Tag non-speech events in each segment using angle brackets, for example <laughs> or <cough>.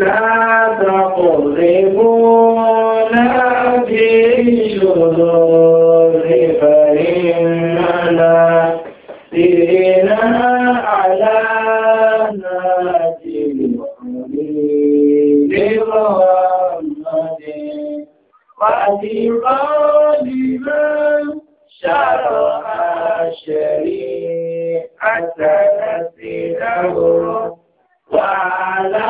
لا تقربونا في شذور فإننا سرنا على نهج الحبيب محمد وأتقادنا شرع شريعة نسله وعلى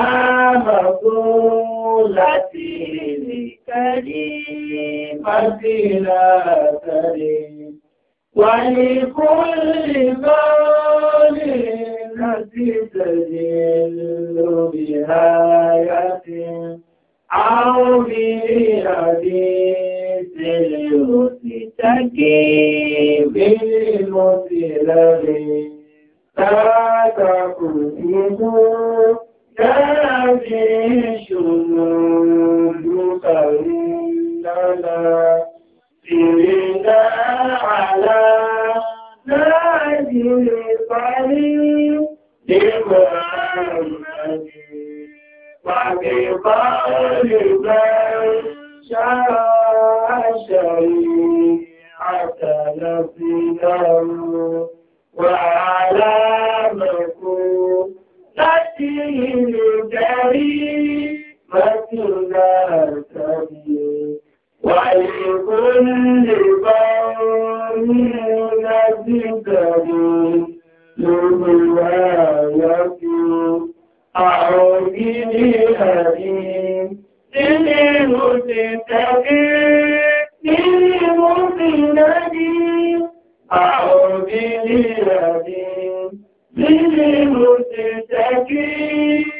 التي لكلمة لا تلي ولكل قول التي تدل بآية أو بحديث المتكي بالمسلم لا تكذبوا تابعين جندك إننا سرنا على ذات القليل لمحمد وبقول من شرع شريعة نفسه وعلى مكونته الكريم متنا كبير ولكل قوم ذكر لرواية أعوذ بحليم للمتقي للمتقي أعوذ بحليم للمتقي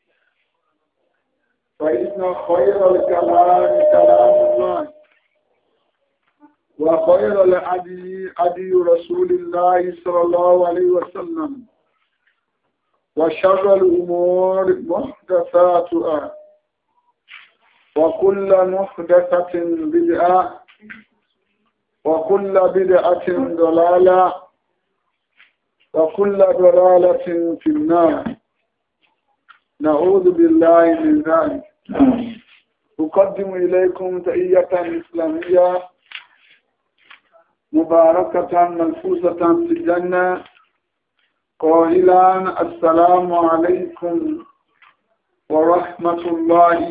فإن خير الكلام كلام الله وخير الهدي هدي رسول الله صلى الله عليه وسلم وشر الأمور محدثاتها وكل محدثة بدعة وكل بدعة ضلالة وكل ضلالة في النار نعوذ بالله من ذلك أقدم إليكم تحية إسلامية مباركة ملفوسة في الجنة قائلا السلام عليكم ورحمة الله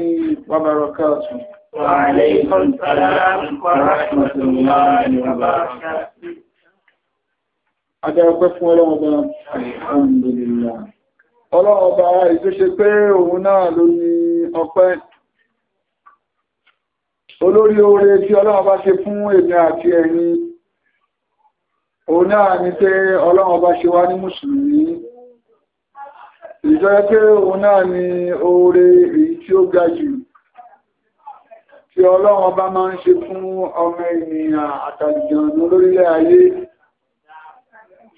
وبركاته وعليكم السلام ورحمة الله وبركاته Adáwọ̀pẹ́ fún ọlọ́ọ̀bá Alhamdulillah. Ọlọ́ọ̀bá ìtúnṣe pé òun náà ọpẹ́ olórí oore tí ọlọ́run bá ṣe fún èmi àti ẹ̀yin òun náà ni pé ọlọ́run bá ṣe wá ní mùsùlùmí ìjọyẹ́ pé òun náà ni oore èyí tí ó ga jù tí ọlọ́run bá máa ń ṣe fún ọmọ ènìyàn àtàlìjànú lórílẹ̀ ayé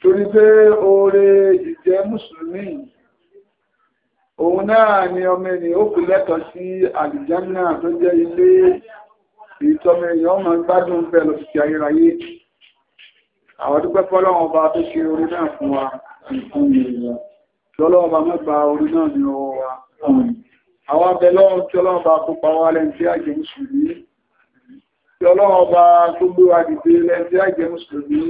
torí pé oore ìjẹ́ mùsùlùmí yìí òun náà ni ọmọ ènìyàn ó kù lẹ́tọ̀ọ́ sí àlìjánà tó jẹ́ ilé ìtọ́mọ èèyàn ọmọ gbádùn bẹ́ẹ̀ lọ sí ayérayé àwọn dúpẹ́ fọ́lọ́wọ́n ọba tó ṣe orí náà fún wa nǹkan èèyàn tọ́lọ́wọ́n ọba mẹ́gbà orí náà ní ọwọ́ wa àwọn abẹ lọ́wọ́ tí ọlọ́wọ́n ọba kópa wa lẹ́ni tí àjẹ́ mùsùlùmí tí ọlọ́wọ́n ọba tó gbé wa dìde lẹ́ni tí àjẹ́ mùsùlùmí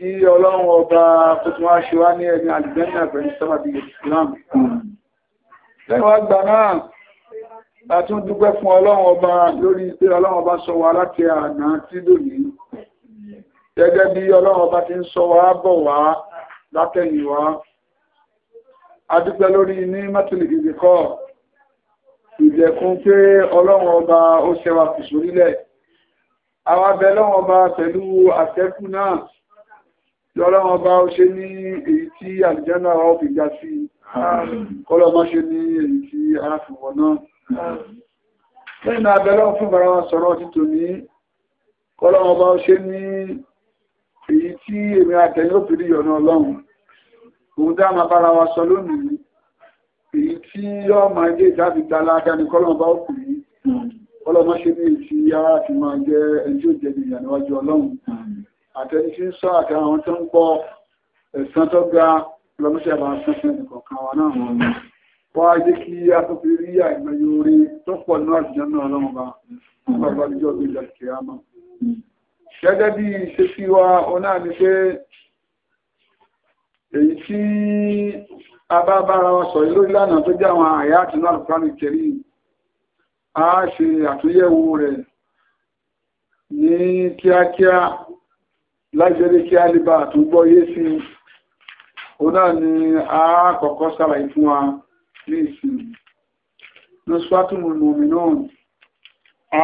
kí ọlọ́run ọba kó tún wá ṣe wá ní ẹni àdìgbẹ́nà pẹ̀lú sábàbí Islam lẹ́wàá gbà náà láti ń dúpẹ́ fún ọlọ́run ọba lórí pé ọlọ́run ọba sọ wá láti àná tí lónìí gẹ́gẹ́ bí ọlọ́run ọba ti ń sọ wá bọ̀ wá látẹ̀yìn wá adúpẹ́ lórí ní mẹ́tìlì ìdíkọ́ ìdẹ̀kùn pé ọlọ́run ọba ó ṣẹwà fìṣorílẹ̀ àwọn abẹ́ ọlọ́run ọba pẹ̀lú àtẹ́kù náà lọ́lọ́wọ́n bá ó ṣe ní èyí tí àlìjánà ó fi ga sí kọ́lọ̀ má ṣe ní èyí tí a fi wọ̀ náà lẹ́yìn náà abẹ́lọ́ fún bàrá wa sọ̀rọ̀ títò ní kọ́lọ́wọ́n bá ó ṣe ní èyí tí èmi àtẹ̀yìn ó pèrè yọ̀nà ọlọ́run òun dá máa bára wa sọ lónìí èyí tí yọ́ máa dé ìdábì dára dání kọ́lọ́wọ́n ọlọ́run àtẹni tí ń sọ àtàwọn tó ń gbọ́ ẹ̀sán tó ga lọ́mọṣẹ́ bá sẹ́sẹ́ nìkọ̀ọ̀kan wa náà wọ́n ni wọ́n á jẹ́ kí a tó fi rí àìmọ̀ yóò rí tó pọ̀ ní àjọ náà lọ́wọ́ bá bàbá àjọ bí ìjà kìí àmọ́. gẹ́gẹ́ ni pé èyí láìjẹ́ kí a lè bá àtúgbọ́ yé sí o ni a kọ́kọ́ sàlàyé fún wa ní ìsìn ní swatun mu'minun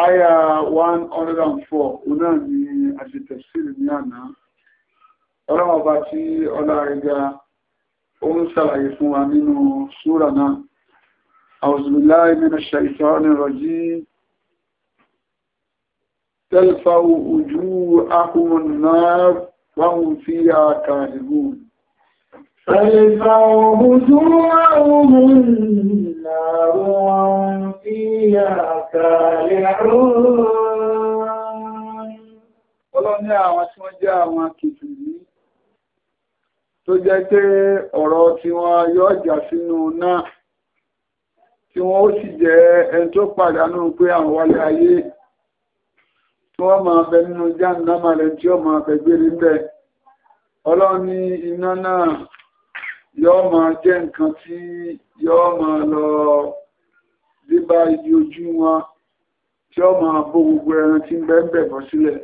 àyà 104 o náà ni àṣetẹ̀sílì ní àná ọlọ́mọba tí ọlá rẹ̀gá ó ń sàlàyé fún wa nínú súra náà auzubillahi minash shaitanir rajim تلفع وجوههم النار وهم فيها كاهبون تلفع وجوههم النار وهم فيها كالحون Ọlọ́run ní àwọn tí wọ́n jẹ́ àwọn kìtìrí tó jẹ́ pé ọ̀rọ̀ tí wọ́n yóò jà sínú náà tí wọ́n ó sì jẹ́ ẹni tó pàdánù pé àwọn wálé ayé tí wọ́n máa bẹ nínú jáǹdámà rẹ̀ tí ó máa bẹ̀ gbére bẹ́ ọlọ́run ní iná náà yọ́ máa jẹ́ nǹkan tí yọ́ máa lọ débá ibi ojú wọn tí ó máa bó gbogbo ẹran tí ń bẹ́ ń bẹ̀ sílẹ̀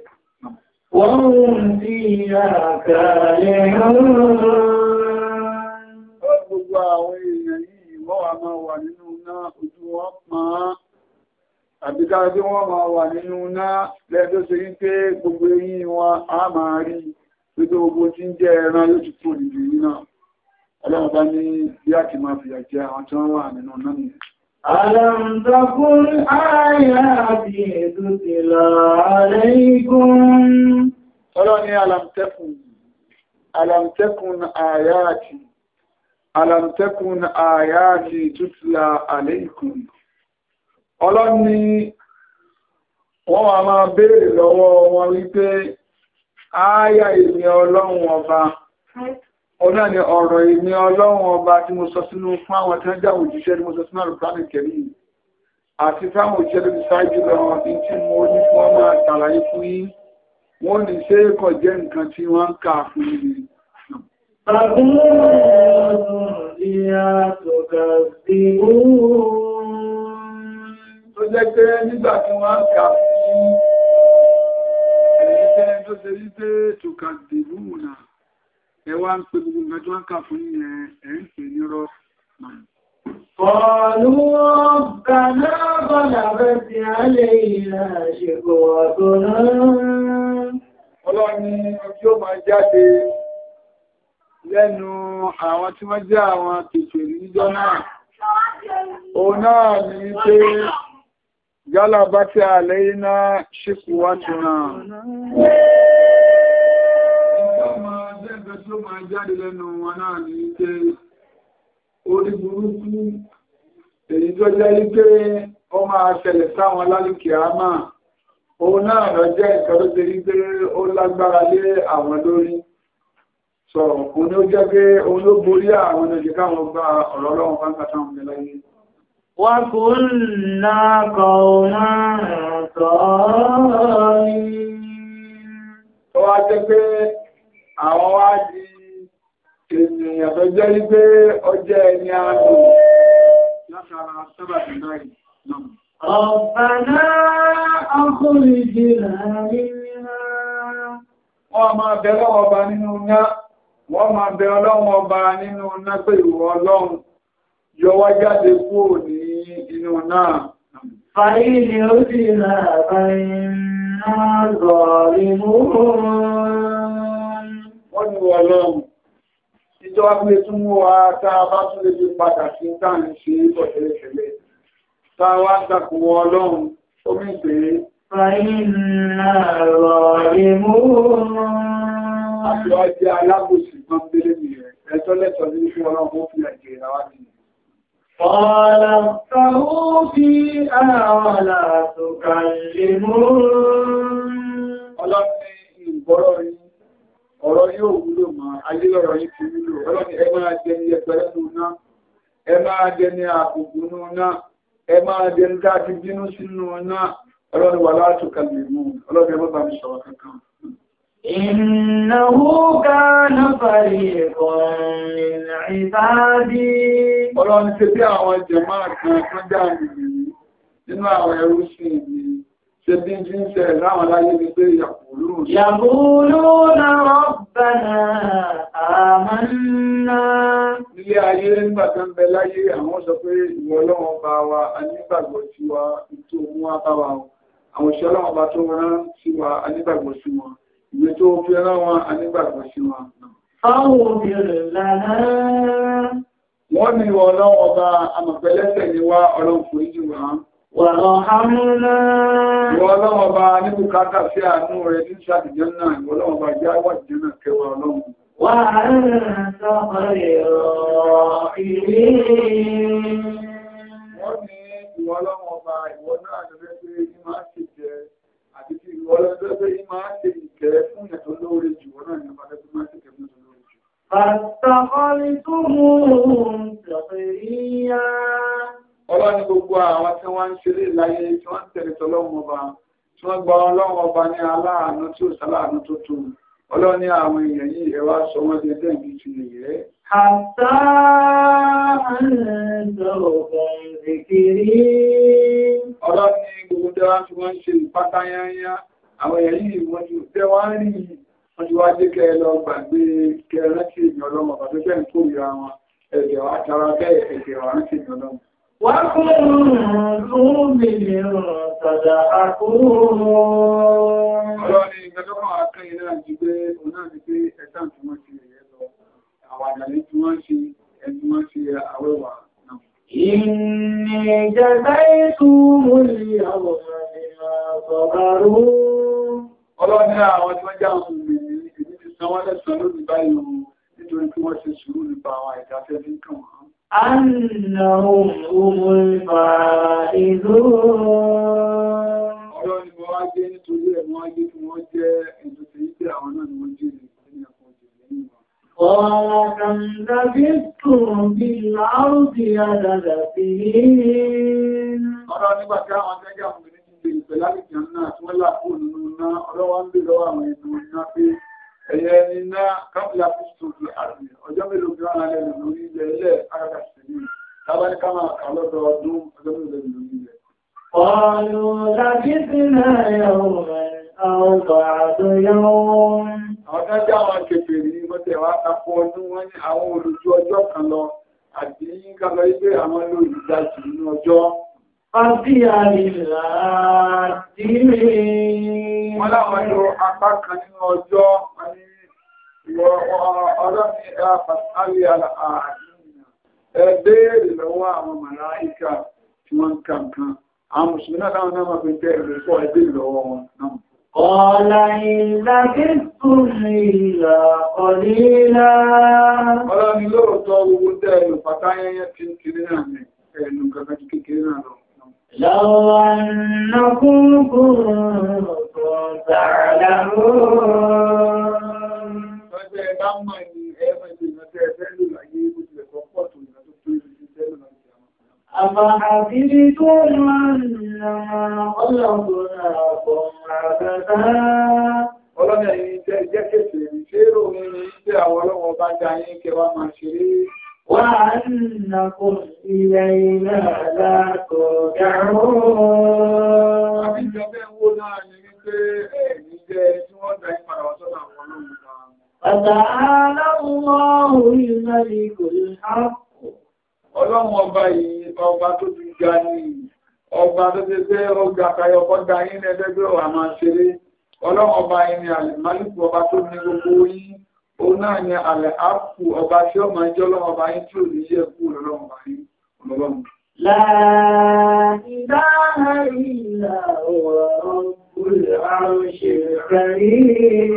wọ́n ń dí àkàlẹ̀ gbogbo àwọn èèyàn yìí wọ́n wà máa wà nínú náà ojú wọn pàá àbíká tí wọ́n máa wà nínú náà lẹ́tọ́ sí rí pé gbogbo eyín wọn a máa rí gbogbo ogun tí ń jẹ́ ẹran yóò ti kúrò náà ọlọ́run ní bí a máa fìyà jẹ àwọn tí wọ́n wà nínú náà nìyẹn. Àlàmdàkún àyà àti ètò ti lọ ààrẹ igun. Ọlọ́run ọlọ́ni wọ́n wà máa béèrè lọ́wọ́ wọn wípé ááyà èmi ọlọ́run ọba ọ̀nà ni ọ̀rọ̀ èmi ọlọ́run ọba tí mo sọ sínú fún àwọn tí wọ́n já òjíṣẹ́ tí mo sọ sínú àlùkùránì kẹrì àti mo ní fún wọn máa ṣàlàyé fún ìyá tó kà sí òun jẹ́ pé nígbà tí wọ́n ń kà fún ẹ̀yìn tẹ́ tó ṣe rí pé tùkà dìbò múnà ẹ wá ń pè gbogbo nǹkan tí wọ́n ń kà fún yẹn ẹ̀ pè nírọ́ قالوا lẹ́nu àwọn tí wọ́n jẹ́ àwọn kèfèrí níjọ́ náà. Òun náà ni pé gálàbátí àlẹ́yìnà ṣíkúwátìnà. Ọmọ ẹgbẹ́ tó máa jáde lẹ́nu wọn náà ní pé orí burúkú èyí tó jẹ́ wípé ó máa ṣẹlẹ̀ sáwọn lálùkì àmà òun náà lọ jẹ́ ìkan tó ṣe wípé ó lágbára lé àwọn lórí sọ̀rọ̀ òun ló jẹ́ pé òun ló وكنا قوما طاغين tó wá jẹ́ pé àwọn wá di ènìyàn tó jẹ́ wípé ọjẹ́ ẹni ààrùn látara sábàtì báyìí náà. Ọ̀pàdá ọkùnrin jìnà nínú. máa bẹ lọ́wọ́ ọba nínú ná, wọ́n máa bẹ ọba nínú pé yọ inú náà. Fàyí ni ó sì náà fàyí náà gọ̀ọ̀rí mú wọ́n ni wọ́n lọ́rùn. Ìjọ agbé tún mú wa tá a bá tún lè fi padà sí táà ń ṣe ìbọ̀tẹ̀lẹ̀tẹ̀lẹ̀. Tá a wá dàkùn wọn lọ́rùn, ó mú ìpè é. Fàyí náà gọ̀ọ̀rí mú Àti ọjọ́ alábòsí kan tẹ́lẹ̀ mi rẹ̀, ẹ̀tọ́ ní قال اخفروا فيها ولا تكلمون ọlọ́pẹ́ ìgbọ́rọ̀ yìí ọ̀rọ̀ yóò wúlò máa ayélọ́rọ̀ yìí fi wúlò ọlọ́pẹ́ ẹ máa jẹni ẹgbẹ̀rẹ́ nù náà ẹ máa jẹni àkùkù nù náà ẹ máa jẹni dájú bínú sínú náà ọlọ́pẹ́ wà látòkàlẹ̀ mú ọlọ́pẹ́ mọ́bàmí sọ̀rọ̀ kankan إنه كان فريق من عبادي Ọlọ́run ṣe bí àwọn jẹ̀mọ́ kan kan jáàmì nínú àwọn ẹrú sí ibi ṣe bí jí ń ṣe láwọn láyé ní pé yàkùlù. Yàkùlù na rọ́bàná àmànà. Ilé ayé nígbàtà ń bẹ láyé àwọn sọ pé ìwọ Ọlọ́run wa, a nígbàgbọ́ sí wa, ìtò òun wá ìwé tó fi ẹran wọn anígbàgbọ́ sí wọn. Àwọn obìnrin lára. Wọ́n ní ìwọ ọlọ́run ni wá ọlọ́run fún ìjì rẹ̀ ní ṣàtìjọ́ rẹ̀ sọ́kọ̀ ìrọ̀ Wọ́n ní ìwọ ọlọ́run ọba náà lọ́fẹ́ pé ní máa ṣèjẹ́ àti kí ìlú ọlọ́dọ́ pé ní máa ṣe ìkẹ́ fún ẹ̀tọ́ lóore jù wọ́n náà ní ọmọdé tó máa ṣe ìkẹ́ fún ẹ̀tọ́ lóore jù. Àtàkọ́lì tó mú un tẹ̀fẹ̀ yíyá. Ọlọ́ ní gbogbo àwọn tí wọ́n ń ṣeré láyé tí wọ́n ń tẹ̀lé tọ́lọ́run ọba tí wọ́n gba ọlọ́run ọba ní aláàánú tí ò sáláàánú tó tó. Ọlọ́run ní àwọn èèyàn yìí ẹ sọ wọ́n di ẹgbẹ́ ìbí ti nìyẹn. حتى أنذركم ذكري ọlọ́run ní gbogbo tẹ́wàá tí wọ́n ń ṣe ìpátáyányá àwọn èyí wọ́n ti tẹ́wàá rí wọ́n ti wá jẹ́ kẹ́ lọ gbàgbé kẹrẹ́ sí ìyàn ọlọ́mọ pàtó fẹ́ ń kórìíra wọn ẹ̀jẹ̀ wá tara bẹ́ẹ̀ ẹ̀jẹ̀ wá ń ṣe ìyàn ọlọ́mọ. wá fún un mi wọ́n ti àwàdà ní tí wọ́n ṣe ẹni wọ́n ṣe àwẹ́wà náà. Ìní ìjẹta ètò mú ní àwọn ọ̀rọ̀ Ọlọ́ni àwọn tí wọ́n já àwọn ìrìn ìdí ti sanwọ́ lẹ́sàn lórí báyìí nítorí tí wọ́n ṣe sùúrù nípa àwọn ìdáfẹ́ bí kàn wọ́n. Annahum umul fa'idun. Ọlọ́ni wọ́n á jẹ́ nítorí ẹ̀ wọ́n á jẹ́ fún wọ́n jẹ́ ètò tí ìgbé àwọn náà ni wọ́n jẹ́ قال كم لبثتم في الأرض عدد سنين ọ̀rọ̀ nígbà tí àwọn tẹ́jà mú ní ti bèèrè pẹ̀lú àríkì náà tí wọ́n láàkó nínú náà ọ̀rọ̀ wọ́n bí lọ́wọ́ àwọn ètò ni náà kápìlà púpù fi àrùn ọjọ́ mélòó fi wọ́n lálẹ́ lórí ilẹ̀ ilẹ̀ arákà sílẹ̀ tábàní ká máa kà lọ́dọ̀ ọdún ọjọ́ أربعة يوم Ọ̀dá jẹ́ àwọn kèfèrè ní mọ́tẹ̀ wá tapọ ọdún wọ́n ní àwọn olùjú ọjọ́ kan lọ àti yínká lọ ilé àwọn lórí ìdájì nínú ọjọ́. Àbí Wọ́n láwọn apá kan nínú ọjọ́ wọ́n قال إن لبثتم إلا قليلا Ọlá ni lóòótọ́ owó tẹ́ ẹ̀lù pàtàyẹyẹ tí ń kiri náà ní ẹ̀lù kankan tí kékeré náà lọ. Lọ́wọ́ annakún kúrùn-ún tààdàmú. Ọjọ́ ẹ̀dá mọ̀ ní ẹ̀mọ̀ أفحسبتم أنما خلقناكم عبثا Ọlọ́nà ẹ̀yìn jẹ́ ìjẹ́kẹ̀ẹ́sì ìṣẹ́rò ní ìṣẹ́ àwọn ọlọ́wọ́ bá jẹ́ ayé kẹwàá máa ṣeré. Wà á nà kò ilẹ̀ ilẹ̀ àdákọ̀ gàrú. Àbíjọba ẹ̀wọ́ náà wípé ẹ̀yìn jẹ́ tí wọ́n dá ìpàdà ọ̀sọ́nà àwọn ọlọ́run kan. Àtàlá ọlọ́run ọba yìí ọba tó ti ga ní ọba tó ti pé ọgbà kayọ kọjá yín ní ẹgbẹgbẹ ọwà máa ṣeré ọlọ́run ọba yìí ni àlìmálìkù ọba tó ní gbogbo yín òun náà ni àlẹ́ àpò ọba tí ó máa jẹ́ ọlọ́run ọba yín tí ò ní yẹ kú ọlọ́run ọba yín ọlọ́run. La ilaha illa huwa rabbul arshil karim.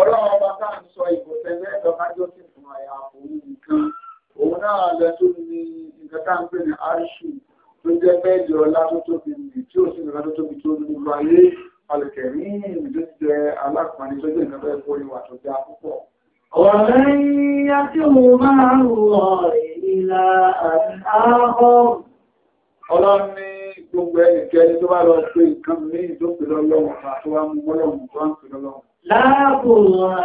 Ọlọ́run ọba táà ń sọ ìbò tẹ́lẹ̀ ẹ̀dọ́ májọ́ fún àyà àbòrú nìkan òun náà lẹ tó ní nǹkan tá à ń pè ní aṣù tó jẹ́ bẹ́ẹ̀dì ọlá tó tóbi nì tí ó sì nǹkan tó tóbi tó nínú ayé alùkẹ̀rí ìlú ti jẹ alákùnrin tó jẹ́ nǹkan bẹ́ẹ̀ ìwà tó dá púpọ̀. ọ̀rẹ́ yá tí mo máa ń rọ̀ ìlà àbí ọlọ́run ní gbogbo ẹnikẹ́ni tó bá lọ pé nǹkan ní ìdókè lọ́lọ́run àti wá mú mọ́lọ́run tó ń pè lọ́lọ́run. Láàbò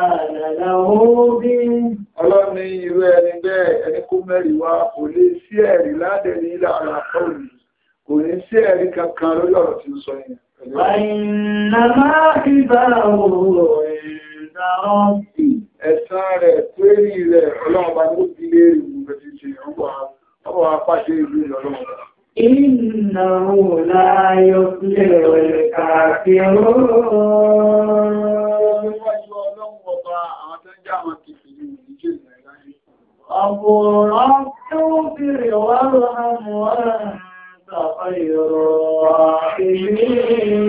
àdàdà oóbí. Ọlọ́run ní irú ẹni bẹ́ẹ̀ ẹni kó mẹ́rin wá sí Ẹ̀sán rẹ̀ pé rí rẹ̀ ọlọ́run bá ní ó ti lé ti ṣe ọwọ́ apáṣẹ ìlú ìlọ́lọ́run. إنه لا يفلح الكافرون أبرأت برهم وأنت خير الراحمين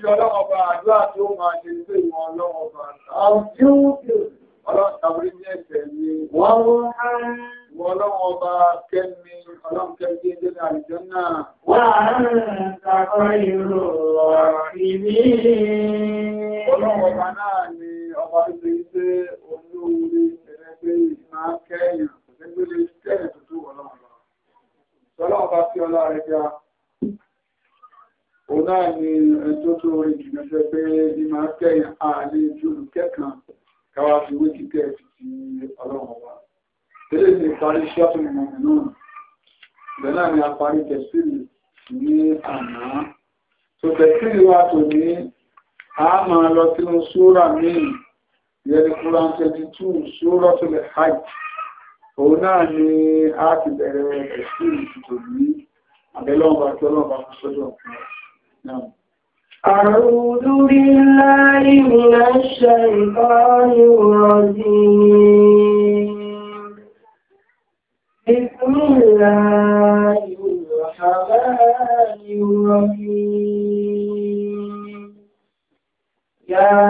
Òṣìṣẹ́ ọlọ́wọ́ bá àjọ́ àti ó máa ṣe pé ọlọ́ta orí ní ni. Wọ́n wọ́n ọlọ́run ọba kẹ́mi ọlọ́run kẹ́mi ẹgbẹ́ àìjọ́ náà. Wà á ń takọ́ ìrò ìní. Ọlọ́run ọba náà ni ọba tó ṣe ṣe olóore ẹgbẹ́ máa kẹ́yìn ẹgbẹ́ lè kẹ́yìn tuntun ọlọ́run lọ. Ọlọ́run ọba fi ọlá rẹ̀ ga. Òun náà ni ẹjọ́ tó rí ìgbìmọ̀ pé bí máa kẹ́yìn àlejò kẹ́kàn káwá fi wé kíkẹ́ ti ọlọ́run ọba. Tẹ́lẹ̀ ti parí ṣọ́tù ìmọ̀mí náà. Bẹ́ẹ̀ náà ni a parí tẹ̀sílì ní àná. So tẹ̀sílì wa tò ní a máa lọ sínú súrà míì yẹni Quran twenty two súrà tó lè hajj. Òun náà ni a ti bẹ̀rẹ̀ tẹ̀sílì tò ní àbẹ́lọ́ọ̀bà tí ọlọ́ọ̀bà kò sọ́dọ̀ fún ọ. أعوذ بالله من الشيطان الرجيم الله الرحمن الرحيم يا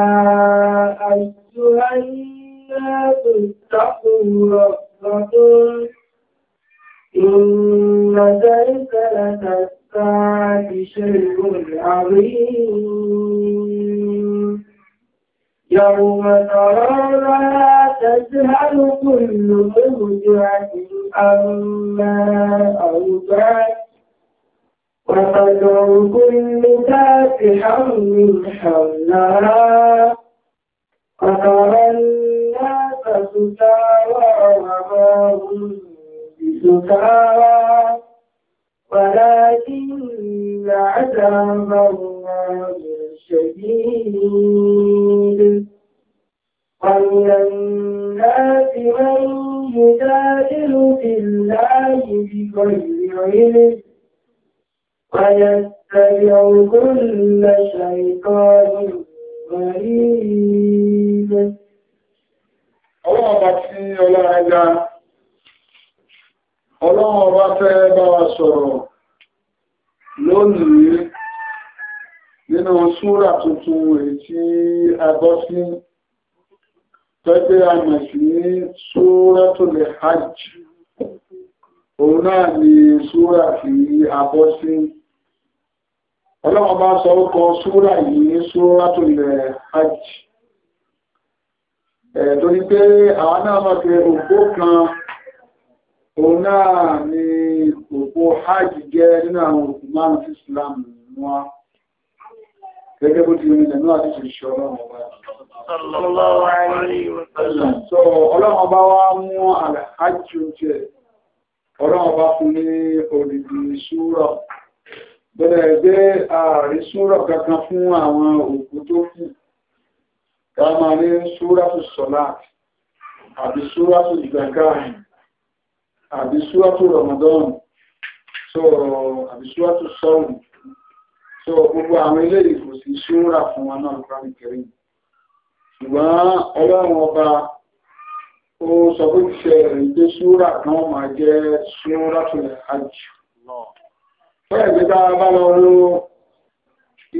أيها الناس اتقوا ربكم إن زلزلة الساعة شيء عظيم يوم ترونها تزهل كل مرجعة أما أرضعت وتدعو كل ذات حمل حملها وترى الناس سكارى وما هم بسكارى ولكن عذاب الله شديد ومن الناس من يجادل في الله بغير علم ويتبع كل شيطان مريد Ọlọ́run ọba tí ọlọ́run ẹja, ọlọ́run ọba fẹ́ bá wa sọ̀rọ̀ lónìí nínú súrà tuntun èyí tí a gbọ́ sí tọ́gbé àmà sí ní Suratul Hajj òun náà ni súra fi abọ́ sí ọlọ́wọ́ bá sọ ọkọ̀ súra yìí ní Suratul Hajj torí pé àwọn náà mọ̀ pé òpó kan òun náà ni òpó hajj jẹ́ nínú àwọn òpó márùn-ún sí Islam wọn gẹ́gẹ́ bó ti rí ilẹ̀ náà ti ṣe ṣọ́rọ̀ ọ̀pá sallallahu alayhi wa sallam. So ọlọ́run bá wá mú àlàájú jẹ, ọlọ́run bá fún ní òdìdì ṣúrà. Bẹ̀rẹ̀ ẹgbẹ́ ààrí ṣúrà kankan fún àwọn òkú tó kù. Ká máa ní ṣúrà so àbí ṣúrà So gbogbo àwọn ilé ìfòsí ṣúrà fún wọn náà kọ́ ṣùgbọ́n ọlọ́run ọba ó sọ pé ṣe rí pé ṣúra kan máa jẹ́ ṣúra tó lè hajj bẹ́ẹ̀ gbé bá bá lọ ló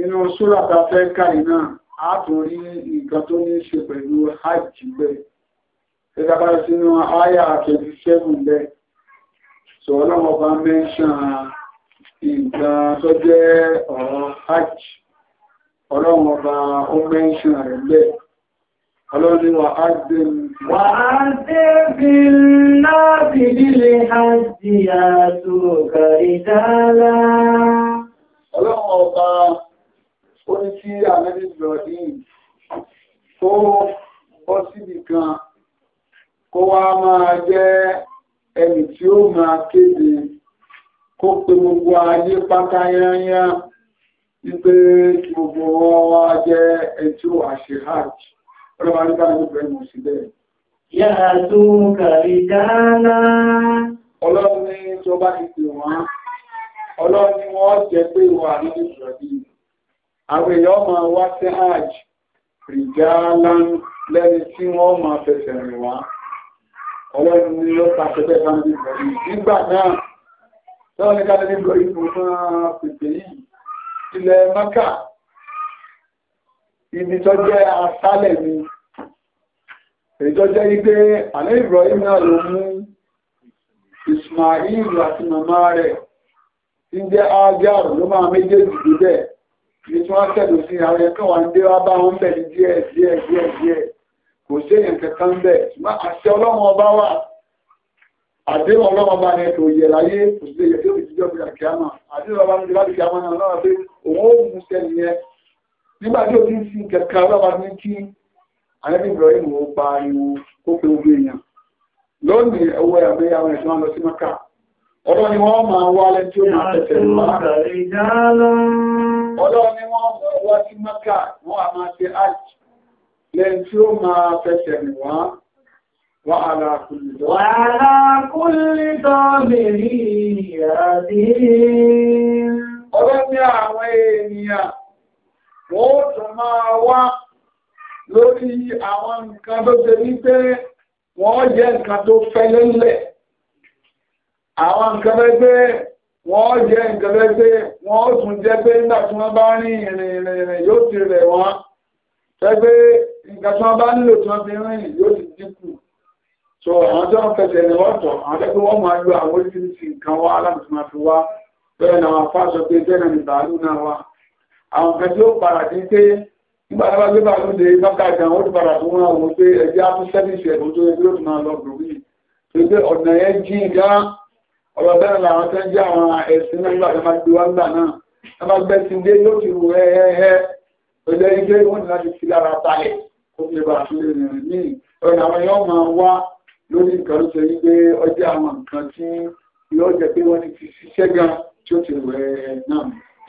inú ṣúra ta fẹ́ káì náà á tún rí nǹkan tó ní ṣe pẹ̀lú hajj bẹ́ẹ̀ gbé bá bá sínú àyà àkẹ́jú sẹ́gùn bẹ́ẹ̀ sọ ọlọ́run ọba mẹ́ṣàn nǹkan tó jẹ́ ọ̀rọ̀ hajj ọlọ́run ọba ó mẹ́ṣàn rẹ̀ bẹ́ẹ̀ Ọlọ́ni wà á dé wà á dé bí náà fi dílé àti àtòkà ìdálá. Ọlọ́run ọba ó ní kí àmẹ́rin lọ ní tó bọ́ síbì kan kó wá máa jẹ́ ẹni tí ó máa kéde kó pe gbogbo ayé pátá yányá wípé gbogbo wọn wá jẹ́ ẹjọ́ àṣehàjì ọlọ́wà ní káàkiri rẹ̀ mọ̀ sí bẹ́ẹ̀. Yà á tún kàrí dáná. Ọlọ́run ni wọ́n jẹ́ pé wà ní ìṣòrí. Àwọn èèyàn máa wá sí hajj, rìjálá lẹ́ni tí wọ́n máa fẹsẹ̀ rìn wá. Ọlọ́run ni ló pàṣẹ bẹ́ẹ̀ bá ń bí ìbọ̀rí. Nígbà náà, tọ́wọ́n ní káàkiri ìbọ̀rí fún fún pèpè yìí, ilẹ̀ Mákà ibi tó jẹ́ asálẹ̀ ni èyí tó jẹ́ wípé àlẹ́ Ibrahim náà ló mú Ismail àti màmá rẹ̀ tí ń jẹ́ Agar ló máa méjèèjì débẹ̀ ní tí wọ́n tẹ̀lú sí àwọn ẹ̀kọ́ wa ń dé wá bá wọn bẹ̀ ní díẹ̀ díẹ̀ díẹ̀ díẹ̀ kò sí èèyàn kankan bẹ̀ ṣùgbọ́n àṣẹ ọlọ́run ọba wà àdéhùn ọlọ́run ọba ni kò yẹ láyé kò sí èèyàn tó fi jíjọ́ bí àkíyàmà àdéhùn ọba ń di láti náà lọ́wọ́ pé òun ó mú sẹ́ni yẹn nígbà tí o ti ń sin kẹ̀kẹ́ ọlọ́ba ní kí àyẹ́bí Ibrahim ó pa ariwo kó pe ogun èèyàn lónìí ẹwọ́ ẹ̀mí àwọn ẹ̀sìn lọ sí mẹ́kà ọ̀dọ́ ni wọ́n máa wá lẹ́ tí ó máa tẹ̀sẹ̀ ọ̀dọ́ ni wọ́n wá sí mẹ́kà wọ́n a máa ṣe hajj lẹ́yìn tí ó máa tẹ̀sẹ̀ wá wà alákùnlé tọ́bìnrin ìyàdí ọ̀dọ́ ni àwọn èèyàn wọ́n ó tún máa wá lórí àwọn nǹkan tó ṣe wípé wọ́n jẹ́ nǹkan tó fẹ́lẹ́ ńlẹ̀ àwọn nǹkan pẹ́pẹ́ wọ́n jẹ́ nǹkan pẹ́pẹ́ wọ́n ó tún jẹ́ pé nígbà tí wọ́n bá rìn ìrìn ìrìn ìrìn yóò ti rẹ̀ wọ́n pẹ́pẹ́ nǹkan tí wọ́n bá nílò tí wọ́n fi rìn yóò ti dínkù so àwọn tí wọ́n fẹsẹ̀ ní wọ́n tọ̀ àwọn tẹ́pẹ́ wọ́n máa lo àwọn oríṣiríṣi nǹkan wá aláàbùsùn àti wá bẹ́ẹ̀ náà wọ́n fásọ pé bẹ́ẹ̀ náà ní bàálù náà wá àwọn kan tí ó padà sí pé nígbà a bá gbé bá lóde lọ́kà gan ó ti padà tó wọn àwọn pé ẹgbẹ́ ápù sẹ́fíìsì ẹ̀dùn tó yẹ kí ó ti máa lọ dùn yìí tó pé ọ̀nà yẹn jìn gan ọ̀rọ̀ bẹ́ẹ̀ làwọn tẹ́ ń jẹ́ àwọn ẹ̀sìn nígbà tí a máa gbé wá nígbà náà a máa gbẹ́ sí ilé yóò ti rù ẹ́ẹ́ẹ́ ọjọ́ ilé wọ́n ní láti fi lára talẹ̀ kó fi bá fi rìn rìn ní ọ̀nà àwọn yóò máa wá lórí nǹkan ló ṣe wípé ọjọ́ àwọn nǹkan tí yóò jẹ́ pé wọ́n ti fi ṣiṣẹ́ gan tí ó ti rù ẹ́ẹ́ẹ́ náà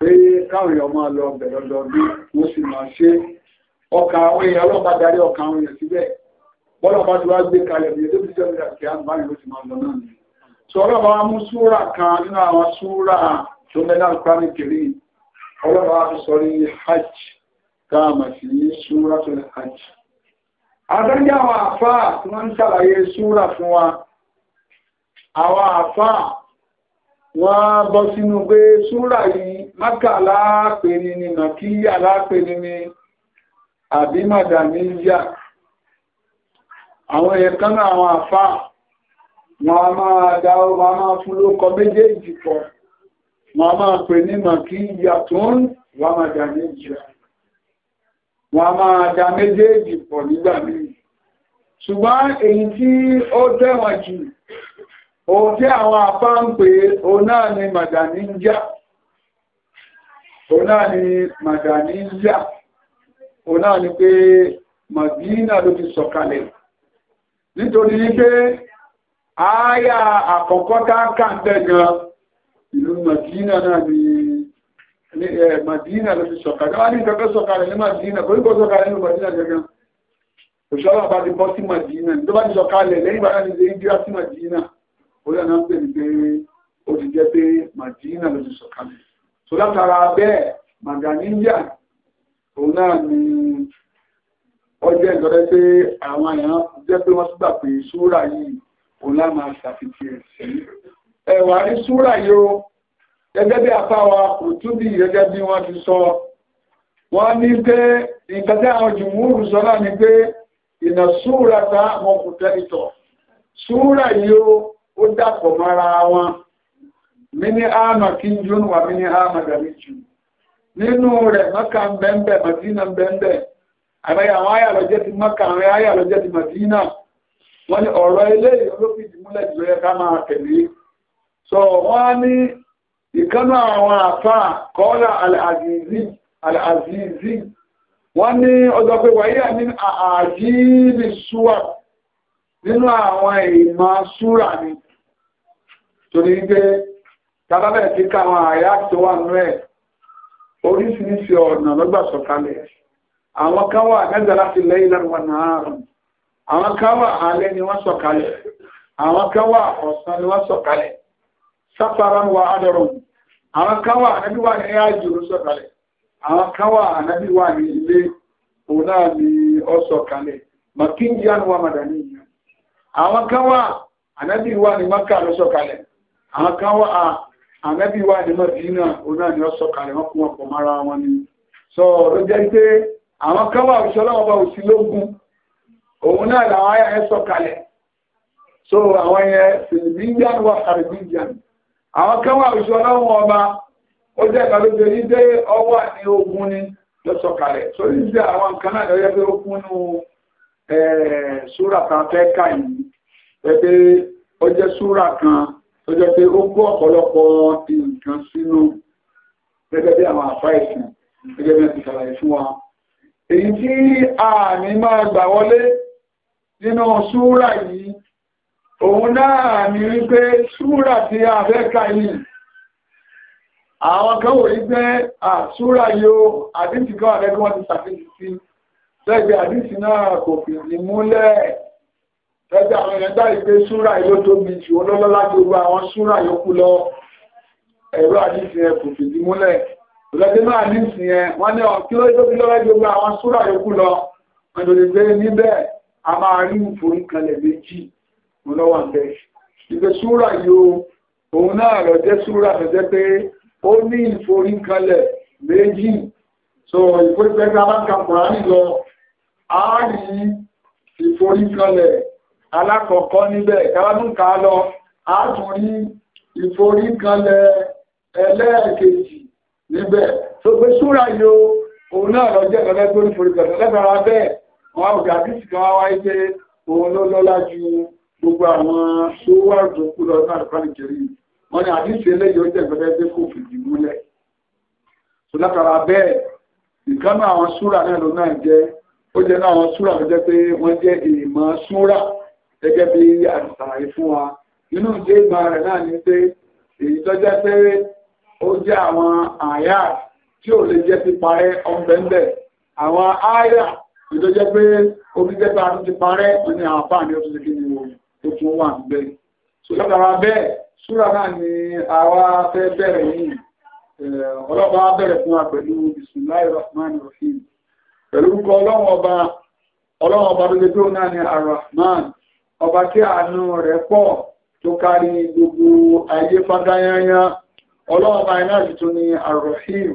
pé káwọn èèyàn máa lọ ọbẹ̀ lọ́dọọdún wọ́n sì máa ṣe ọkà àwọn èèyàn ọlọ́pàá darí ọkà àwọn èèyàn síbẹ̀ bọ́lọ́pàá ti wá gbé kalẹ̀ bí ètò ìjọba ìjà kí á báyìí ló ti máa lọ náà ni sọ ọlọ́pàá súrà kan nínú àwọn súrà sọ hajj súrà hajj súrà fún Mákà aláàpẹ ni ni Màkíyà aláàpẹ ni ni àbí Màdàníyà. Àwọn èèyàn kan náà àwọn àfá wọn a máa dá wọn a máa fún lókọ méjèèjì pọ̀. Wọ́n a máa pè ní Màkíyà tó ń wà Màdàníyà. Wọ́n a máa dá méjèèjì pọ̀ nígbà míì. Ṣùgbọ́n èyí tí ó tẹ́wọ̀n jù, òun tí àwọn àfá ń pè, òun náà ni Màdàníyà òun náà ni Madaniya òun náà ni pé Madina ló ti sọ̀kalẹ̀ nítorí wípé àáyà àkọ́kọ́ káàkà ń tẹ́gan ìlú Madina náà ni Madina ló ti sọ̀kalẹ̀ wọ́n ní ìkẹ́kẹ́ sọ̀kalẹ̀ ní Madina kò ní kò sọ̀kalẹ̀ ní Madina gẹ́gẹ́ òṣèlú bá ti bọ́ sí Madina tó bá ti sọ̀kalẹ̀ lẹ́yìn bá ti ṣe ìdíra sí Madina ó yà náà pè ní pé ó ti jẹ́ pé Madina ló ti sọ̀kalẹ̀ so látara bẹ́ẹ̀ màgàníyà òun náà ni ọjọ́ ìjọba pé àwọn èèyàn jẹ́ pé wọ́n túgbà pé súrà yìí òun lá máa ṣàfihàn ẹ̀ sí ẹ̀wà ní súrà yìí o gẹ́gẹ́ bí àpáwa kò túbí gẹ́gẹ́ bí wọ́n ti sọ wọ́n ní pé nǹkan tí àwọn jùmúrù sọ náà ni pé ìnà súrà ta wọn tẹ́lítọ̀ súrà yìí ó dàpọ̀ mọ́ra wọn Mini a nọ ki njunwa, mini a magalichu. Ninu re maka mbembe, madina mbembe. Agaghị ama ya ala je dị maka nwe ayo ala je dị madina. Nwanne ọrụ anyị lee yoroba iti mụ na kama ha keneye. So nwaanyị i kanu awọ afa kola ọ ya ala azizi ala azizi. Nwaanyị ọzọfe waya a adiidi suwa. Ninu awọ enyima sura anyị. Turu ibe. tábàbẹ̀ tí káwọn àyà tó wà nú ẹ̀ oríṣiríṣi ọ̀nà lọ́gbà sọ̀kalẹ̀ àwọn kan wà mẹ́ta láti lẹ́yìn lọ́wọ́ náà àwọn kan wà alẹ́ ni wọ́n sọ̀kalẹ̀ àwọn kan wà ọ̀sán ni wọ́n sọ̀kalẹ̀ sáfara wa adọ̀rọ̀ àwọn kan wà ànábì wà ní ẹ̀yájú sọ̀kalẹ̀ àwọn kan wà ànábì wà ní ilé òun náà ni ó sọ̀kalẹ̀ àwọn kan wà àmẹ́bí wà ní mọ̀dínà onáà ni ó sọ̀kalẹ̀ wọn fún ọ̀pọ̀ mara wọn ni sọ ló jẹ́ pé àwọn kan wà òṣìṣẹ́ lọ́wọ́ bá òsì lógún òun náà làwọn ayà so àwọn yẹn sìnbíyàn wà àrùbíyàn àwọn kan wà òṣìṣẹ́ ọba ó jẹ́ ìgbàlódé ní dé ọwọ́ àti ogun ni ló sọ̀kalẹ̀ so ní àwọn tó jẹ́ pé ó kó ọ̀pọ̀lọpọ̀ nǹkan sínú gẹ́gẹ́ bí àwọn àfá gẹ́gẹ́ bí ẹ̀sìn ṣàlàyé fún wa èyí tí a ní máa gbà wọlé nínú súúrà yìí òun náà ní wípé súúrà tí a fẹ́ kà yìí àwọn kan wò rí pé àsúúrà yóò àdíǹtì kan àrẹ́gbọ́n ti ṣàfihàn sí lẹ́gbẹ̀ẹ́ àdíǹtì náà kò fìdí múlẹ̀ ẹgbẹ́ àwọn èèyàn gbáyé pé súrà yóò tóbi jù ọlọ́lọ́lá gbogbo àwọn súrà yòókù lọ ẹ̀rọ àdìsí yẹn kò fìdí múlẹ̀ ìlọ́dé náà àdìsí yẹn wọ́n ní ọ̀kí ló tóbi lọ́lá gbogbo àwọn súrà yòókù lọ wọ́n tó lè gbé níbẹ̀ a máa rí ìforí kalẹ̀ méjì lọ́wọ́ àbẹ̀ ìgbé súrà yóò òun náà lọ jẹ́ súrà tó jẹ́ pé ó ní ìforí kalẹ̀ méjì so ìforí pẹ́ alákọ̀ọ́kọ́ níbẹ̀ káwàdúnkà lọ àátún rí ìforíkanlẹ̀ ẹlẹ́ẹ̀kejì níbẹ̀ tó pé súra yóò òun náà lọ jẹ́ ẹ̀lẹ́ tó ní foríkanlẹ̀ lẹ́bàrá bẹ́ẹ̀ wọ́n àwùjọ àdísì kan wá wáyé pé òun ló lọ́lá ju gbogbo àwọn tó wà tó kú lọ náà lọ́pàá kiri wọ́n ní àdísì eléyìí ó jẹ́ ẹ̀lẹ́ tó kò fìdí múlẹ̀ ó jẹ́ náà àwọn súra ló jẹ́ pé wọ́n jẹ́ èèmọ̀ súra gẹ́gẹ́ bí àṣàyí fún wa nínú ìdí ìgbà rẹ̀ náà ni pé èyí tó jẹ́ pé ó jẹ́ àwọn àyà tí ò lè jẹ́ ti parẹ́ ọ̀bẹ̀ńbẹ̀ àwọn àyà èyí tó jẹ́ pé omi jẹ́ pé a ti parẹ́ ní àwọn ó ti kí ni wọ́n tó tún wà níbẹ̀ so látara bẹ́ẹ̀ ni àwa fẹ́ bẹ̀rẹ̀ yìí ọlọ́pàá bẹ̀rẹ̀ fún wa pẹ̀lú bismillahir rahmanir rahim pẹ̀lú orúkọ ọlọ́wọ́n ọba ọlọ́wọ́n ọba tó lè tó náà ni arahman ọba tí àánú rẹ̀ pọ̀ tó kárí gbogbo ayé fádáyányá ọlọ́ọ̀bá iná tuntun ni Ar-Rahim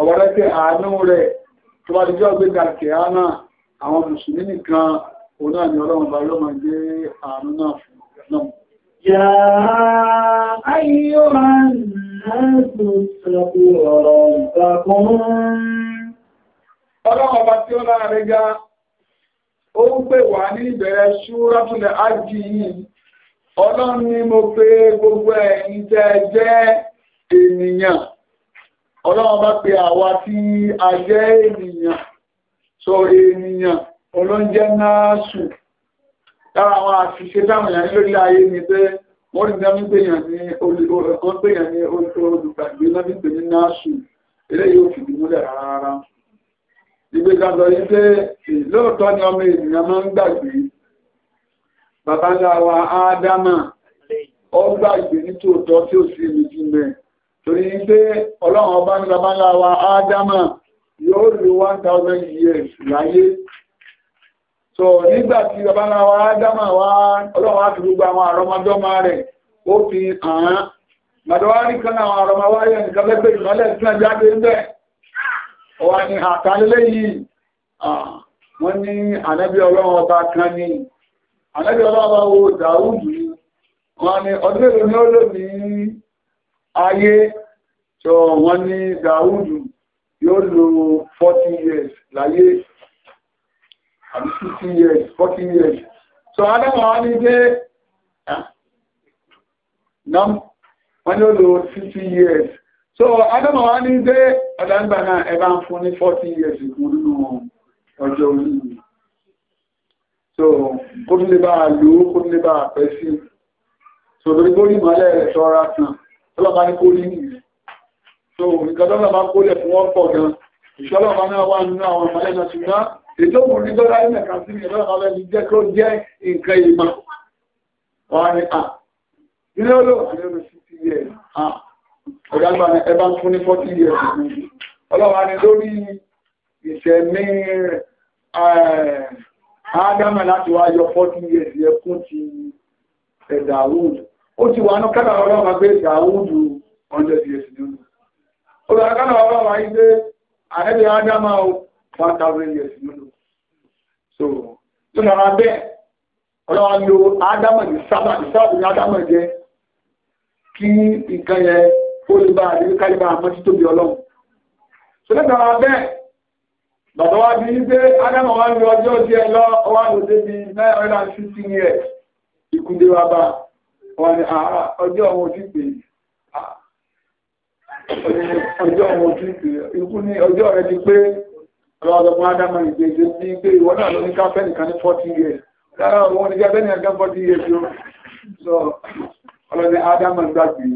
ọba lẹ́tẹ̀ àánú rẹ̀ tó bá dijọ́ gbé gàkẹ́ ánà àwọn mùsùlùmí nìkan òun náà ni ọlọ́ọ̀bá ló máa gbé àánú náà fún náà. Yà á yíyọ́ máa tí ó láàrin ga ó ń wà wá ní ìbẹ̀rẹ̀ ṣúrọ́tùlẹ̀ ájì yìí ọlọ́run ni mo pé gbogbo ẹ̀yin jẹ́ ènìyàn ọlọ́run bá pè àwa tí a ènìyàn so ènìyàn lára àwọn àṣìṣe táwọn èèyàn lórí ayé ni pé wọ́n rí ní olùgbàgbé ní pè ní múlẹ̀ ìgbékalọ̀ yìí pé lóòótọ́ ni ọmọ ènìyàn máa ń gbàgbé bàbá ńlá wa ádámà ó gbàgbé nítòótọ́ tí ó sì rí jù mẹ́ torí pé ọlọ́run ọba ní bàbá ńlá wa ádámà yóò lò 1000 years láyé so nígbàtí bàbá ńlá wa ádámà wa ọlọ́run wá fi gbogbo àwọn àrọmọdọ́mọ rẹ̀ ó fi hàn án màdọ́wárí kan náà àwọn àrọmọwárí ẹnìkan lẹ́gbẹ̀ẹ́ ìmọ́lẹ̀ tí wọ́n jáde ń bẹ́ẹ̀ ọwá ní àkálẹ́lẹ́ yìí wọ́n ní ànábí ọlọ́run ọba kan ní ànábí ọlọ́run ọba wo dàúdù ní wọ́n ní ọdún èrò ní ó lò ní ayé tó wọ́n ní dàúdù yóò lò 40 years láyé àbí 50 years 40 years so adẹ́wọ̀n wọ́n ní dé wọ́n ní ó lò 50 years so adẹ́wọ̀n wọ́n ní dé ọ̀dàgbà náà ẹ bá ń fún ní 40 years kún nínú ọjọ́ orí mi so kó tún lè bá a lò ó kó tún lè bá a pẹ́ sí so lórí bó rí ìmọ̀lẹ́ rẹ̀ ṣọ́ra tán tọ́lọ́pàá ní kó rí nìyẹn so nǹkan tọ́lọ́ máa kó lẹ̀ fún wọn pọ̀ gan ìṣọ́lọ́ máa náà wà nínú àwọn ìmọ̀lẹ́ náà ṣùgbọ́n ètò òun rí dọ́là ilẹ̀ kan sí ìrọ̀lẹ́ àwọn ẹni jẹ́ kó jẹ́ nǹkan ìmọ̀ wọn ni à ilé olóòwò àlẹ́ olóòwò sí ti yẹ ọ̀dàgbà ẹ bá ń fún ní 40 years ọlọ́wà ni lórí ìṣẹ̀mí àádámà eh, láti wá yọ 40 years ẹkún ti eh, Dawud ó ti wà ní kádà ọlọ́wà gbé Dawud 100 years nínú olùwà kádà ọlọ́wà ilé àẹ́bẹ̀ 1000 years so ní sábà ní sábà ní àádámà yẹn sọ́lẹ́tàrà bẹ́ẹ̀ bàbá wa bí wípé ádámà wá ń lo ọjọ́ díẹ̀ lọ wá lò débi nine hundred and fifty years ìkúndé wa bá wọn ni ah, ah, ọjọ́ wọn ti pè ah, ọjọ́ wọn ti pè ikú ní ọjọ́ rẹ ti pé ọlọ́dọ̀gbọ́n ádámà ìgbèjì ní pé ìwọ náà ló ní káfẹ́ nìkan ní forty years lára òun ní káfẹ́ nìkan ní forty years yóò sọ ọlọ́ni ádámà gbàgbé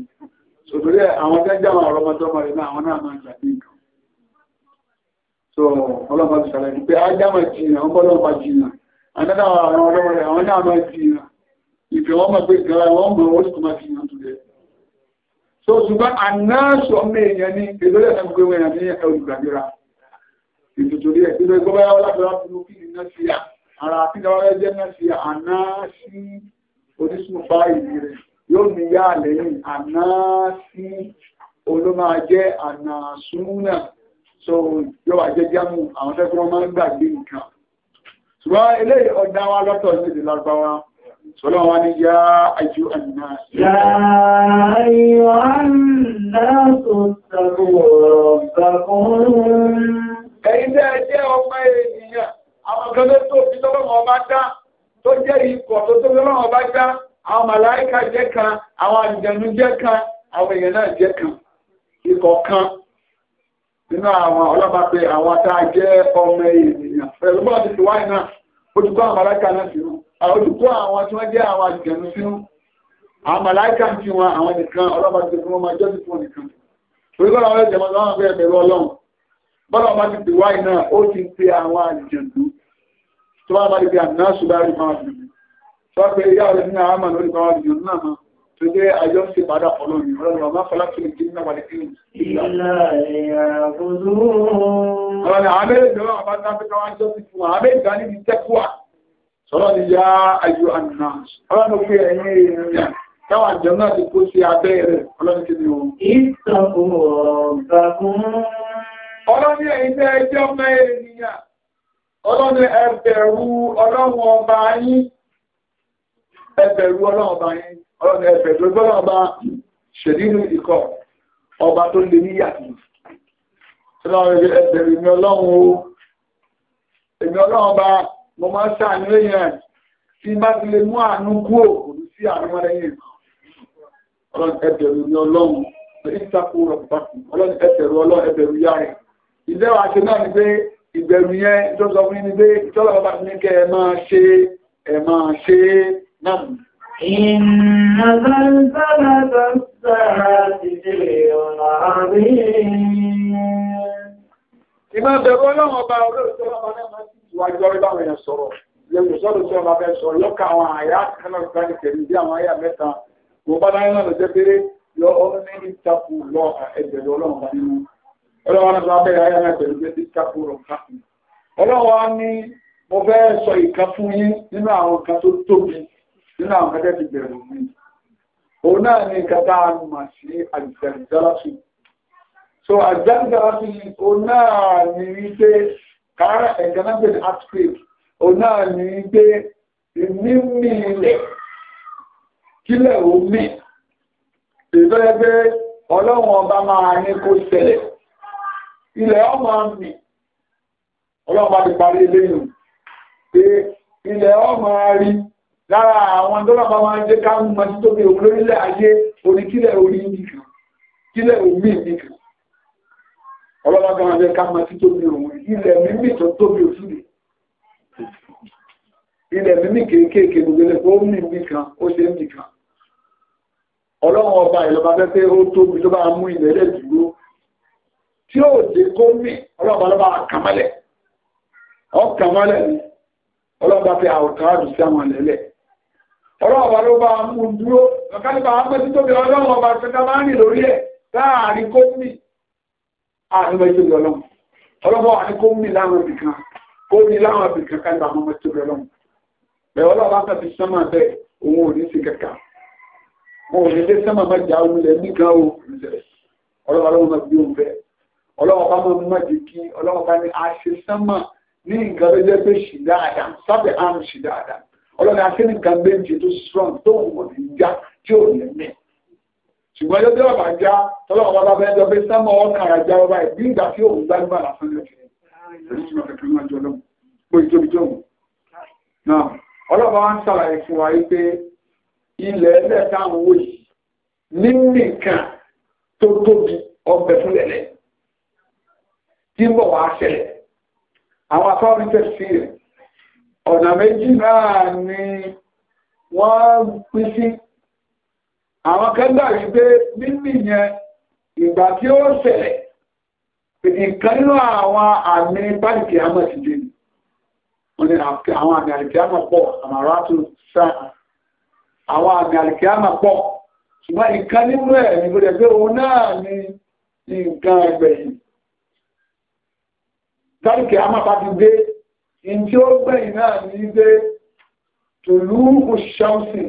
sòtòrí àwọn tẹ́jà àwọn ọ̀rọ̀ ọmọdé ọmọ rẹ̀ náà àwọn náà máa gbàgbé nǹkan so ọlọ́pàá ti sàlẹ̀ pé ajáma jìnà ọkọ̀ ọlọ́pàá jìnà àdádá àwọn ọlọ́rọ̀ rẹ̀ àwọn náà máa jìnà ìfẹ́ wọ́n máa pé ìgbàlá wọ́n mọ̀ ó sì tó máa jìnà tó dẹ̀ so ṣùgbọ́n ànáṣọ ọmọ èèyàn ní ìlúlẹ̀ ẹgbẹ̀rún èèyàn ní olùgbàdìra ìtòtòrí ẹ̀ ìlú ẹgbẹ́ báyá ọlágbàrá fún kí ni náà sí à ara àfíjáwárẹ́ jẹ́ náà sí ànáṣí oníṣùn bá ìlú rẹ̀ yóò ní yá lẹ́yìn ànáṣí olómáa jẹ́ ànáṣúnà so yóò wá jẹ́ jámù àwọn tẹ́kọ́ wọn máa ń gbàgbé nǹkan ṣùgbọ́n eléyìí ọ̀dá wa lọ́tọ̀ ní èdè lárúbáwá sọ́lọ́ wa ní yá ayú àmìnà yá ayú àmìnà tó sàrò ọ̀gbàkùnrin ẹ̀yìn tẹ́ jẹ́ ọmọ ènìyàn àwọn kan tó tóbi jẹ́ kan àwọn àjẹ̀nú jẹ́ kan àwọn èèyàn náà jẹ́ kan ikọ̀ kan nínú àwọn ọlọ́pàá àwọn ata jẹ́ ọmọ ènìyàn pẹ̀lú bọ́ọ̀ ti wá iná ojúkọ́ àwọn màláìka náà sínú ojúkọ́ àwọn tí wọ́n jẹ́ àwọn àjẹ̀nú sínú àwọn màláìka ń fi wọn àwọn nìkan ọlọ́pàá ti fi wọn máa jọ́ sí fún nìkan torí bọ́ọ̀ àwọn ẹ̀jẹ̀ máa ń bẹ̀rẹ̀ pẹ̀lú ọlọ́run bọ́ọ̀ bá ti wá iná ó ti pe àwọn àjẹ̀nú tó bá máa di pé àná ṣùgbọ́n àríkà wọn fi tó jẹ́ àjọ sí padà pọ̀lọ́ ìrọ̀lù ọmọ fọlákìlì kí nínú wàlẹ̀ kí nínú. Ọ̀rọ̀ àbẹ́ ìjọba àbáta Afrika wá jọ́ sí fún wa, àbẹ́ ìgbà níbi tẹ́kùwà. Sọ̀rọ̀ ni ya ayò àná. Ọ̀rọ̀ ni pé ẹ̀yin èèyàn táwọn àjọ náà ti kó sí abẹ́ rẹ̀ ọlọ́ni ni o. Ìtàkùn ọ̀gá fún. Ọlọ́ni ẹ̀yin tẹ́ ẹjọ́ mẹ́ ènìyàn. Ọlọ́ni ẹbẹ̀rù ọlọ́run ọba yín. Ẹbẹ̀rù ọlọ́run ọba ọ̀rọ̀ ẹ̀fẹ̀ tó gbọ́nà ọba ṣèdínú ikọ̀ ọba tó lè níyà ẹ̀mí ọlọ́run ọba mo máa ṣàánú èèyàn tí bá ti lè mú àánú kú òkùn sí àánú lẹ́yìn ọlọ́run ẹ̀bẹ̀rù ni ọlọ́run ìtàkù rọ̀bùbákù ọlọ́run ẹ̀bẹ̀rù ọlọ́run ẹ̀bẹ̀rù yá rẹ̀ ilé wa ṣe náà ni pé ìbẹ̀rù yẹn tó sọ fún ni pé ìtọ́lọ̀ bàbá ní kẹ́ ẹ máa ṣe ẹ náà إن زلزلة الساعة شيء عظيم Ìmọ̀ bẹ̀rọ ọlọ́run ọba olóòtú ọmọ náà máa ti wà jọ rí báwọn èèyàn sọ̀rọ̀. Lẹ́gbùn sọ́dọ̀ tí ọba bẹ́ sọ lọ́kà àwọn àyà kanáà gbáni tẹ̀lé bí àwọn àyà mẹ́ta. Mo bá dáyé náà lọ jẹ́ péré lọ ọdún ní ìtàkù lọ ẹgbẹ̀rẹ̀ ọlọ́run bá nínú. Ọlọ́run ọba bẹ́ẹ̀ àyà náà pẹ̀lú pé ìtàkù rọ̀ káàkiri. Ọlọ́run wa ní mo fẹ́ sọ ìkan fún yín nínú àwọn kan tó tóbi nínú àwọn kẹ́kẹ́ ti bẹ̀rẹ̀ mí òun náà ní kẹta mà sí àjẹjẹrẹsì so àjẹjẹrẹsì òun náà ní wípé kára economic earthquake o náà ní wípé mímí ilẹ̀ kílẹ̀ omi ìtọ́jẹ́ pé ọlọ́run ọba máa ní kó ṣẹlẹ̀ ilẹ̀ ọmọ mi ọlọ́run bá ti parí ilé yìí pé ilẹ̀ ọmọ rí lára àwọn dọ́lọ́pàá máa jẹ́ ká mú ma títóbi òun lórílẹ̀ ayé oníkílẹ̀ orí nìkan kílẹ̀ omi nìkan ọlọ́pàá máa jẹ́ ká ma títóbi òun ilẹ̀ mímì tó tóbi òsúlẹ̀ ilẹ̀ mímì kéékèèké gbogbo ó mì nìkan ó ṣe nìkan ọlọ́run ọba ìlọba fẹ́ pé ó tóbi tó bá mú ilẹ̀ lẹ̀ dúró tí ó dé kó mì ọlọ́pàá lọ́ba kàmálẹ̀ ọkàmálẹ̀ ni ọlọ́wọ́ bá ló bá mú dúró ọ̀kálùbà ápẹ́sí tóbi ọlọ́wọ́ bá tẹ́ta bá rìn lórí ẹ̀ láàrin kómi àrùnmọ̀ ìtòbi ọlọ́wọ́ ọlọ́wọ́ àrin kómi láwọn ibìkan kómi láwọn ibìkan kálùbà mọ́mọ́ ìtòbi ọlọ́wọ́ bẹ̀rẹ̀ ọlọ́wọ́ bá tàbí sánmà bẹ́ òun ò ní sí kẹta òun ò ní dé sánmà má jà òun lẹ̀ nígan o ọlọ́wọ́ ọlọ́wọ́ má gbé òun bẹ́ mọ́ jẹ́ kí ọlọ́wọ́ bá ní àṣẹ sánmà ní nǹkan ọlọ́ni akíní kan méjì tó strong tó wù ní já tí ò ní mí ṣùgbọ́n yóò dẹ́wọ̀ bá já tọ́lọ́ ọba bá fẹ́ jọ pé sẹ́mọ̀ ọkàn ara já ọba ẹ̀ bí ìgbà tí òun gbá nígbà lásán ní ọ̀kẹ́ èyí tí wọ́n kẹ̀kẹ́ máa jọ lọ́wọ́ pé ìjọbi jọ̀wọ́ náà ọlọ́ba wa ń ṣàlàyé fún wa pé ilẹ̀ ẹlẹ́ táwọn owó yìí ní nìkan tó tóbi ọbẹ̀ fún lẹ̀lẹ̀ tí ń bọ̀ wá ṣẹlẹ̀ àwọn afáwọn tẹ̀sí rẹ̀ ọ̀nà méjì náà ni wọ́n pín sí àwọn kẹ́gbà rí pé mímì yẹn ìgbà tí ó nínú àwọn àmì ti dé ni wọ́n ní àwọn àmì àlìkíámà pọ̀ àmàrà tó sáà àwọn àmì àlìkíámà pọ̀ ṣùgbọ́n nǹkan nínú ẹ̀ ní gbọ́dọ̀ pé òun náà ni nǹkan ẹgbẹ̀yìn tálìkì àmà ti ìjọ gbẹ̀yìn náà ní ilé tòlú òṣìṣàmsì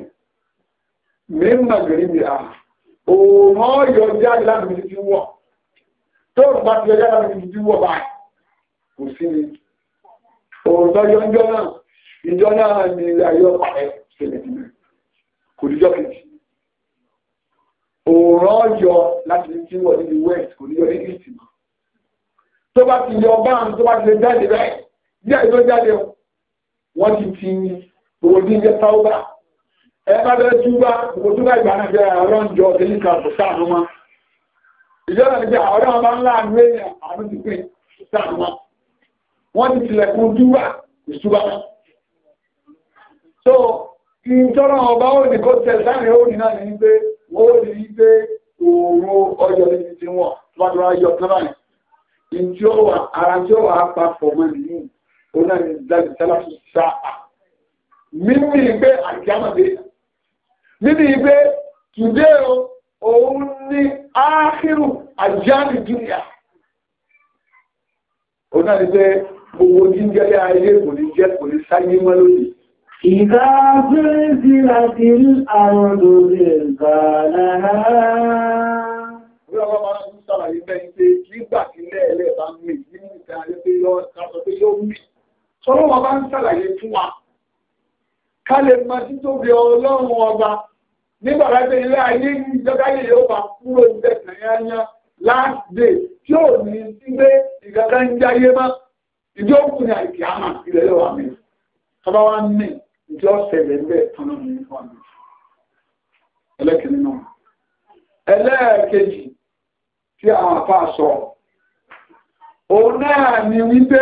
mímọ̀ gẹ̀rẹ́bì à òòrùn ọ̀yọ̀ jáde láti fi ti wọ̀ tó bá ti ọjọ́ láti fi ti wọ̀ báyìí kò sí ni òòrùn tọ́jọ́ ìjọ náà ìjọ náà ní ilé ayé ọ̀pàá kò níjọ́ kejì òòrùn ọ̀yọ̀ láti fi ti wọ̀ níbi west kò níjọ́ ní east tó bá ti yọ báyìí tó bá ti lè jáde díẹ̀ ló jáde wọ́n ti fi gbogbo ní jẹ́ táwọ́bà ẹ bá bẹ́ẹ̀ túbá gbogbo túbá ìgbà náà jẹ́ àwọn ọjọ́ ìdílé kan kò sáà wọn ìjọba ní pé àwọn ọmọ ńlá àánú èèyàn àánú ti pé sáà wọn wọ́n ti tilẹ̀kùn túbá ìtúbá wọn. so ìjọba ọba ó ní kó tẹ sáàrin ó ní náà ní pé wọ́n ó ní pé òòrùn ọjọ́ ní ti wọn tó bá tó wá yọ tó báyìí ìjọba ara tí ó wà á pa pọ̀ mọ́ òun náà ní dájú sálà fún sáà mímú ìgbé àjámàdé mímú ìgbé o òun ní áhírù àjáàmì dúnìyà òun náà ní gbogbo jíjẹ́lé ayé kò ní jẹ́ kò ní sáyé mọ́ lónìí Ìgbà bíríjìlá ti rí àwọn lórí ìgbà náà. Bí ọmọ máa ń sára ìgbẹ́ ìgbẹ́ nígbà tí lẹ́ẹ̀lẹ́ bá mì nínú ìgbà ayé pé yóò mì tọ́lọ́ wọn bá ń ṣàlàyé fún wa ká lè máa tí tó bí ọlọ́run ọba nígbà láti ilé ayé ìjọba yìí yóò máa kúrò níbẹ̀ nàyányá last day tí ò ní sí pé ìgbàgbá ń jáyé mọ́ ìjọ òkú ni àìkí àmà ilẹ̀ yóò wà mí tọ́ba wa ń mì ìjọ ṣẹlẹ̀ ńbẹ̀ tọ́nà mi wà mí. ẹlẹ́kìnrin náà ẹlẹ́ẹ̀kejì tí àwọn àfa sọ òun náà ni wípé.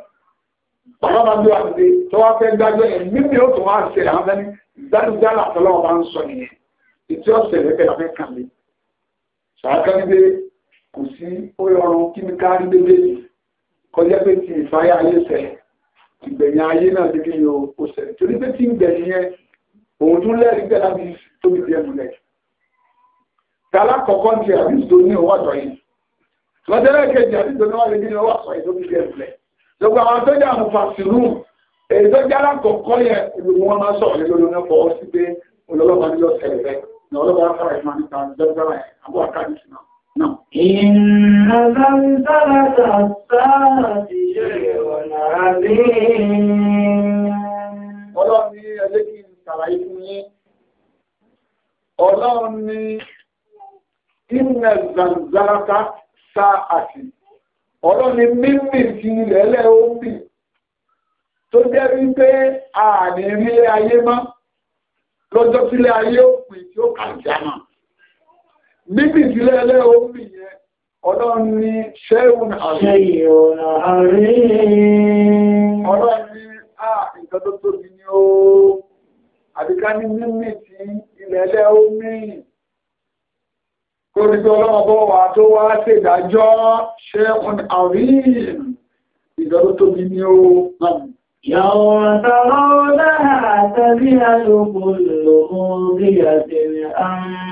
bàbá bá gbé wa dìde tó wá fẹ́ gbájọ́ yẹn mímí ó tó wá ṣe àwọn fẹ́ ní dáadáa àtọ́lọ́wọ́ bá ń sọ nìyẹn ètò ọ̀sẹ̀ rẹ̀ bẹ̀rẹ̀ fẹ́ kàn mí. sàákà níbi kò sí ọrùn kíníkà rí méjèèjì kọjá pé ti ìfáyà ayé sẹ̀ ìgbẹ̀yìn ayé náà ti kí ni o sẹ̀ torí pé tí ìgbẹ̀yìn yẹn òun tún lẹ́rìí bẹ́ẹ̀ láti tóbi díẹ̀ múlẹ̀. tàlá kọ̀ọ̀kan ti àbí ìdóní owó àtọ̀ yìí. lọ́jọ́ lẹ́ẹ̀kejì àbí ìdóní wà lè ní owó àtọ̀ yìí tóbi díẹ̀ múlẹ̀ gbogbo àwọn tó jẹ́ àwọn fàṣírù èyí tó jẹ́ yẹ ìlú máa sọ̀rọ̀ ní lórí ọ̀nà sí pé olólọ́pàá ní lọ́sẹ̀ rẹ̀ ní ọlọ́pàá fara ìfúnná níta dọ́gbàrà ẹ̀ àbọ̀ àkáàdì sí náà. Ìnà sáńsára sáà ti ṣe ìwọ̀nà àbí. Ọlọ́run ní ẹlẹ́ kí n ṣàlàyé fún yín. Ọlọ́run ní ìnà sáńsára sáà àti ọ̀rọ̀ ni mímì ti ilẹ̀ ẹlẹ́ omi tó jẹ́ wípé ààrẹ ilé ayé mọ́ lọ́jọ́ sílé ayé òpin tí ó kàjámà mímì ti ilẹ̀ ẹlẹ́ omi yẹn ọ̀rọ̀ ni ṣẹ́hùn àárín ọ̀rọ̀ ni ààrẹ ìjọdọ́ tóbi ni ó àbíká ní mímì ti ilẹ̀ omi yìí kó ní pé ọlọ́wọ́ bọ́ wà tó wá ṣèdájọ́ ṣẹ́kùn àríyìn ìdọ́rọ̀ tóbi ní ó náà Yàwọn tàwọn náà tàbí alùpù lòun bí àtìrì àmà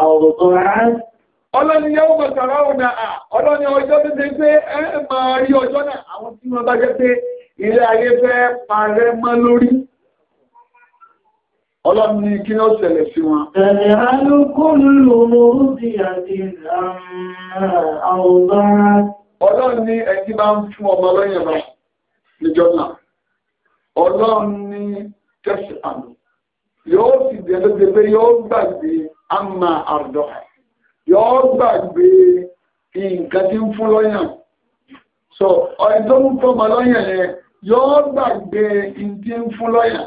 àwùkọ́ àti. Ọlọ́ni yàwó bàtàrà ọ̀nà à, ọlọ́ni ọjọ́ tó ti pé ẹ máa rí ọjọ́ náà, àwọn tí wọ́n bá jẹ́ pé ilé ayé fẹ́ parẹ́ mọ́ lórí. Ọlọ́run ní kí ó ṣẹlẹ̀ sí wọn. Ẹ̀rẹ̀ alúkúlù orúbí àti àwọ̀bá. Ọlọ́run ní ẹjí bá ń fún ọmọ lọ́yìn lọ níjọ́ náà. Ọlọ́run ní tẹ́sì àmì. Yóò sì dẹ̀ pé yóò gbàgbé àmà àrùdọ̀. Yóò gbàgbé nǹkan tí ń fún lọ́yìn. So, ọ̀rẹ́ tó ń fún ọmọ lọ́yìn yẹn, yóò gbàgbé nǹkan tí ń fún lọ́yìn.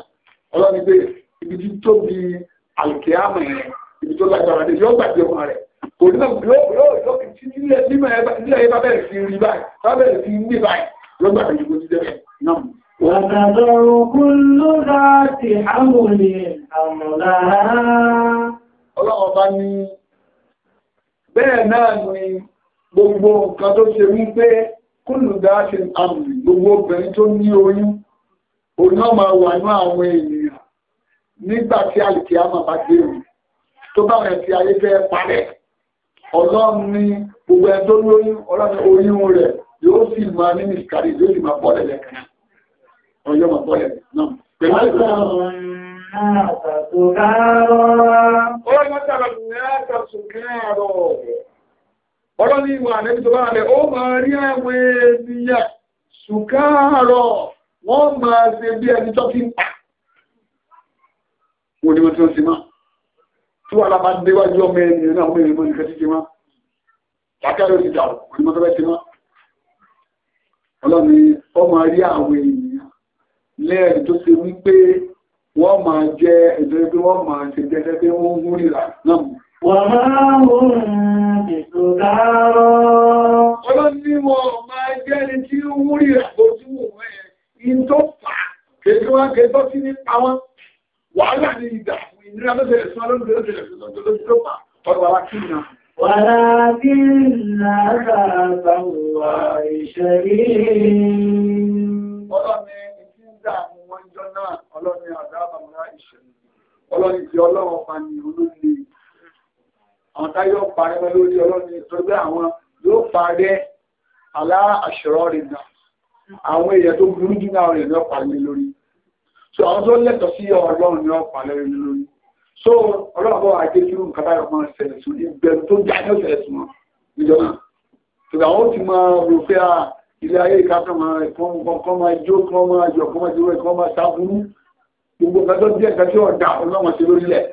Ọlọ́run pé ibi tí tóbi àlùkìyàmọ̀ yẹn ibi tó lágbára dé yóò gbàgbé wọn rẹ̀ kò ní náà yóò yóò yóò ti nílẹ̀ nílẹ̀ yẹn bá bẹ̀rẹ̀ sí rí báyìí bá bẹ̀rẹ̀ sí ní báyìí yóò gbàgbé ju bóti dẹ́rẹ̀ náà. Wàtàdọ̀rù kúlú láti àmúlé àmúlá. Ọlọ́run bá ní bẹ́ẹ̀ náà ni gbogbo nǹkan tó ṣe wípé kúlù dáṣe àmì gbogbo obìnrin tó ní oyún òun náà máa wà ní àwọn èèyàn nígbà tí àlìkí àmà bá dé òun tó bá rẹ̀ tí ayé fẹ́ parẹ́ ọlọ́run ní gbogbo ẹ̀ tó lóyún ọlọ́run oyún rẹ̀ yóò sì máa ní nìkàrí yóò sì máa bọ́lẹ̀ lẹ́kàn ọjọ́ máa bọ́lẹ̀ náà pẹ̀lú àìsàn ọlọ́run ìwà ànẹ́bí tó bá rẹ̀ ó máa rí àwọn ènìyàn sùkárọ̀ wọ́n máa ṣe bí ẹni tó fi ń wọn ni wọ́n ti wọ́n ti máa ọlọ́ni tó ṣe wípé wọ́n máa jẹ́ ẹ̀dọ́ pé wọ́n máa ṣe jẹ́ pé wọ́n mú rírà náà wọ́n máa ń ètò dárọ́ ọlọ́ni wọ́n máa jẹ́ ẹni tí ó mú rírà bójú wọn ẹ̀ wàhálà ní ìdá ìnira lọ́sẹ̀ ẹ̀sùn alóòdó lọ́sẹ̀ ẹ̀sùn lọ́sẹ̀ tó pa ọ̀rọ̀ wa kí ni Wàrá bí lára àbáwà ìṣẹ̀rí. Ọlọ́ni ìdí ń dààmú wọn jọ náà, ọlọ́ni àdábàmúra ìṣẹ̀rí. Ọlọ́ni ti ọlọ́run pa ní olóòlì. Àwọn táyọ̀ parẹ́ lórí ọlọ́ni ìtọ́gbẹ́ àwọn yóò parẹ́ alá àṣọrọ̀ rẹ̀ náà. Àwọn èèyàn tó burú jù náà rẹ̀ lọ́pàá lórí so àwọn tó lẹ́tọ̀ sí ọlọ́run ní ọ̀pá lẹ́yìn lórí so ọlọ́run bọ́ ajé kí nǹkan báyọ̀ máa ṣẹlẹ̀ sí ìbẹ̀rù tó já ní ọ̀sẹ̀ ẹ̀sùn wọn níjọba tòkà àwọn ti máa rò pé à ilé ayé ìka kan máa kọ́ máa jó kọ́ máa jọ kọ́ máa jọ kọ́ máa sáfúrú gbogbo nǹkan tó díẹ̀ nǹkan tí ọ̀dà ọlọ́run ṣe lórílẹ̀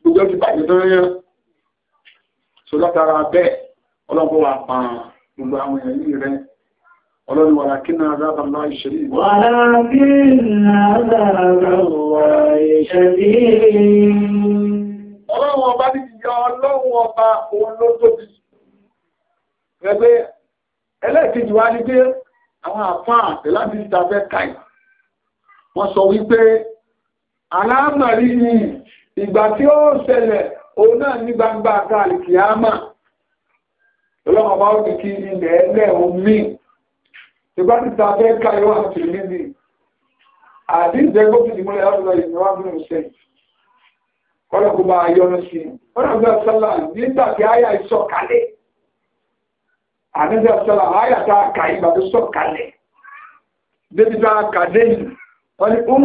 gbogbo ti bàjẹ́ tó yẹn so látara bẹ́ẹ̀ ọlọ́run bọ́ wa pa gbogbo àwọn èèyàn yìí rẹ̀ ọlọ́run wà lákínà àzábà náà ìṣẹ́lẹ̀ ìwọ̀n. wà lákínà àzábà náà ìṣẹ́lẹ̀ ọlọ́run ọba ní ìyá ọlọ́run ọba olótóbi ẹgbẹ́ ẹlẹ́ẹ̀kejì wá ní pé àwọn àfáà láti ìta fẹ́ káì wọ́n sọ wípé aláàmàrí ni ìgbà tí ó ṣẹlẹ̀ òun náà ní gbangba àkàlì kìámà ọlọ́run ọba ó ní ilẹ̀ ẹlẹ́ omi ṣùgbọ́n ti ta fẹ́ ká ìwà àti ìlẹ́ni àdíjẹ́ gómìnà múlẹ̀ láti lọ ìrìnwá bí mo ṣe kọ́lọ̀ kó bá yọnu sí i wọ́n náà bí ọ̀sọ́lá nígbà tí àyà ìsọ̀kalẹ̀ àdíjẹ́ ọ̀sọ́lá àyà tá a kà ìgbà tó sọ̀kalẹ̀ débi tá a kà déyìn wọ́n ó ń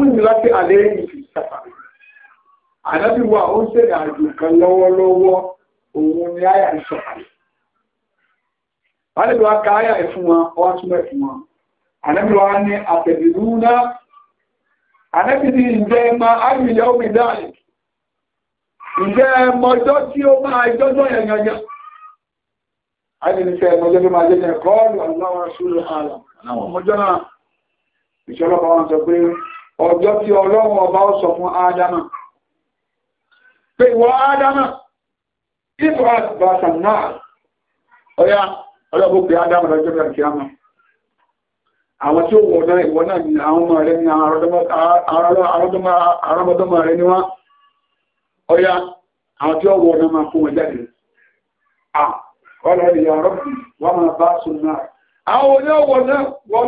ṣèrìn àjò kan lọ́wọ́lọ́wọ́ òun ni àyà ìsọ̀kalẹ̀ Ànábì wa ka ayà ẹ̀fún wọn, ọwá túnmọ̀ ẹ̀fún wọn. Ànábì wa ní àtẹ̀bìrú náà. Ànábì ní ìjẹ́ máa áyùlẹ̀ omi dáàlì. Ìjẹ́ mọjọ́ tí ó máa jọ́jọ́ yẹnyẹnyẹ. Ànábì ní sẹ́ mọjọ́ tó máa jẹ́ yẹn kọ́ọ̀lù àwọn aṣúlù àlà. Àwọn mọjọ́ náà, ìṣọ́lọ́pàá ọ̀yá, ọlọ́gbọ́ pé ádámù lọ́jọ́ bẹ̀rẹ̀ kí á ya àwọn tí ó wọ̀ náà ìwọ náà ni àwọn ọmọ rẹ̀ ni àrọ́mọdọ́mọ rẹ̀ ni wọ́n ọya àwọn tí ó wọ̀ náà máa fún wọn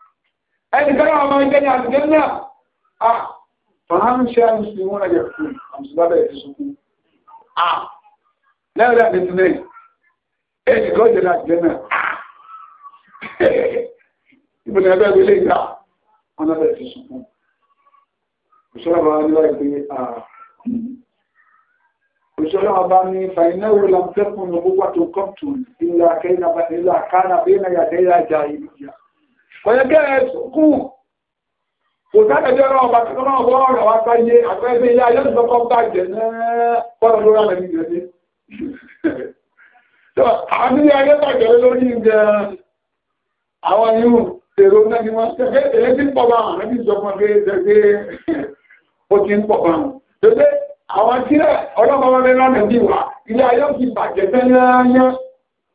ẹni kọ́nà ọmọ ẹgbẹ́ ní àtìgẹ́ náà à tọ́hánù ṣe àmìsìn wọn ẹgbẹ́ fún àmìsìlábẹ̀ ìṣùkú à lẹ́rẹ̀ àtìtìlẹ̀ ẹni kọ́ jẹ́ àtìgẹ́ náà à ìbùn ẹgbẹ́ ilé ìgbà ọ̀nà bẹ̀ ìṣùkú òṣèlú ọba ní fàínáwó làmfẹ́kùn ní gbogbo àtòkọ́pù ìlà kánà bí i náà yàtẹ́ ìlà jà ìlú yà kọ̀yẹ́kẹ́ ẹ̀sùnkú kò sáàkẹ́jọ́ ọ̀rọ̀ ọba tó náà bọ́ ọ̀rọ̀ wá sáyé àpẹẹsẹ ilé ayé tó kọ́ bá jẹ náà pọ́lọ̀ lórí àmì ìrẹsẹ̀ tó àmì ayé bàjẹ́ lórí ìjẹ àwọn yìí èrò náà ni wọ́n tẹ́fẹ́ èyí tí ń pọ̀ bá àwọn ẹbí ìjọba pé tẹ́fẹ́ ó ti ń pọ̀ bá wọn tẹ́fẹ́ àwọn tí ọlọ́pàá wọn lẹ́nu ọ̀nà bí wà ilé ayé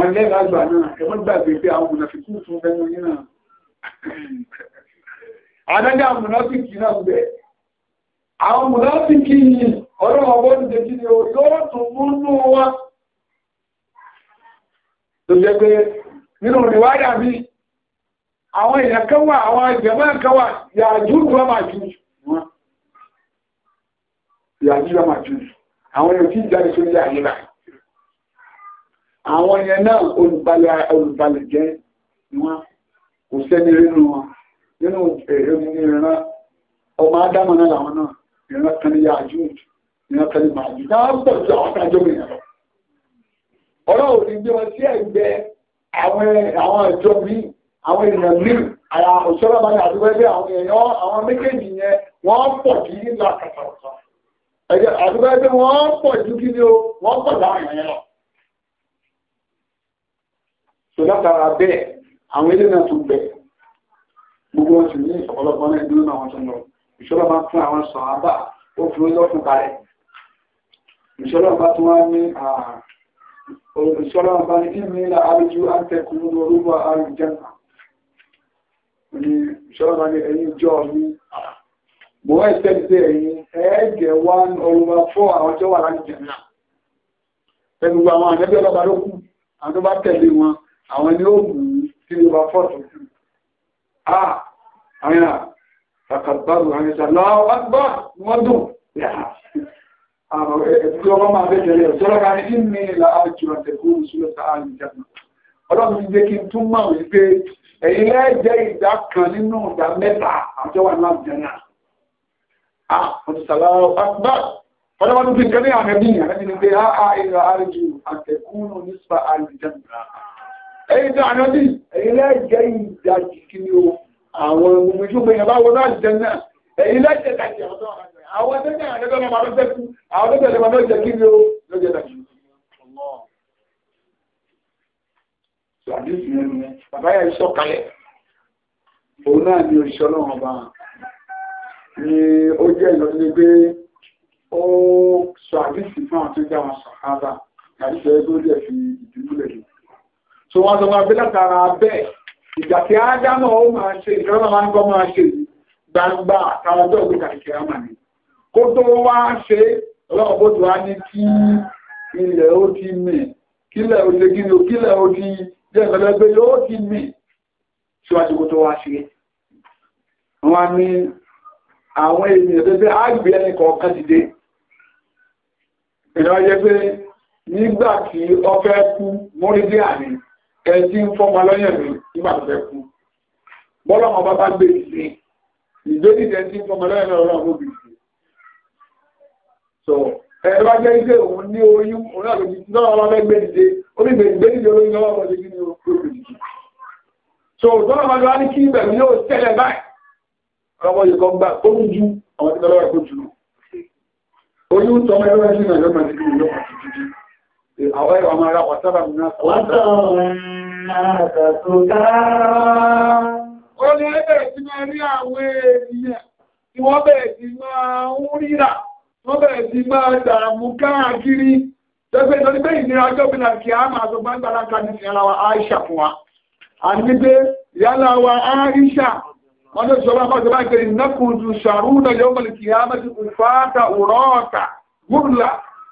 wọn lẹ́nu àgbà náà ẹ̀wọ́n gbàgbé pé àwọn mùnàfikún fún bẹ́nu yín náà àdájá mùnàfikì náà ń bẹ àwọn mùnàfikì yìí ọ̀rọ̀ ọgbọ́n ti dèjì ni yóò tún múnú wa tó jẹ́ pé nínú ìwádà mi àwọn èèyàn kan wà àwọn ìjẹ̀mọ́ kan wà yàjú ìwà máa jù yàjú ìwà máa jù àwọn èèyàn tí ìjáde sórí àyè báyìí àwọn yẹn náà olùbalẹ̀ jẹ́ wọn kò sẹ́ni rínú wọn nínú ìran ọmọ adámọ̀ náà làwọn náà kan ní kan ní màájú àwọn kájọ́ mi yàrá ọlọ́run ti gbé wọn sí ẹ̀gbẹ́ àwọn ẹ̀jọ́ mi àwọn ènìyàn mi àyà òṣèlú àbáyé àdúgbẹ́gbẹ́ àwọn èèyàn àwọn méjèèjì yẹn o wọ́n pọ̀ láwọn èèyàn lọ tó látara bẹ́ẹ̀ àwọn ilé náà tún bẹ̀ gbogbo wọn sì ní ọ̀pọ̀lọpọ̀ náà nínú àwọn tó ń lọ ìṣọ́lá máa fún àwọn sàhábà ó fi ó lọ́kùn kalẹ̀ ìṣọ́lá bá tún wá ní ìṣọ́lá bá ní kí ní ilà àríjú àtẹkùn orúkọ àrùjẹ́nà ní ìṣọ́lá bá ní ẹ̀yìn jọ ní mo wá ìṣẹ́ ti ẹ̀yìn ẹ̀ẹ́jẹ̀ wá ọrùn fọ́ àwọn tó wà láti jẹ̀nà pẹ̀lú àwọn àjẹ́bí ọlọ́ba ló kù àwọn tó bá tẹ̀lé wọn àwọn ni ó mú sí ọba fọ́tù jù ah àyà takàbàrù àyẹ̀sà lọ́wọ́ gbọ́ wọ́n dùn yàrá àwọn ẹ̀kọ́ ọmọ máa bẹ́ jẹ́lẹ̀ ọ̀tọ́lọ́ka ní ìmì ìlà àjò àtẹ̀kùn ìṣúlọ́ta àìjẹ̀mọ̀ ọlọ́run jẹ́ kí n tún mọ̀ wípé ẹ̀yin lẹ́ẹ̀jẹ́ ìdá kan nínú ìdá mẹ́ta àjọwà náà jẹ́nà àpọ̀tùsàláwọ̀ àgbà ọlọ́run fi kẹ́lẹ́ àmẹ́bí àmẹ́bí ni pé àà ìlà àjò àtẹ̀kùn ìṣúlọ́ta ẹ̀yìn tó ànọ́bí ẹ̀yìn lẹ́jẹ́ ìdájì kí ni o àwọn ohun ìjọba wọn náà jẹ náà ẹ̀yìn lẹ́jẹ́ ìdájì àwọn tó ní àwọn ẹgbẹ́ ọmọ ọlọ́jẹ́ kú àwọn tó tẹ̀lé wọn lọ́jẹ́ kí ni o lọ́jẹ́ ìdájì. Bàbá yà iṣọ́ kalẹ̀. Òun náà ni òṣìṣẹ́ ọlọ́run pé ó sọ àdísì fún àtúndà wọn sàkábà. Àdísì ẹgbẹ́ ó jẹ́ fi ìdúgbò lẹ́yìn so wọ́n sọ wọn pé látara bẹ́ẹ̀ ìgbà tí ádámọ̀ ó máa ṣe ìkẹ́rọ́nà máa ń gbọ́ máa ṣe gbangba àtàwọn ọjọ́ ìgbé kàkiri àmà ni kó tó wá ṣe ọlọ́run bó tó wá ní kí ilẹ̀ ó ti mì kílẹ̀ ó ti gírí kílẹ̀ ó ti jẹ́ ìfẹ́lẹ́gbé yóò ti mì síwájú kó tó wá ṣe wọ́n ní àwọn ènìyàn tó fẹ́ àgbẹ̀ ẹni kọ̀ọ̀kan dìde ìrọ̀ jẹ́ pé nígbà tí ó fẹ́ kú mórídìí àní ẹtí ń fọ́mọ lọ́yàn mi nígbà tó fẹ́ kú bọ́lá ọmọ bá bá gbé ìsìn ìgbéni tẹ̀ tí ń fọ́mọ lọ́yàn náà lọ́wọ́ ló bì í so ẹ̀rọ bá jẹ́ iṣẹ́ òun ní oyún òun náà lòdì tí lọ́wọ́ ọlọ́fẹ́ gbé ìdè ó ní gbèdé ìdè olóyún lọ́wọ́ ọmọdé kí ni ó gbèdè so tọ́lá ọmọdé wá ní kí ìbẹ̀rù yóò tẹ́lẹ̀ báyìí ọmọ yìí kan gbà ó ń ju àwọn tí lọ́wọ́ ẹ̀kọ́ jù oyún tọ́mọ ẹ̀rọ àwọn ẹ̀rọ ọmọ ara wọ̀tọ́rọ̀ náà ó ní ẹgbẹ̀rẹ̀ tí máa rí àwọn èèyàn tí wọ́n bẹ̀rẹ̀ sí máa ń ríra wọ́n bẹ̀rẹ̀ sí máa dààmú káàkiri tẹ́gbẹ́ ìtọ́ni pé ìnira ọjọ́ bí náà kí a máa sọ gbágbára ká ní ìyára Aisha fún wa àti pé ìyára Aisha wọ́n tó sọ bá bá sọ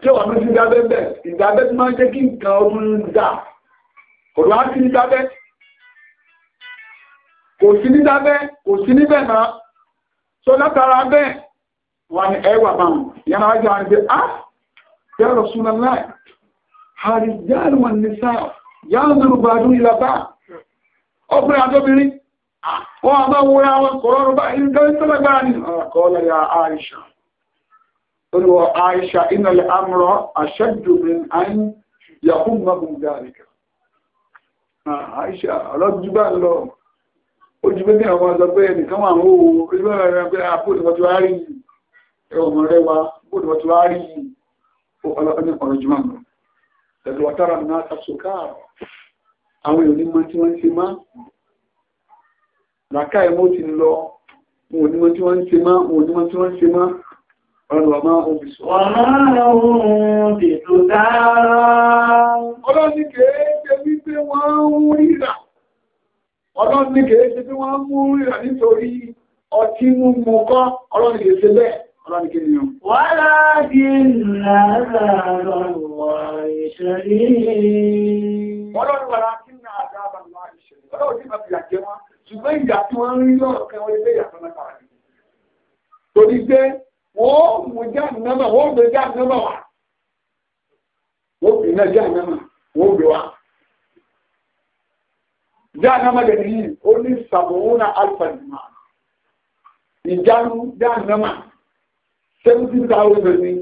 tí wọ́n ní sí ìdábẹ́ ìdábẹ́ tí máa ń jẹ́ kí nǹkan ọdún dà ọ̀dọ̀ á sí nídábẹ́ kò sí nídábẹ́ kò sí níbẹ̀ náà tó látara bẹ́ẹ̀ wà ní ẹwà báwọn yẹn náà jẹ́ àwọn ìgbé ah ya Rasulullah ar-rijal wan-nisaa yanzuru ba'du ila ba'd ọkùnrin àtọ́bìnrin ah, wọ́n olùwọ̀ Aisha inàlẹ̀ amúrọ̀ aṣẹ́dùnrin àyín yàkún mọ́bùn dáríkà Aisha ọlọ́júbà lọ ojúgbé ní àwọn ọjọ́ pé ẹnìkan wà ń hó ojúgbé rẹ̀ pé àpòtìwọ́tí ah, wá rí ọmọ rẹ̀ wá àpòtìwọ́tí wá rí ọ̀rọ̀ jùmọ̀ lọ ẹ̀dùn ọ̀tára Ọlọ́ni kèé ṣe wípé wọ́n ń ríra. Ọlọ́ni kèé ṣe bí wọ́n mú ríra nítorí ọtí mú mú kọ́. Ọlọ́ni kèé ṣe bẹ́ẹ̀. Ọlọ́ni kèé yàn. Wà láàájí lára lọ́wọ́ ìṣẹ̀rí. Ọlọ́ni wà láàájí náà dábà máa ìṣẹ̀rí. Ọlọ́ni máa fi àjẹ́ wọn. Ṣùgbọ́n ìyà tí wọ́n ń wọ́n mú jáde náà wọ́n gbé jáde náà wá wọ́n gbé náà jáde náà wọ́n gbé wá. jáde náà gẹ̀dẹ̀ yìí ó ní sàbòwò náà alfa nìmọ̀ ìjánu jáde náà seventy thousand ni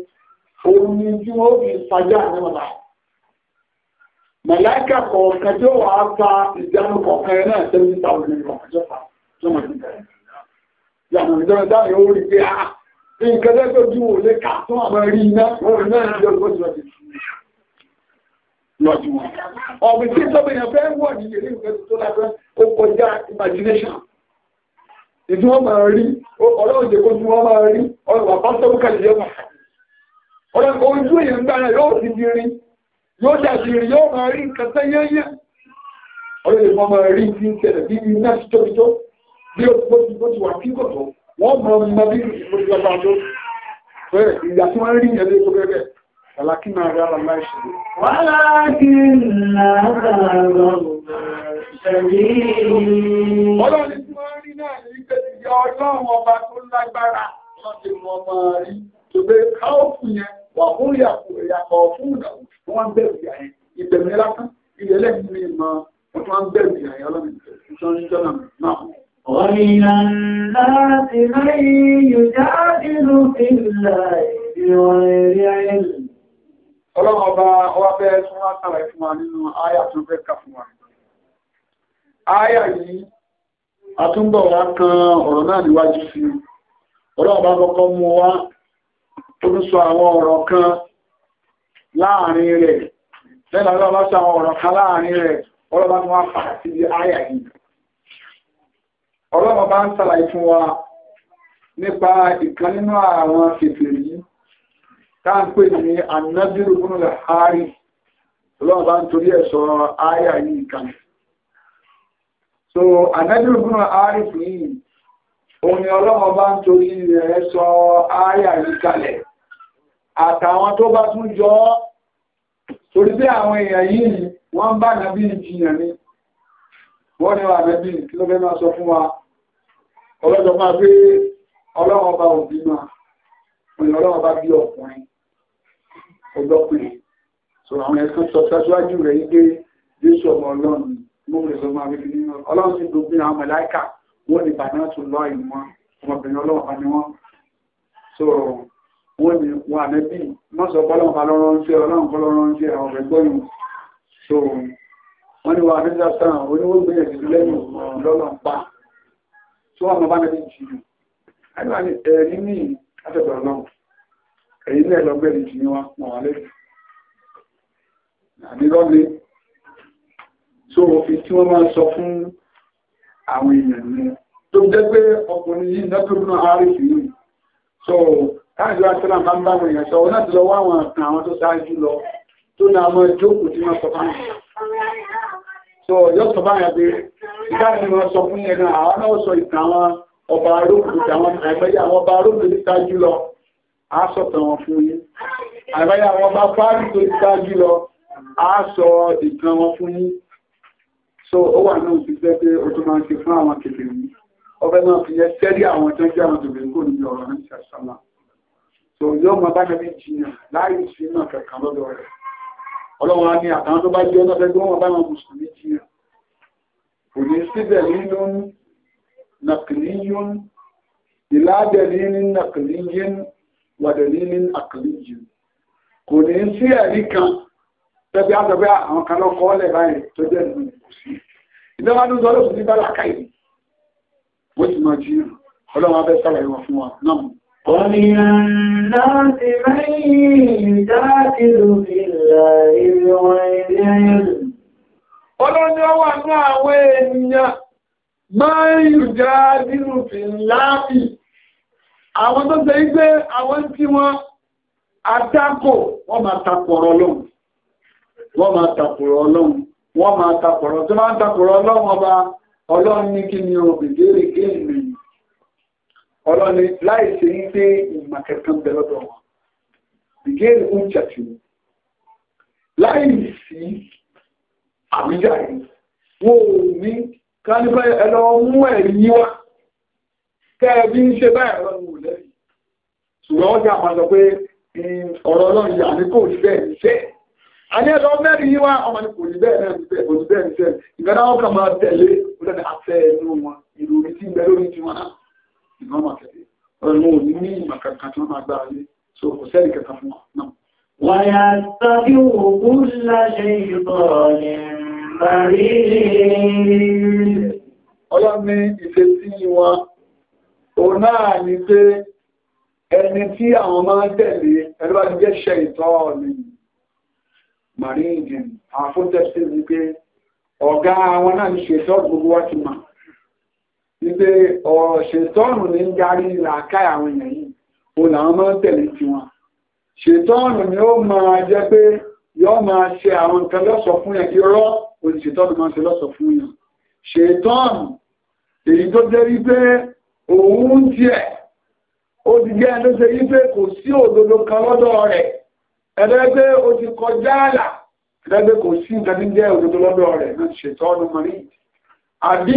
òun ni tí wọ́n fi sa jáde náà báyìí. Màláìkà kọ̀ọ̀kan tí ó wà á fa ìjánu kọ̀ọ̀kan náà seventy thousand kọ̀ọ̀kan tó fà nǹkan lẹ́gbẹ́ ojú wò lè ká fún àwọn rí iná orin náà ní ọdún ọdún ọdún lọ́dún ọ̀gbìn tí tọ́bí yẹn fẹ́ wọ̀ ní ilé ìfẹ́ tó lágbẹ́ ó kọjá imagination ìdí wọ́n máa rí ọlọ́ọ̀dẹ́ kó tún wọ́n máa rí ọlọ́wà pásítọ́bù kàlẹ́ yẹn wà ọlọ́kọ̀ ojú èèyàn gbára yóò ti di wọ́n mọ ọmọ bí kò sí lọ́gbà tó fẹ́ ìyà tí wọ́n rí yẹn lé tó bẹ́ẹ̀ Àlákí máa rí ara máa ṣe. Wọ́n láti lára lọ́wọ́ ṣẹ̀rí. Ọlọ́run tí wọ́n rí náà ní ìgbẹ̀ ìyá ọlọ́run ọba tó lágbára lọ́dẹ̀ wọn máa rí. Tòbẹ́ káòfù yẹn wà fún ìyàkù ìyàkọ̀ fún ìdàkù. Wọ́n bẹ̀rù ìyà yẹn. náà. ومن الناس من يجادل في الله بغير علم Ọlọ́run ọba ọwá bẹ́ẹ̀ tún wá tààrà fún wa nínú àyà tó fún wa. Àyà yìí, a tún bọ̀ wá kan ọ̀rọ̀ náà níwájú sí. Ọlọ́run ọba kọ́kọ́ mú àwọn ọ̀rọ̀ kan láàrin rẹ̀. Lẹ́nà ọlọ́run ọba sọ àwọn ọ̀rọ̀ kan láàrin rẹ̀, ọlọ́run ọba tún ọlọ́run bá ń sàlàyé fún wa nípa ìkan nínú àwọn kèfèrè yìí táà ń pè ní anábìrú fún ìhárì ọlọ́run bá ń torí ẹ̀ sọ ayà yìí so anábìrú fún ìhárì fún yìí òun ni ọlọ́run bá ń torí ẹ̀ sọ ayà yìí kalẹ̀ àtàwọn tó bá tún jọ ọ́ torí bí àwọn èèyàn yìí ni wọ́n bá nàbí ìjìyàn ni wọ́n ni wà nàbí kí ló fẹ́ máa sọ fún wa ọlọ́jọ́ máa pé ọlọ́run ọba òbí máa òyìn ọlọ́run ọba bí ọkùnrin ọgbọ́kùnrin so àwọn ẹ̀sán sọ sáṣíwájú rẹ̀ yí pé jésù ọmọ ọlọ́run mú rẹ̀ sọ máa fi nínú ọlọ́run sì gbogbo àwọn mẹ̀láìkà wọ́n ní bàbá tó lọ ìmọ̀ ọmọbìnrin ọlọ́run ọba ni wọ́n so wọ́n ní wọn àmẹ́bí wọ́n sọ pé ọlọ́run ọba lọ́rọ́ ń ṣe ọlọ́run kọ́ lọ́rọ́ ń ṣe àwọn ọ̀rẹ́ gbọ́yìn so wọ́n ní wọn àmẹ́bí sáà oníwó gbé ẹ̀sìn lẹ́yìn lọ́lọ́ pa tí wọ́n mọ bá mẹ́rin jì yìí àìmọ́ ni ẹ̀rí ní àtẹ̀tọ̀ náà èyí náà lọ́gbẹ̀rẹ̀ jì ní wọn mọ̀ wálé àbí lọ́gbẹ̀ tó òfin tí wọ́n máa sọ fún àwọn èèyàn ní tó jẹ́ pé ọkùnrin yìí lọ́gbẹ̀rún náà àárí sí yìí so láàrín ìjọba tó náà bá ń bá àwọn èèyàn sọ wọn láti so yóò sọ báyà pé ìdáhùn wọn sọ fún yẹn náà àwọn náà sọ ìtàn àwọn ọba arókùnrin àwọn àìbáyà àwọn ọba arókùnrin ṣáájú lọ á sọ tàn wọn fún yín àìbáyà àwọn ọba fáàrí tó ṣáájú lọ á sọ ìtàn wọn fún yín so ó wà náà ti jẹ́ pé o tó máa ń ṣe fún àwọn kékeré yìí ọbẹ̀ náà fi yẹ sẹ́rí àwọn tó ń jẹ́ àwọn tòbí ọlọ́wọ́n á ní àtàwọn tó bá jẹ́ ọlọ́fẹ́ tó wọ́n bá wọn mùsùlùmí ti rẹ̀ kò ní síbẹ̀ nínú nàkìlíyún ìládẹ̀lí ní nàkìlíyún wàdẹ̀lí ní àkìlíyún kò ní sí ẹ̀rí kan tẹ́bí àtọ́bí àwọn kan lọ́kọ́ ọ̀lẹ̀ báyìí tó jẹ́ ìlú kò sí ومن الناس من يجادل في الله بغير علم Ọlọ́ni ó wà àwọn ènìyàn máa ń yùjá nínú fi Àwọn tó ṣe àwọn tí wọ́n àtakò, wọ́n máa takọ̀rọ̀ ọlọ́run. Wọ́n máa takọ̀rọ̀ ọlọ́run. Wọ́n máa takọ̀rọ̀ ọlọ́run ọba ọlọ́run ní kí ni ọlọ́ni láì ṣe ń gbé ìmọ̀ kankan bẹ lọ́dọ̀ wọn ìgéèrè ń jàtì láì sí àwíjàre wọn ò ní kánífà ẹ lọ mú ẹ̀yìn wá kẹ́ẹ̀bí ń ṣe báyìí ọlọ́run ò lẹ́yìn ṣùgbọ́n wọ́n ti àmọ́ sọ pé hmm, ọ̀rọ̀ ọlọ́run yà ní kò rí bẹ́ẹ̀ níṣẹ́ àní ẹ̀lọ́ mẹ́rin yíwá ọmọ ní kò rí bẹ́ẹ̀ náà níṣẹ́ kò rí bẹ́ẹ̀ níṣẹ́ ìgbẹ́dáwọ́ kan máa tẹ̀lé ó lẹ́nu ìmọ̀mà kẹ̀kẹ́ ọ̀nà òní ní ìmọ̀ kankan tí wọ́n máa gbára lé so kò sẹ́ẹ̀lì kankan fún wọn náà. wàyà tàbí òkú láṣẹ ìbọ̀ọ̀lẹ̀ parí. ọlọ́ni ìfẹ́ sí wọn òun náà ni pé ẹni tí àwọn máa tẹ̀lé ẹni bá ti jẹ́ ṣe ìtọ́ọ̀lì marine àwọn fún tẹ̀sí wípé ọ̀gá àwọn náà ń ṣe ìtọ́ gbogbo wa ti máa wípé ọ̀rọ̀ ṣètọ́ọ̀nù ní ń darí làákàyà àwọn èèyàn yìí o làwọn máa ń tẹ̀lé tiwọn ṣètọ́ọ̀nù ni ó máa jẹ́ pé yọ́ máa ṣe àwọn nǹkan lọ́sọ̀ fún yẹn irọ́ o ní ṣètọ́ọ̀nù máa ṣe lọ́sọ̀ fún yẹn ṣètọ́ọ̀nù èyí tó jẹ́ wípé òun tiẹ̀ ó ti jẹ́ ẹni tó ṣe wípé kò sí òdodo kan lọ́dọ̀ rẹ̀ ẹ̀dẹ́gbẹ́ o ti kọjá àlà ẹ̀dẹ́gbẹ́ kò sí nǹkan tí ń jẹ́ òdodo lọ́dọ̀ rẹ̀ náà ṣètọ́ọ̀nù mọ̀rí àbí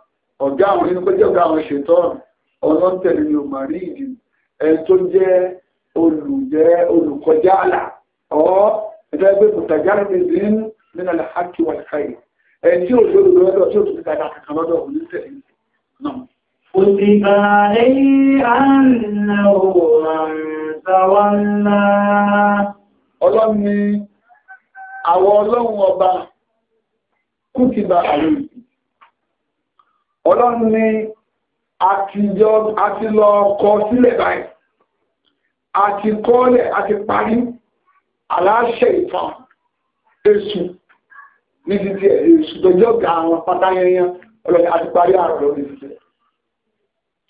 ọ̀gá àwọn nínú pé jẹ́ ọ̀gá àwọn ṣètọ́ ọlọ́ntẹ̀lẹ̀ ni òmà rí ìdí ẹni tó jẹ́ olùjẹ́ olùkọjá àlà ọ́ ẹ̀fẹ́ pé mùtàjá ní ìdí nínú àlàákì wà káyì ẹni tí òjò olùrọ́dọ̀ tí ó tún Ọlọ́run ni àwọn ọlọ́run ọba kúkìbà àrùn ọlọ́run ní a ti lọ kọ sílẹ̀ báyìí a ti kọ́lẹ̀ a ti parí aláṣẹ ìtàn èṣù ní ti èṣù tó ga àwọn pátá yẹnyẹn ọlọ́run a ti parí àrọ̀ lórí ti tẹ̀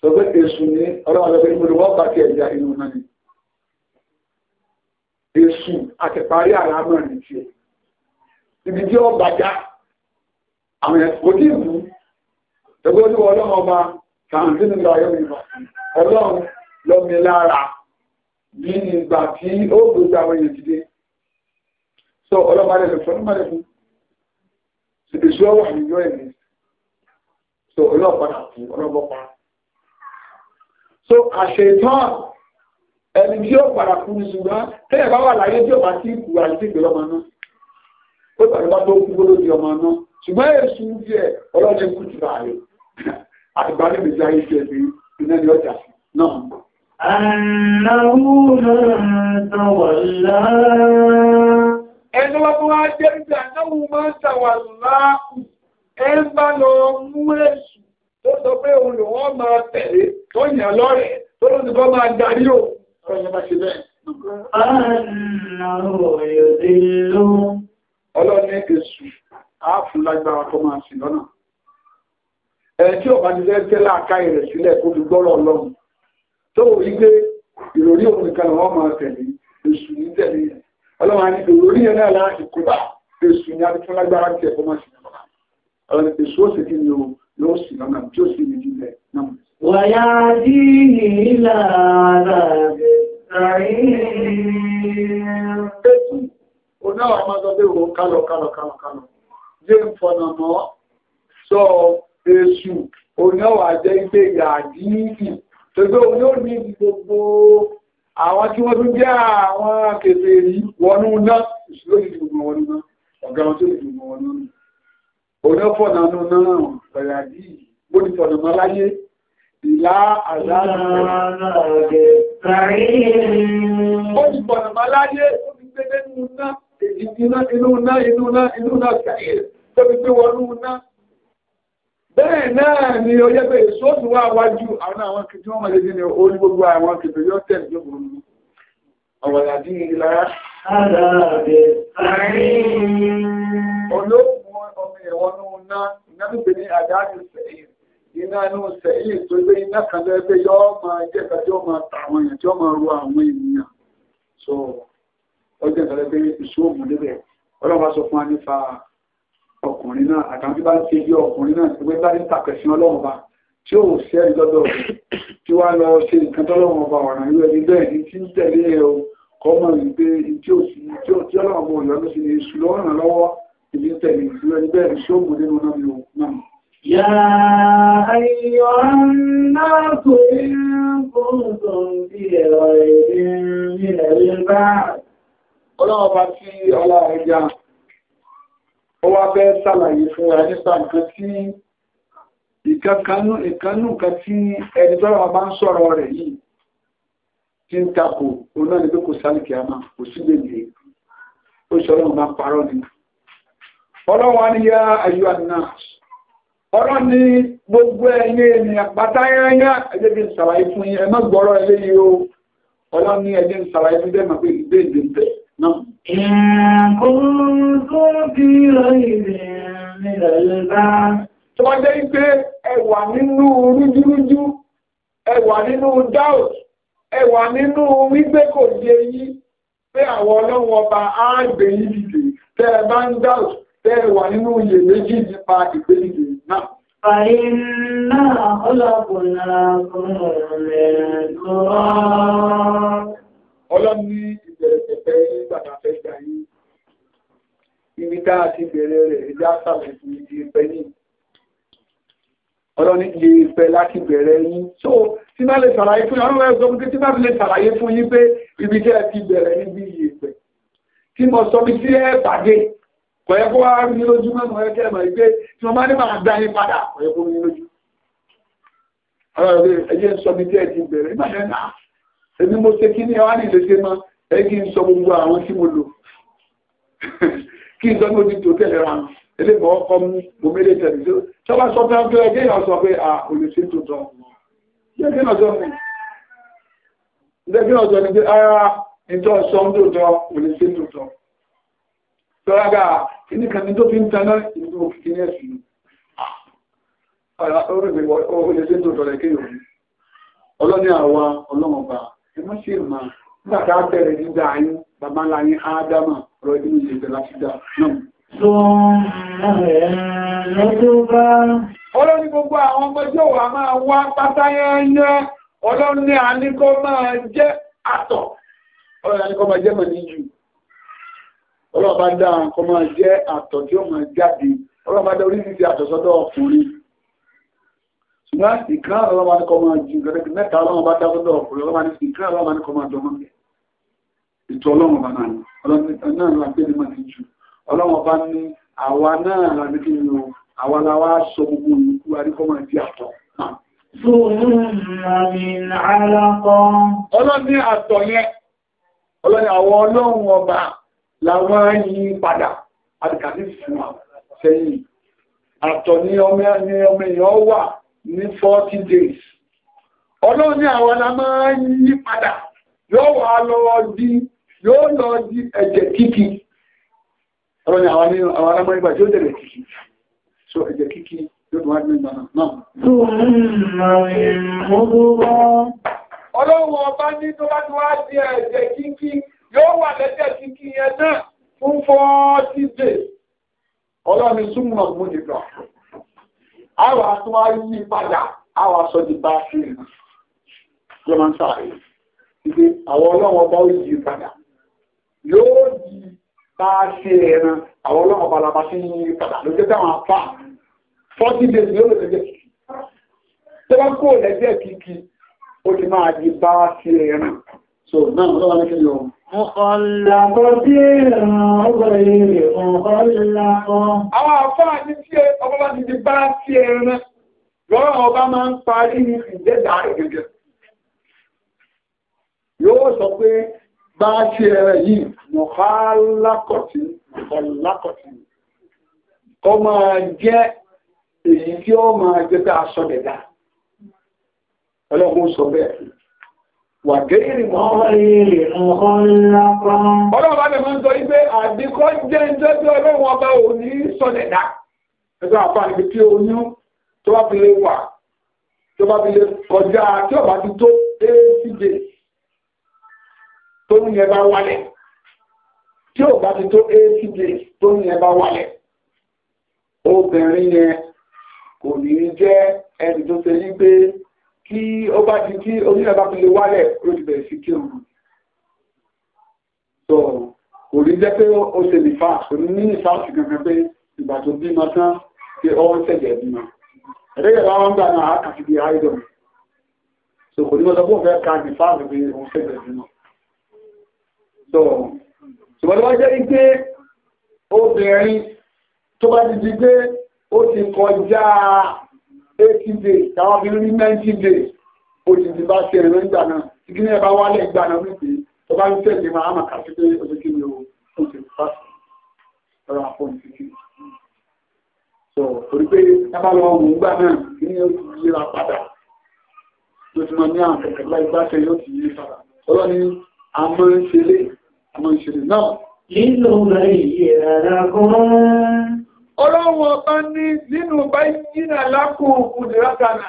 tọ́gbẹ́ èṣù ní ọlọ́run ọlọ́run ìmúlò wọ́n bá ti ẹ̀yà inú náà ni èṣù àti parí àrọ̀ àmọ́ ní tiẹ̀ ibi tẹ́gbẹ́ olúwọ́ ọlọ́run ọba kàǹtí nígbà ayọ́ mi ọlọ́run lọ́mi lára ní ìgbà tí ó gbogbo àwọn èèyàn dìde so ọlọ́pàá lẹ́sẹ̀ fún ọlọ́pàá lẹ́sẹ̀ fún ìṣú ọwọ́ àníyọ́ ẹ̀mí so ọlọ́pàá fún ọlọ́pàá so àṣetán ẹni tí ó padà kú ní ṣùgbọ́n tẹ́yẹ̀ bá wà láyé tí ó bá ti kú àti ìgbèrè ọmọ náà ó tàbí bá tó kú gbólódì ọmọ náà ṣùgbọ́n èṣù ń fi ẹ̀ ọlọ́dẹ kú jù láàrin àgbà níbi ayé ṣe ní iná ní ọjà náà. Ẹni wọ́n jẹ́ ìjà náà máa ń tàwà láàkù, ẹ ń bá lọ mú èṣù tó sọ pé òun lò máa tẹ̀lé tó yàn lọ́rẹ̀ tó ló bọ́ máa darí ò. Ọlọ́ni èṣù, á fún lágbára tó máa sì lọ́nà ẹ̀tí ọ̀bá ti fẹ́ tẹ́lá ká ẹ̀rẹ̀ sílẹ̀ kó fi gbọ́rọ̀ ọlọ́run tó wò wípé ìròrí òun nìkan lọ́wọ́ máa tẹ̀lé èṣù ní tẹ̀lé yẹn ọlọ́run àní ìròrí yẹn náà láti kó bá èṣù ní adúfún lágbára tiẹ̀ kó má sì ní lọ́la ọ̀rọ̀ èṣù ó sì kí ni o yóò sì lọ́nà tí ó sì ní jílẹ̀ náà. wàyà dí ìlà àlà ètù òun náà wà kálọ̀ kálọ̀ kálọ̀ kálọ̀ èṣù oníọ̀wà jẹ́ ilé yàdíìsì tó gbé oní ò ní gbogbo àwọn tí wọ́n tún jẹ́ àwọn kèfèrí wọnú náà èṣù ló dìdì gbogbo wọn náà ọ̀gá wọn tó dìdì gbogbo wọn náà oní ọ̀fọ̀nà náà pẹ̀lú àdí bó ti fọ̀nà mọ́ láyé ìlà àdáàdì ó ti fọ̀nà mọ́ láyé ó ti gbé nínú náà èdè inú náà inú náà inú náà tó fi gbé wọnú náà bẹ́ẹ̀ náà ni ó yẹ pé èso tó wà wájú àwọn àwọn kìtì wọn lè dín ní orí gbogbo àwọn kìtì yóò tẹ̀lé yóò burú nù ọ̀rọ̀ yàdí ìlà àdáàbẹ̀ àárín ọmọ ẹ̀wọ̀n náà iná tó gbé sẹ́yìn iná inú sẹ́yìn tó gbé iná kan yọ́ ọkùnrin náà àtàwọn bá ṣe bí ọkùnrin náà ìwé bá ní tàkẹ̀sìn ọlọ́run bá tí ó ṣe ẹni lọ́dọ̀ tí wá lọ ṣe nǹkan tọ́lọ́run ọba ọ̀ràn irú ẹni bẹ́ẹ̀ ni tí ń tẹ̀lé ẹ o kọ́mọ ìgbé tí ó sì tí ó tí ọlọ́run ọba òyọ́ ló sì ní èṣù lọ́wọ́ ìbí tẹ̀lé irú ẹni bẹ́ẹ̀ ni ṣó nínú náà lò náà. Yà ayọ̀ náà kò ní ó wá fẹ́ sàlàyé fún ẹ̀ nípa tí ìkankanú nǹkan tí ẹni bá ń sọ̀rọ̀ rẹ̀ yìí tí ń takò òun náà ni pé kò sálìkì àmà kò sí lè lè ó sọ̀rọ̀ ọba parọ́ ni ọlọ́wọ́ ni yá ayú àná ọ̀rọ̀ ni gbogbo ènìyàn bí sàlàyé fún yín má gbọ́rọ̀ o ọlọ́ ní ń sàlàyé fún bẹ́ẹ̀ إن كنتم في ريب من البعث tó jẹ́ pé ẹ nínú rújúrújú ẹ nínú doubt ẹ nínú wípé kò yé yí pé àwọn ọba á gbé tẹ́ ẹ bá ń doubt tẹ́ nínú méjì nípa ìgbé náà. pẹ́rẹpẹ̀pẹ́ nígbà tá a fẹ́ gbà yín ibi tá a ti bẹ̀rẹ̀ rẹ̀ ẹ̀dá sàlẹ̀ fún ibi ìpẹ́ ní ọlọ́ni iye ìpẹ́ láti bẹ̀rẹ̀ yín tó tí má lè ṣàlàyé fún yín ọlọ́wọ́ ẹ̀ sọ pé tí má lè ṣàlàyé fún yín pé ibi tẹ́ ẹ ti bẹ̀rẹ̀ níbi iye ìpẹ́ tí mo sọ bí sí ẹ pàdé kò yẹ kó wá rí mi lójú mọ́ ẹ kí n sọ gbogbo àwọn tí mo lò kí n sọ pé ó ti tò tẹ̀lé ra ẹlẹ́gbọ̀n ọkọ mú mo mẹ́lẹ̀ tẹ̀lé tó sọ́ba sọ pé ọjọ́ ẹgbẹ́ yà sọ pé à olùsí tó tọ́ ẹgbẹ́ náà sọ mi ẹgbẹ́ náà sọ ni pé ara ìjọ sọ ń tó tọ́ olùsí tó tọ́ tọ́lága kíní kan ní tó fi ń taná ìlú òfin ẹ̀sìn olùsí tó tọ́ lẹ́kẹ́ yòó ọlọ́ni àwa ọlọ́mọba ẹ má ṣe máa Nígbàtà bẹ̀rẹ̀ nígbà ayé, bàbá ńlá ní Ádámà rọ inú ìṣẹ̀lẹ̀ láti dá náà. Ọlọ́ni gbogbo àwọn ọmọdé wà máa wá pátá yẹnyẹ, ọlọ́ni àníkọ́ máa jẹ́ àtọ̀, ọlọ́ni àníkọ́ máa jẹ́ mọ̀ níjù. Ọlọ́ọ̀bá dá àkọ́ máa jẹ́ àtọ̀ tí ó máa jáde, ọlọ́ọ̀bá dá oríṣiríṣi àtọ̀ sọ́dọ̀ ọkùnrin ṣùgbọ́n ìkan ọlọ́wà ní kọmọ jù gẹ́gẹ́ mẹ́ta ọlọ́wà bá dábọ́dọ̀ ọ̀pọ̀lọ́ ọlọ́wà ní ìkan ọlọ́wà ní kọmọ àjọmọ́ mi ètò ọlọ́run ọba náà ọlọ́run náà ti ọba ní àwa náà láti kí ni àwa la wá sọ gbogbo ìlú àríkọ́ máa àtọ̀. àtọ̀ yẹn àwọn ọlọ́run ọba padà ọmọ èèyàn wà ní 40 days ọlọ́ni àwọn yí padà yóò wà lọ́wọ́ dín yóò lọ di ẹ̀jẹ̀ kíkì ọ̀rọ̀ ni àwọn alámọ́rígbà tí ó jẹ̀rẹ̀ kíkì so ẹ̀jẹ̀ kíkì yóò tún wá ní ìgbàna náà ọlọ́run ọba ní tó bá ti wá di ẹ̀jẹ̀ kíkì yóò wà lẹ́jẹ̀ kíkì yẹn náà fún fọ́ọ́tí dè ọlọ́run súnmọ̀ mú nìkan àwọn àtúwárí padà àwọn aṣọ di bá sí ìrìn jọmọ́ sáré ìgbé àwọn ọlọ́run ọba ó yí yóò di bá a ṣe ẹran àwọn ọlọ́run balaba sí ní padà ló jẹ́ táwọn afá forty days yóò lè lẹ́jẹ̀ kìkì tó bá kó lẹ́jẹ̀ kìkì ó ti máa di bá ṣe ẹran so náà lọ́wọ́ ní kíni o. Mọ̀kànlákọ́ sí ìrìn ọgbọ̀n èrè mọ̀kànlákọ́. Àwọn àfáà ní tí ọba bá ti di bá sí ẹran lọ́rọ̀ ọba máa ń parí ìjẹ́dà ìgẹ̀gẹ̀ bá ti ẹ̀rẹ̀ yìí mọ̀hálákọ̀tí mọ̀hálákọ̀tí kọ máa jẹ́ èyí tí ó máa jẹ́ pé aṣọ dẹ̀dá ọlọ́run sọ bẹ́ẹ̀ wà gẹ́rì mọ́ Tó bá fi lè wà, tó bá fi lè kọjá tí ọ̀bá ti tó 80 days tó ń yẹ bá wálẹ̀ tí ò bá ti tó eighty days tó ń yẹ bá wálẹ̀ obìnrin yẹn kò ní jẹ́ ẹni tó ṣe yí pé kí ó bá ti kí onílẹ̀ bá fi lè wálẹ̀ ó ti bẹ̀rẹ̀ sí kírun so kò ní jẹ́ pé ó ṣe lè fa kò ní ní ìfàṣì kankan pé ìgbà tó bímọ tán pé ọwọ́ ń ṣẹ̀jẹ̀ bímọ ẹ̀rẹ́gbẹ̀ bá wọn gbà náà á kàfi bí áìdọ̀mù so kò ní mọ́ sọ pé òun fẹ́ ka ní fáàmì pé òun ṣẹ̀jẹ̀ bímọ so ṣùgbọ́n tó bá jẹ́ wípé obìnrin tó bá ti di pé ó ti kọjá 80 days táwọn fi rí 90 days ó ti ti bá ṣe ẹ̀rọ ìgbà náà tí kí ní ẹ̀bá wálẹ̀ ìgbà náà wípé tó bá ń tẹ̀lé máa mà kà sí pé ó ti kí ni ó ti pàṣẹ ọ̀rọ̀ àpọ̀ǹtì kí so torí pé tábà lọ wò ń gbà náà kí ní ó ti yíra padà ló ti mọ ní àwọn kẹ̀kẹ́ láì bá ṣe yóò ti yí padà ọlọ́ni a máa àmọ́ ìṣẹ̀lẹ̀ náà. nínú ìyẹ̀rà lákùn. ọlọ́run ọba ní nínú bá yínà lákùn kùdìrátànà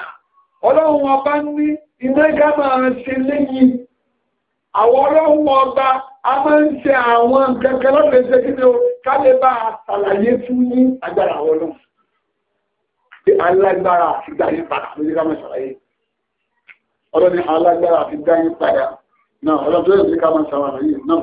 ọlọ́run ọba ní iná gámà ṣe léyìn àwọn ọlọ́run ọba a máa ń ṣe àwọn kẹ̀kẹ́ lọ́dọ̀ ṣe kí ni o ká lè bá a ṣàlàyé fún ní agbára àwọn ọlọ́run alágbára àti dáyé padà lórí ká máa ṣàlàyé ọlọ́ni alágbára àti dáyé padà náà ọlọ́dún ẹ̀rọ ní ká máa ṣàlàyé náà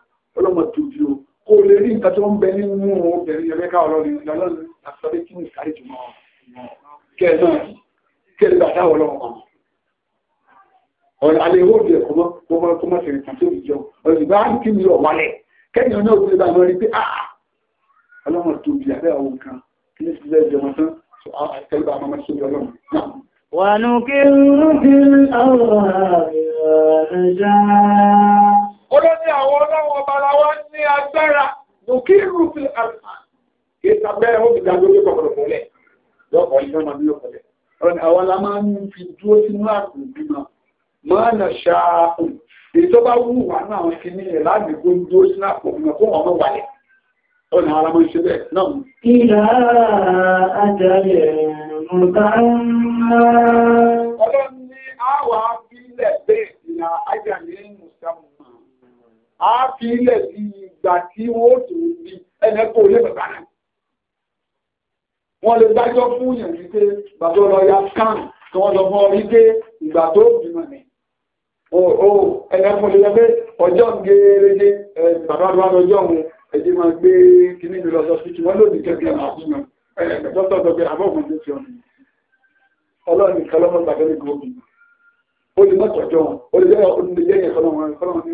ọlọ́mọ tóbi o kó o lè rí nǹkan tó ń bẹ nínú obìnrin ẹ̀mẹ́ká ọlọ́rin lọ́lọ́rin àtọ́lé kí ní ìkárí jùmọ̀ kẹ́ẹ̀ náà kẹ́ẹ̀ gbàdá ọlọ́run kan ọ̀rọ̀ alẹ́ owó òbí ẹ̀kọ́ mọ́ kó mọ́ kó mọ́ sí ìrìnkà tó ìjọ ọ̀rọ̀ ìgbà á kí ni ọ̀wálẹ̀ kẹ́yìn náà ó ti bá ah ọlọ́mọ tóbi abẹ́ àwọn nǹkan kí ní sílẹ̀ ìjọba tán àtẹ́gbà àwọn ọmọ sórí ọlọ́run náà. wà á nù kí ń rú kí ń olóní àwọn ọlọ́wọ́ balawa ní agbára lókè rúfin àlùfà kí abẹ́rẹ́ ó fi dàgbé ojú kọ̀ọ̀kọ̀ fúnlẹ̀ lọ́kọ̀ iná máa ní ọ̀pọ̀lẹ̀ ọ̀rọ̀ ni àwọn la máa ń fi dúró sínú àrùn bímọ máa nà ṣáàpù èyí tó bá wù wá náà àwọn kìíní rẹ̀ láti ni àwọn la máa ń ṣe ní àwọn abílẹ̀ bẹ́ẹ̀ ìlà àjẹlẹ̀ á fi ilẹ̀ sí ìgbà tí wọ́n tó di ẹnẹ́kọ̀ọ́ lé bàbá rẹ̀. wọ́n lè dájọ́ fún yẹn wípé bàbá lọ́ọ́yà kàn tí wọ́n lọ fún ọ wípé ìgbà tó bímọ ni. ẹnẹ́kọ̀ọ́ lè yẹ pé ọjọ́ gẹ́gẹ́ bàbá lọ́wọ́ lọ́jọ́ òun ẹ̀jẹ̀ máa gbé kíní mi lọ sọ sí kí wọ́n lòdì kẹ́kẹ́ àbúmọ̀ ẹ̀ẹ́dọ́tọ̀ sọ pé àbọ̀kùn tó ti ọ̀nà ọlọ́run ní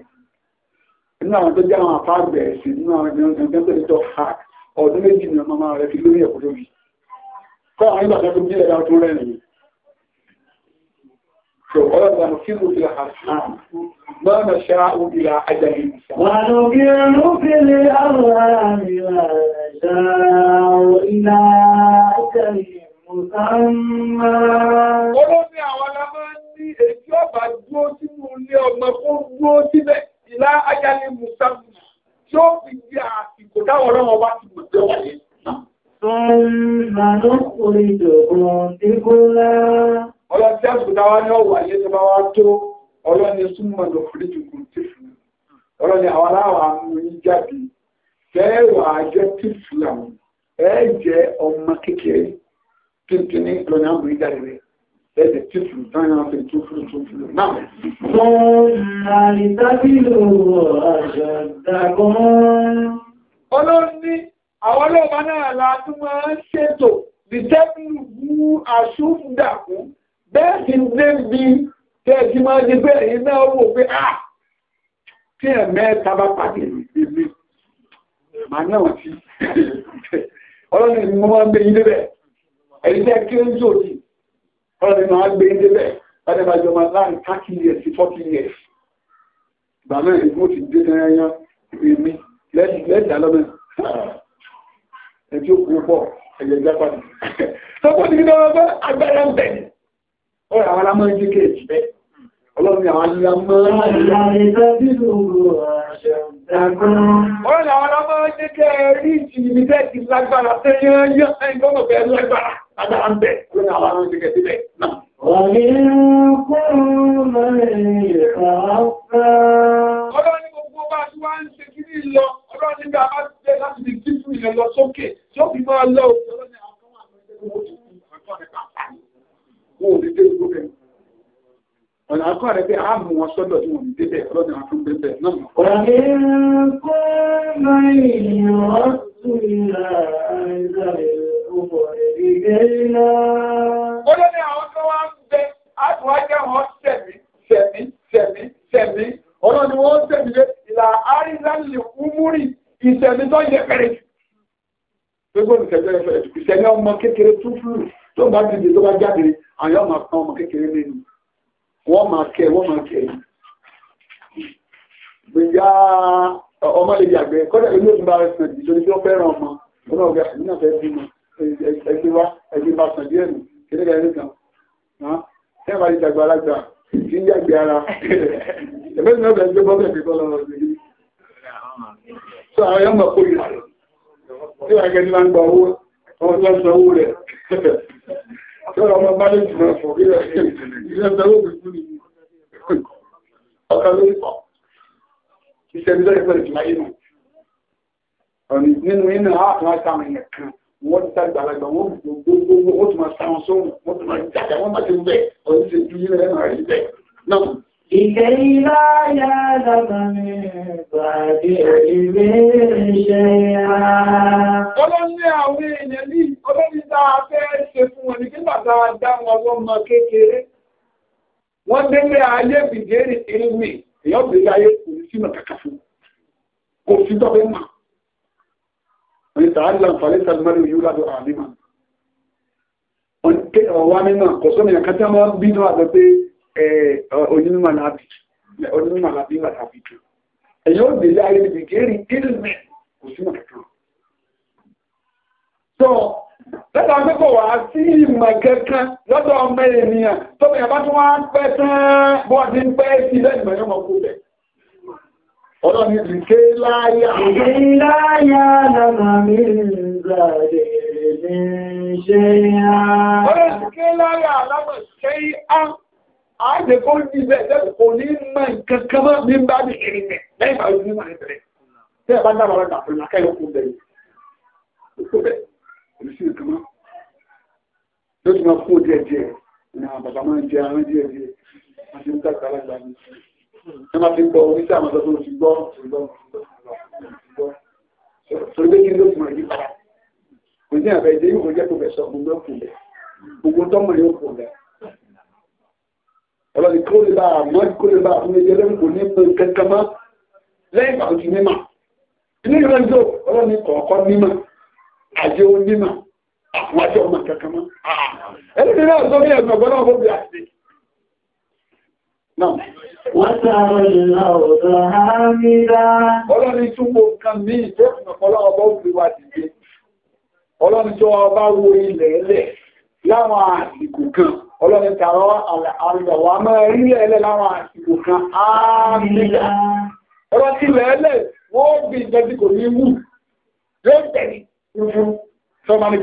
nínú àwọn tó jẹ́ àwọn àfáàgbẹ̀ ẹ̀sìn nínú àwọn ẹgbẹ́ tó lè tọ́ ha ọdún méjì ni ọmọ rẹ̀ fi lórí ẹ̀kọ́ lórí kọ́ àwọn alámọ́ ní èyí ọba dúó sínú ilé ọmọ fún dúó síbẹ̀ ìlà ayálé mùsàlùmí tí ó fi di àsìkò táwọn ọlọ́wọ́ bá ti mọ̀ tẹ́wọ̀ yẹn. Ọlọ́tí àsìkò táwa ní ọ̀wà yé tó bá wá tó ọlọ́ni súnmọ̀ lọ fúríjì kò tí fún un. Ọlọ́ni àwọn aláwà mú ní jáde, kẹwà jẹ́ tí fún àwọn, ẹ jẹ́ ọmọ kékeré, kíntìní lọ́nà mú ní jáde rẹ̀. Ẹ̀sì tútù dáyàn fi túfúrú túfúrú náà. Wọ́n àrìtàbílò àjọ̀dàgbọ́n. Olóòní, àwọn olóòbá náà látún máa ń ṣètò the table wú àṣúndàkú. Bẹ́ẹ̀ sì débi tẹ́ẹ̀tí máa ń di pé èyí náà wò pé à ah, tí ẹ̀ mẹ́ta bá pàdé ìlú. Màá náà ti. <laughs> Ọlọ́ni mo máa ń ọlọ́dẹ máa gbé ń débẹ̀ ọdẹ máa jọmọ láàrin thirty years sí forty years ìgbà náà ìgbó ti dé náà yán èmi lẹ́dà lọ́mọ ẹ̀tí ó kú pọ̀ ẹ̀yẹ jápa ni sọ́kọ́ ti gbé ọgbẹ́ agbára ń bẹ̀ ọ̀rọ̀ àwọn alámọ́ ń jẹ́ kéèjì bẹ́ẹ̀ ọlọ́run àwọn alámọ́ ọ̀rọ̀ àwọn alámọ́ ń jẹ́ kéèjì ní bẹ́ẹ̀ ti lágbára tẹ́yẹ́ yán àwọn àwọn ìṣẹ́kẹ̀ sílẹ̀ náà. Ọlọ́run ní gbogbo bá tí wá ń ṣe kí ní lọ, ọlọ́run ní bí a bá ti dé láti fi kí fún ilẹ̀ lọ sókè, tí ó fi máa lọ òkè ọlọ́run ní àwọn ọmọ àwọn ìṣẹ́kẹ̀ Ọ̀nà akọ́ rẹ̀ pé a mú wọn sọ́dọ̀ tí wọ́n ń débẹ̀ ọlọ́dún àwọn fún bẹ́ẹ̀ náà. Ọ̀rẹ́ bá dìde tó bá jáde àwọn yóò máa pọn ọmọ kékeré lẹ́nu wọ́n máa kẹ́ wọ́n máa kẹ́ gbèyà ọmọ lè yàgbẹ́ kọ́dà ilé òtún bá sàn jù torí tí ó fẹ́ràn ọmọ ọmọ ọ̀gá àmì náà fẹ́ bímọ ẹgbẹ́ wá ẹgbẹ́ bá sàn díẹ̀ nù kékeré ẹni kan ẹ máa dàgbà alágbà kí ń yàgbẹ́ ara ẹgbẹ́ tí wọ́n bẹ̀rẹ̀ gbé ẹgbẹ́ bọ́ọ̀lù ọ̀rọ̀ ìgbẹ́ sọ àwọn yọmọ kó yà bẹ̀rẹ̀ Ọlọ́run ní àwọn èèyàn ní ọlọ́run tá a fẹ́ ṣe fún wọn ní kí bàbá dá wọn lọ́mọ kékeré. Wọ́n délé ayé bìdérì ìrìnmì, èèyàn bèèrè ayé kò ní sínú kàkà fún kò sí tọ́fẹ́ mà ní tààlì àǹfààní sàlùmọ́lù yóò ládọ̀ àlímà ọwá mímọ̀ kò sọ́mìnà kátà mọ́ bínú àgbẹ̀ pé onímọ̀ lábí onímọ̀ lábí wà tàbí jù ẹ̀yọ́ òdèlé ayé níbi gẹ́rì ilmẹ̀ kò sí mọ̀ kankan so lẹ́tà pé kò wá sí ìmọ̀ kankan lọ́dọ̀ ọmọ ènìyàn tó bẹ̀rẹ̀ bá tún wá pẹ́ tán bọ́ọ̀dín pẹ́ sí lẹ́yìn mọ̀ Ọlọ́ni ti ké láyá. Ké láyá lọ́nà mi ìgbàdé ní ṣe yá. Ọlọ́ni ti ké láyá lọ́nà ṣe yá. Àádé kó ní ibẹ̀ tẹ́lẹ̀ kò ní mọ̀ nǹkan kan mọ́ ní bá ní kiri mẹ́. Lẹ́yìn bá ní mọ̀ ìbẹ̀rẹ̀. Tẹ́ ẹ̀ bá dábàá lọ́dà fún mi, akẹ́yọ̀ kún bẹ̀rẹ̀. Òkú bẹ̀, olùsí nǹkan mọ́. Ló ti máa Ìyá bàbá máa ń jẹ àwọn díẹ̀ díẹ̀. Wọ́n ti ń tàkàrà gbà ẹ máa fi gbọ́ oníṣẹ́ àwọn ọ̀dọ́ tó ti gbọ́ torí pé kí ló ti mọ̀ ní padà kò ní àbẹ̀ ìdí ìwò jẹ́ pòfẹ́sọ̀ gbogbo kù lẹ̀ gbogbo tọ́mọ̀ yóò kù lẹ̀ ọlọ́ni kó lè bá àmọ́ kó lè bá fún ẹjẹ́ lẹ́nu kò ní pé kankan mọ́ lẹ́yìn ìgbà tó ti mímọ̀ inú ìlú ẹjọ́ ọlọ́ni kọ̀ọ̀kan mímọ̀ àjẹ́ onímọ̀ àwọn àjọ ọmọ kankan mọ́ ẹni tí náà sọ bí ẹ̀sùn ọ̀gbọ́n náà Ọlọ́ni tó ọba wo ilẹ̀ ẹlẹ̀ láwọn àsìkò kan. Ọlọ́ni tààrọ àlẹ̀wà máa rí ẹlẹ̀ láwọn àsìkò kan. Àmìlá. Ọlọ́ni ilẹ̀ ẹlẹ̀ wọ́n bí ìjẹ́bí kò ní wù. Yóò tẹ̀lé. Sọ́mọ́ ni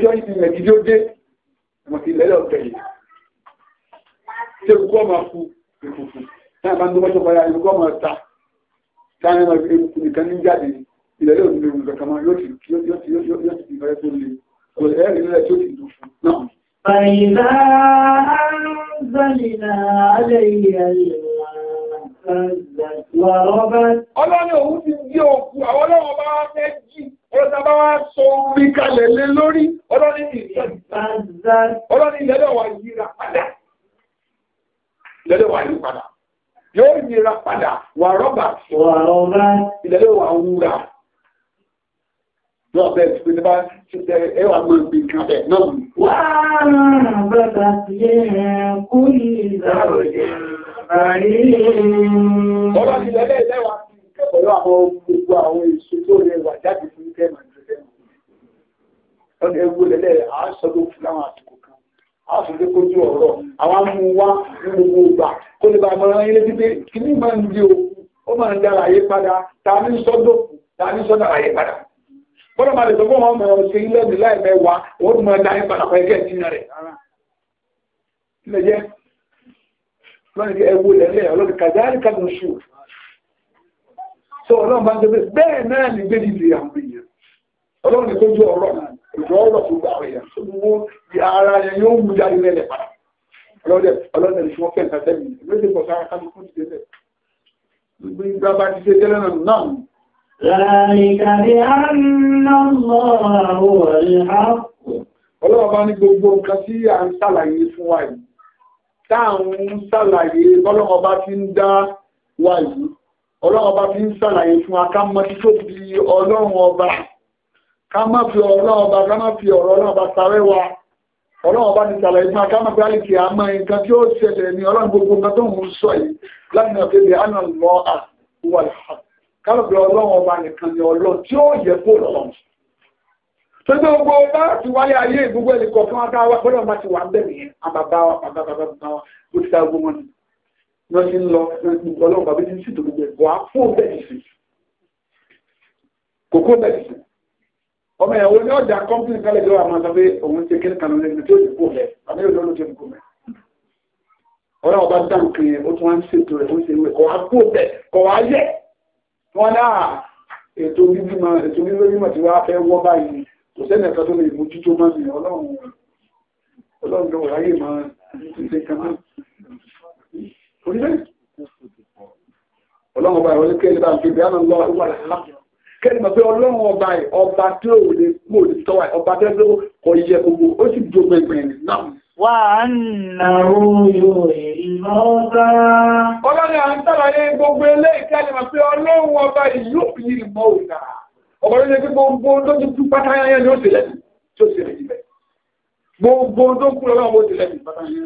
táà ń gbé mọ́tò kọ́yà ìlú gọ́ọ̀mọ̀ ta táà ní ọmọ nìkan ní jáde ilẹ̀ yóò ní ewu kankan yóò ti yóò ti tó le kò lè ẹ̀rí nílẹ̀ tó ti dùn fún náà. Fàyìlá Àǹzàlìlà Alẹ́yẹ Ọlọ́run òun ti gbé ìlẹ́lẹ̀ wà ní padà yóò yíra padà wà rọ́bà ìlẹ́lẹ̀ wà wúra náà bẹ́ẹ̀ tí pínlẹ̀ bá ṣe ẹwà mọ́ ìgbì kan bẹ̀ náà wà àwọn gbogbo àwọn èso tó rẹwà jáde fún kẹ́mà ìjọdẹ́. Ọdún ẹgbó lẹ́lẹ̀ àásọ́gbó fún láwọn àtìkò àṣìṣe kojú ọ̀rọ̀ àwọn amú wá ní gbogbo ìgbà kó bá mọ́ra ilé kí di o ó máa ń ta ta sọ́dọ̀ padà bọ́dọ̀ máa lè sọ fún ọmọ ilé láì mẹ́wàá wọ́n ti máa dá ayé padà pẹ́ kẹ́ẹ̀tì rẹ̀ ilé jẹ́ lọ́nà tí ẹwú lẹ́lẹ́ ọlọ́dún kàdáàrí kàdùn ṣù tó ìjọba ọ̀rọ̀ tó gbà wẹ̀yà tó gbogbo ara yẹn yóò mú jáde lẹ́lẹ̀ padà ọlọ́dẹ ọlọ́dẹ lè fi wọ́n fẹ́ Ọlọ́run bá ní gbogbo nǹkan tí a ń ṣàlàyé fún wa yìí, táàun ń ṣàlàyé bọ́lọ́run bá ti ń dá wa yìí, Ọlọ́run bá ti ń ṣàlàyé fún akámọ́ tí tó bí Ọlọ́run ọba ká má fi ọ̀rọ̀ ọba ká má fi ọ̀rọ̀ ọba sáré wa ọlọ́run ọba ti sàlẹ̀ ìfún akáàmà pé àlìkì àmọ́ nǹkan tí ó ṣẹlẹ̀ ní ọlọ́run gbogbo nǹkan tó ń sọ yìí láti náà pé àná lọ àwọ̀ kálọ̀bí ọlọ́run ọba nìkan ni ọlọ́run tí ó yẹ kó lọ́run tó gbé gbogbo bá ti wáyé ayé gbogbo ẹnìkan fún aká wa gbọ́dọ̀ má ti wà ń bẹ̀rẹ̀ yẹn àbàbá wa bàbá wa bó ti sá gbogbo wọn ni wọ́n ọmọ ẹ̀ wọ́n ní ọjà kọ́mpínì kálẹ̀ jọ àmọ́ sọ pé òun ti kéré kan lẹ́nu tí ó ti kó rẹ̀ àmì ìlú ló ti kó rẹ̀ ọlọ́run ọba dá nǹkan yẹn ó tún wá ń ṣètò rẹ̀ ó ń ṣe ìwé kọ̀ wá kó bẹ̀ kọ̀ wá yẹ wọn náà ètò bíbímọ ètò bíbí bímọ tí wọ́n á fẹ́ wọ́ báyìí kò sẹ́ni ẹ̀ka tó lè mójútó má mi ọlọ́run ọlọ́run lọ ráyè kẹ́ni mọ̀ pé ọlọ́run ọba ẹ̀ ọba tó ò lè mú òní tọ́wà ẹ̀ ọba tẹ́lẹ̀ kọ yẹ gbogbo ó sì dúró gbẹ̀gbẹ̀ ẹ̀ náà. wà á nà oyo ìmọ̀ ọba. ọlọ́run à ń sàlàyé gbogbo eléyìí kẹ́ni mọ̀ pé ọlọ́run ọba ìlú yìí mọ̀ ọ̀nà ọ̀rọ̀ yẹ kí gbogbo tó ti tú pátá yẹn ni ó sì lẹ́yìn gbogbo tó kú lọ́wọ́ àwọn òdìlẹ̀ ìpàtàkì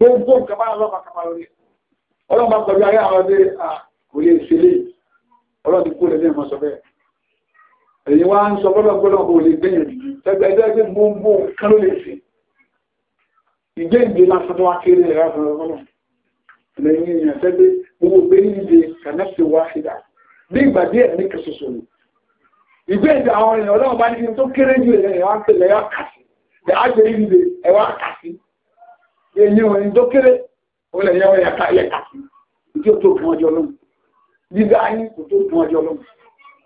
Gbogbo kàbá ọlọ́pàá kàbá lórí. Ọlọ́pàá pẹ̀lú ayé àwọn ọdé kò lè ṣe lè. Ọlọ́pàá kó lè ní ọmọ sọ bẹ́ẹ̀. Èyí wá ń sọ bọ́lọ̀gbọ́lọ̀ kò lè gbẹ̀yẹ̀ tẹ́gbẹ̀ẹ́gbẹ̀ gbogbo kan ló lè ṣe ìgbéǹde lásán tó wá kéré ẹ̀rọ ọ̀rọ̀ lẹ́yìn èèyàn tẹ́gbé gbogbo gbé ní ìdè kànáfì wá ṣìdá bí ìgbà díẹ̀ ní kẹsọsọ ni ìgbéǹde àwọn èèyàn ọlọ́run bá níbi tó kéré ju ẹ̀rọ àpẹẹlẹ ẹ̀rọ kàṣí ẹ̀ ájẹ ìdè ẹ̀rọ kàṣí èyí òní tó kéré ó kò tó gun ọjọ́ lọ́mù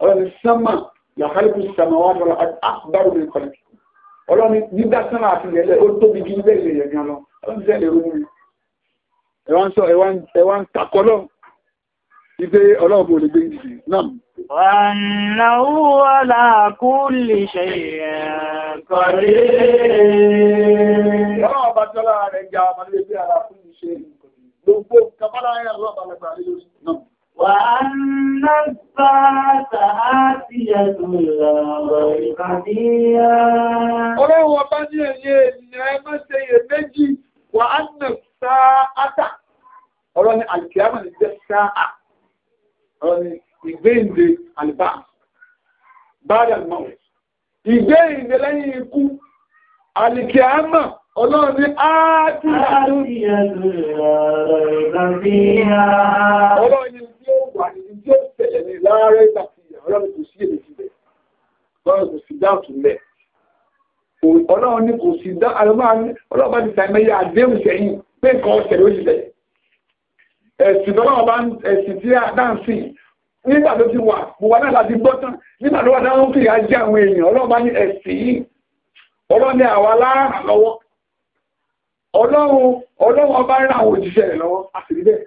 ọ̀rọ̀ sánmà yàtàlẹ́kù sàmà wà lọ́la àkùbárò mi kọ̀lẹ́kì ọlọ́ni nígbà sánà àti ilẹ̀ ó tóbi ju ilé ilẹ̀ yẹn gan lọ ọlọ́ni sẹ́lẹ̀ ó wúni ẹ̀wọ́n sọ ẹ̀wọ́n takọ́ lọ ipe ọlọ́run bò lè gbé ìdìdì náà. Wànà wúwà làkú lè ṣe lè ṣe ìgbòdì. وأن الساعة آتية لا ريب فيها Ọlọ́run ọba ní ẹ̀yẹ ènìyàn ẹ máa ṣe yẹ méjì wà á nà sáà átà. Ọ̀rọ̀ ni àlìkìyàmọ̀ ní jẹ́ sáà. Ọ̀rọ̀ ni ìgbéǹde àlìbá. Báyà mọ̀. Ìgbéǹde lẹ́yìn ikú. Àlìkìyàmọ̀ Ọlọ́run ní áàtì. Áàtì àlùyẹ̀ lọ́rọ̀ ìgbà tẹ̀lẹ̀ ní láàárẹ̀ tàbí ọlọ́run kò sí èdè síbẹ̀ ọlọ́run kò sí dáàtú mẹ́ ọlọ́run ní kò sí dá ọlọ́run bá ti ta ẹ̀mẹ́yẹ àdéhùn sẹ́yìn pé nǹkan ọ̀sẹ̀ ló ṣiṣẹ́ ẹ̀sìn tọ́lọ́run bá ẹ̀sìn tí a dáǹsì nígbà tó ti wà mo wà náà láti gbọ́ tán nígbà tó wà náà ń fìyà jẹ àwọn èèyàn ọlọ́run bá ní ẹ̀sìn yìí ọlọ́run ní àwa láàrín lọ́wọ́ ọlọ́run ọlọ́run ọba ń ra àwọn òjíṣẹ́ rẹ̀ lọ́wọ́ àṣírí bẹ́ẹ̀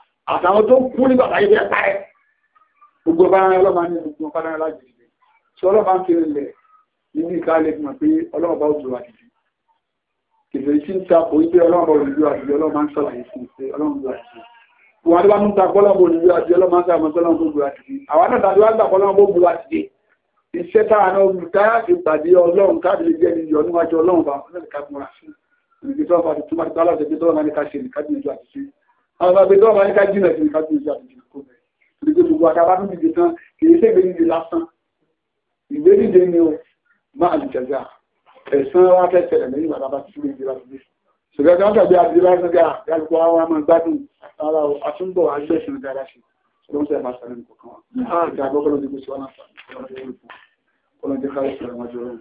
àtàwọn tó kú nígbà láyé fẹ́ parẹ́ gbogbo bá rán ọlọ́mà ní gbogbo bá rán láti ìgbẹ́ tí ọlọ́mà ń kiri lẹ̀ nínú ìka lè fi mọ̀ pé ọlọ́mà bá òjò àdìjú kìfèrè sí ń ta kò ń pé ọlọ́mà bá òjò àdìjú ọlọ́mà ń sọ̀làyé sí pé ọlọ́mà bá àdìjú wọn adé bá ń ta bọ́lọ́mà òjò àdìjú ọlọ́mà ń sàmọ́ sọ́lọ́mà bó gbòó àdìjú àwọn náà tàbí wọ́n gbà bọ́lọ́mà bó gbòó àdìjú iṣẹ́ táwọn náà ń ká ìpàdé ọlọ́run káàdì jẹ́ ní ìyọnú wájú ọlọ́run bá ọlọ́run ká múra sí ìgbésọ́fà tuntun máa ti bá aláṣẹ gbé tọ́lọ́ ní ká ṣe nìkan ní ìjọ àti sí àwọn ọmọ ẹgbẹ́ ọmọ ẹgbẹ́ jìnà sí ìkájú ìjà ìjìnà kó bẹ̀rẹ̀ torí pé gbogbo àtàwọn tó dìde tán kì í ṣègbè nídìí lásán ìgbé dìde ni ó máa lè jẹjẹ ẹ̀sán wa fẹ́ tẹ̀lẹ̀ lẹ́yìn bàbá bá ti fúlé ìdílé àti bíṣù ṣùgbọ́n tí wọ́n tàbí àdílé láti gà yálùkọ́ àwọn ọmọ gbádùn ara àtúnbọ̀ agbẹ́sìn dára ṣe ṣùgbọ́n tẹ̀ máa sàrẹ́ nǹkan kan ìjà àgbọ́kọ́ ló dìbò sí wọn ولن يخالف الى مجرور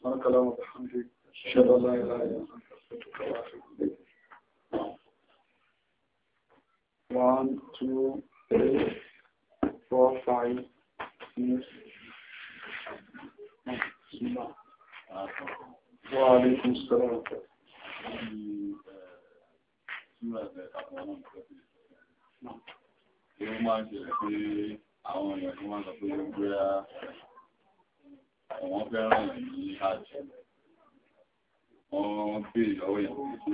سبحانك اللهم وبحمدك اشهد ان لا اله الا انت استغفرك واتوب اليك One, two, three, four, five, six. seven eight Ìwọ́n máa ń ṣẹlẹ̀ pé àwọn èèyàn tó máa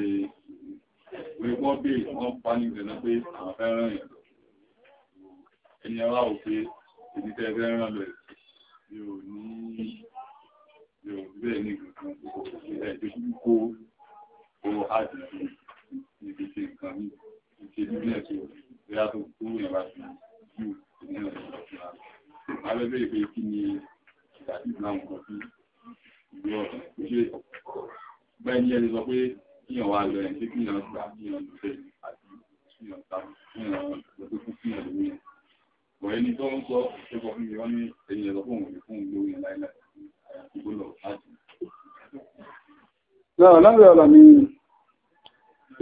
ń wọ́n bèèrè wọ́n bá ní ìrẹ̀lẹ́ pé àwọn fẹ́ràn yẹn lọ ẹni ara ò pé èdè tẹ́ fẹ́ràn lọ mi ò ní mi ò bẹ́ẹ̀ ní nǹkan ẹ̀jẹ̀ kó o àti níbi ṣe nǹkan mi ṣe níbi ẹ̀ tó bẹ́ẹ̀ tó kú yẹn bá fi yù ní ọ̀rọ̀ ìgbà máa bẹ́ẹ̀ bẹ́ẹ̀ pé kí ni ìgbà tí ìgbà nǹkan sí ìgbé ọ̀rọ̀ ṣe gbẹ́ni ẹni sọ pé kíyàn wá lọ ẹ̀ ṣé kíyàn gbà kíyàn lò àti kíyàn ta kíyàn lọ tó kú kíyàn lò yẹn. ẹni tó ń sọ ṣé fún mi wọ́n ní ẹ̀yìn ẹ̀rọ fún òun fún ìlú yẹn láíláí àyàfi kó láti. náà lábẹ́ ọ̀rọ̀ mi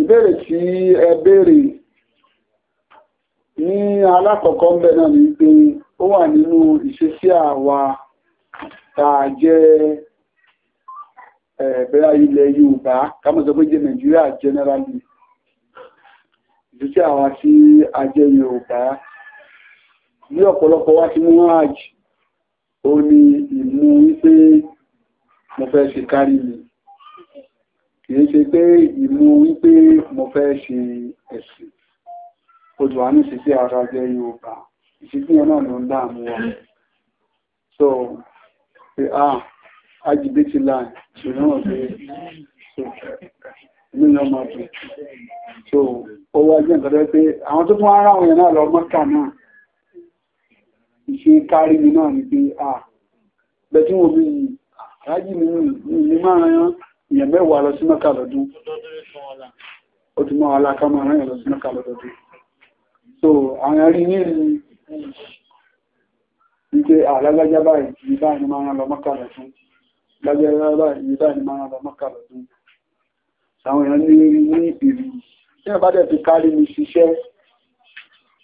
ìbéèrè tí ẹ béèrè ní alákọ̀ọ́kọ́ ń bẹ náà ni pé ó wà nínú ìṣesí àwa tá jẹ́ Eh, bẹ́ẹ̀ ilẹ̀ Yorùbá kámọ́sọ́gbẹ́jẹ́ Nàìjíríà generally ìlú tí àwọn tí a jẹ́ Yorùbá ní ọ̀pọ̀lọpọ̀ wá ti mú o ó ní ìmú wípé mo fẹ́ ṣe kárí mi kìí ṣe pé ìmú wípé mo fẹ́ ṣe ẹ̀sìn odò wá ní ìṣesí ara jẹ́ Yorùbá ìṣesí yẹn náà ló ń dáàmú wọn so ah agbègbè line ṣùgbọ́n ọ̀gbẹ́ nínú ọmọ ọ̀gbẹ́ so ó wá jẹ́ nǹkan tẹ́ pé àwọn tó tún wá ráwọn yẹn náà lọ mọ́ta náà ìṣe kárí mi náà ni pé à bẹ̀tí wo bí rájì mi ní máa ran èèyàn mẹ́wàá lọ sí mọ́ta lọ́dún ó ti mọ́ aláka máa ran èèyàn lọ sí mọ́ta lọ́dún so àwọn ẹ̀rí ní ìlú wípé àlágbájá báyìí báyìí ni máa ran lọ mọ́ta lọ́dún lágbẹ́rẹ́ rárá ìyí báyìí máa rárá mọ́kà lọ́dún àwọn èèyàn ní ní ìrì tí wọ́n bá dẹ̀ ti kárí mi ṣiṣẹ́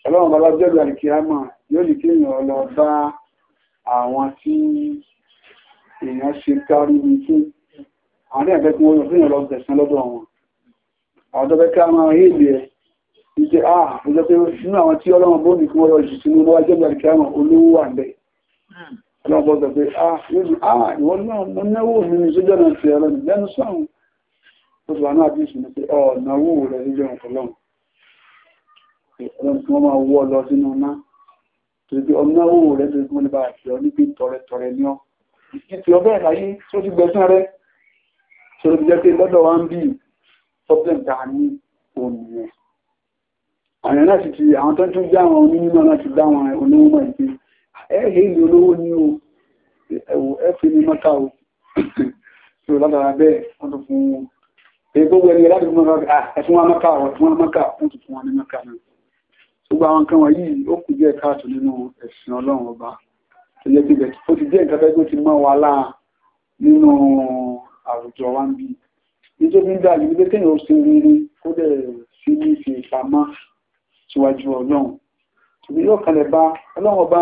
ọlọ́run bàbá jẹ́lú àríkìámà yóò ní kí èèyàn lọ bá àwọn tí èèyàn ṣe kárí mi tí àwọn ní ẹ̀fẹ́ tí wọ́n yọ fún èèyàn lọ bẹ̀sán lọ́dọ̀ wọn àwọn tó fẹ́ ká máa rí èdè ẹ̀ ìjẹ ah mo jẹ́ pé nínú àwọn tí ọlọ́run bó ní kí wọ́n lọ jù sínú lọ́wọ́ jẹ́lú àríkìámà olówó wà bẹ́ẹ̀ hmm ọlọ́pọ̀tọ̀ pé ah, ah ìwọ̀n náà mọ́ náwó mi ní sójọ́ náà ti ẹ̀rọ ìgbẹ́nu sọ́run ó sì wà náà bí ìsinmi pé ọ̀nàwó rẹ̀ níjọ́ ọ̀pọ̀lọ́run tí wọ́n máa wọ́ lọ sínú náà tó ti ọ̀nàwó rẹ̀ tó ti wọ́n ní bá àti ọ níbi tọrẹtọrẹ ní ọ ìtì ọbẹ̀ ìlàyé tó ti gbẹ̀sán rẹ̀ tó ti jẹ́ pé lọ́dọ̀ wa ń bí problem ta ní ònìyàn àwọn náà sì ti àwọn tó ń tún já àwọn onímọ̀ náà ti dá àwọn onímọ̀ ìpín ẹ̀ẹ́lẹ́ ìlú olówó ní o ẹ̀wọ̀ ẹ̀fẹ́ ní mọ́ta o tó látara bẹ́ẹ̀ wọ́n tó fún wọn pé gbogbo ẹni láti fún wọn ẹ̀fún wọn mọ́ta wọn ah, fún wọn mọ́ta wọ́n tó fún wọn ní mọ́ta náà gbogbo àwọn kan wọ̀nyí ó kù díẹ̀ káàtó nínú ẹ̀sìn ọlọ́run ọba tó yẹ kí bẹ̀tì ó ti díẹ̀ nǹkan fẹ́ tó ti mọ́ wa láà nínú àwùjọ wa ń bí nítorí ń dà ní pé kéèyàn ó ṣe ọlọ́run ọba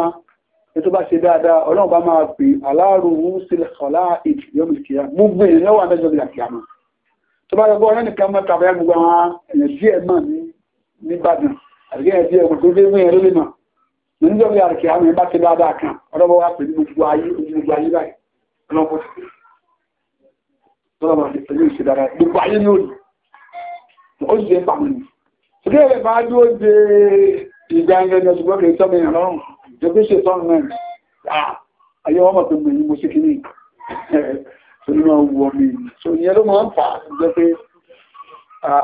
tó bá ṣe dáadáa ọlọ́run bá máa pè aláàrù wúsílẹ̀ ọ̀lá ìdí yóò fi kíá gbogbo èèyàn lọ́wọ́ abẹ́jọ́ ìlà kíá mọ́ tó bá yọgbọ́ ọ̀rẹ́ nìkan mọ́ tàbí gbogbo àwọn èèyàn díẹ̀ mọ̀ ní Ìbàdàn àríkẹ́ ẹ̀ díẹ̀ mọ̀ tó dé mú ẹ̀rọ lè mọ̀ mo níjọ́ bí àríkẹ́ àwọn ìbá ti dáadáa kan ọlọ́wọ́ wá pè ní gbogbo ayé gbogbo ayé báyìí ọlọ́wọ́ tọ́lọ́wọ́ ti pẹ̀lú ìṣe dáadáa gbogbo ayé ní òní ó sì ṣe pàmò ní. ṣùgbọ́n ìgbà ń gbẹ́ni ọ̀ṣùgbọ́n kì í tọ́ mi ìjọba ṣe tọ́nù mẹ́rin ayé wọ́n mọ̀ tó mẹ́rin mo sí kìíní tó ní máa wọ mi so ìyẹn ló máa ń fà jẹ́ pé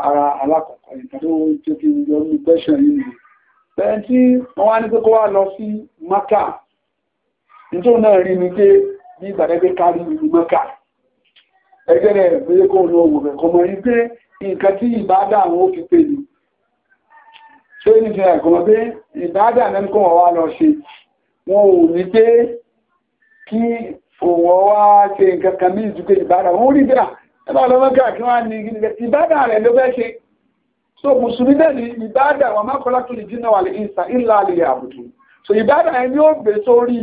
ara alákọ̀ọ́kọ́ ìtàn tó jẹ́ kí yọ ní gbẹ́ṣẹ̀ yìí nìyí bẹ́ẹ̀ tí wọ́n wá ní pé kó wá lọ sí maka nítorí náà rí mi pé bí ìgbàdẹ́gbẹ́ kárí ìlú maka ẹgbẹ́ rẹ̀ pé kó lọ wò rẹ̀ kọ́ mọ̀ pé nǹkan tí ìbádà àwọn ó fi pè ní tó ní fi ẹ̀gbọ́n pé ìbádà náà kọ́ wọ́n wá lọ ṣe wọn ò ní pé kí òun wá ṣe nǹkan kan ní ìdúgbò ìbádà wọn rí bẹ́ẹ̀ ẹbá lọ mọ́kà kí ìbádà rẹ̀ ṣe so mùsùlùmí náà ní ìbádà wọn má kọ́lá tó lè jìnnà wà lè ìsà ìlà lè àbùtù ni ó gbé sórí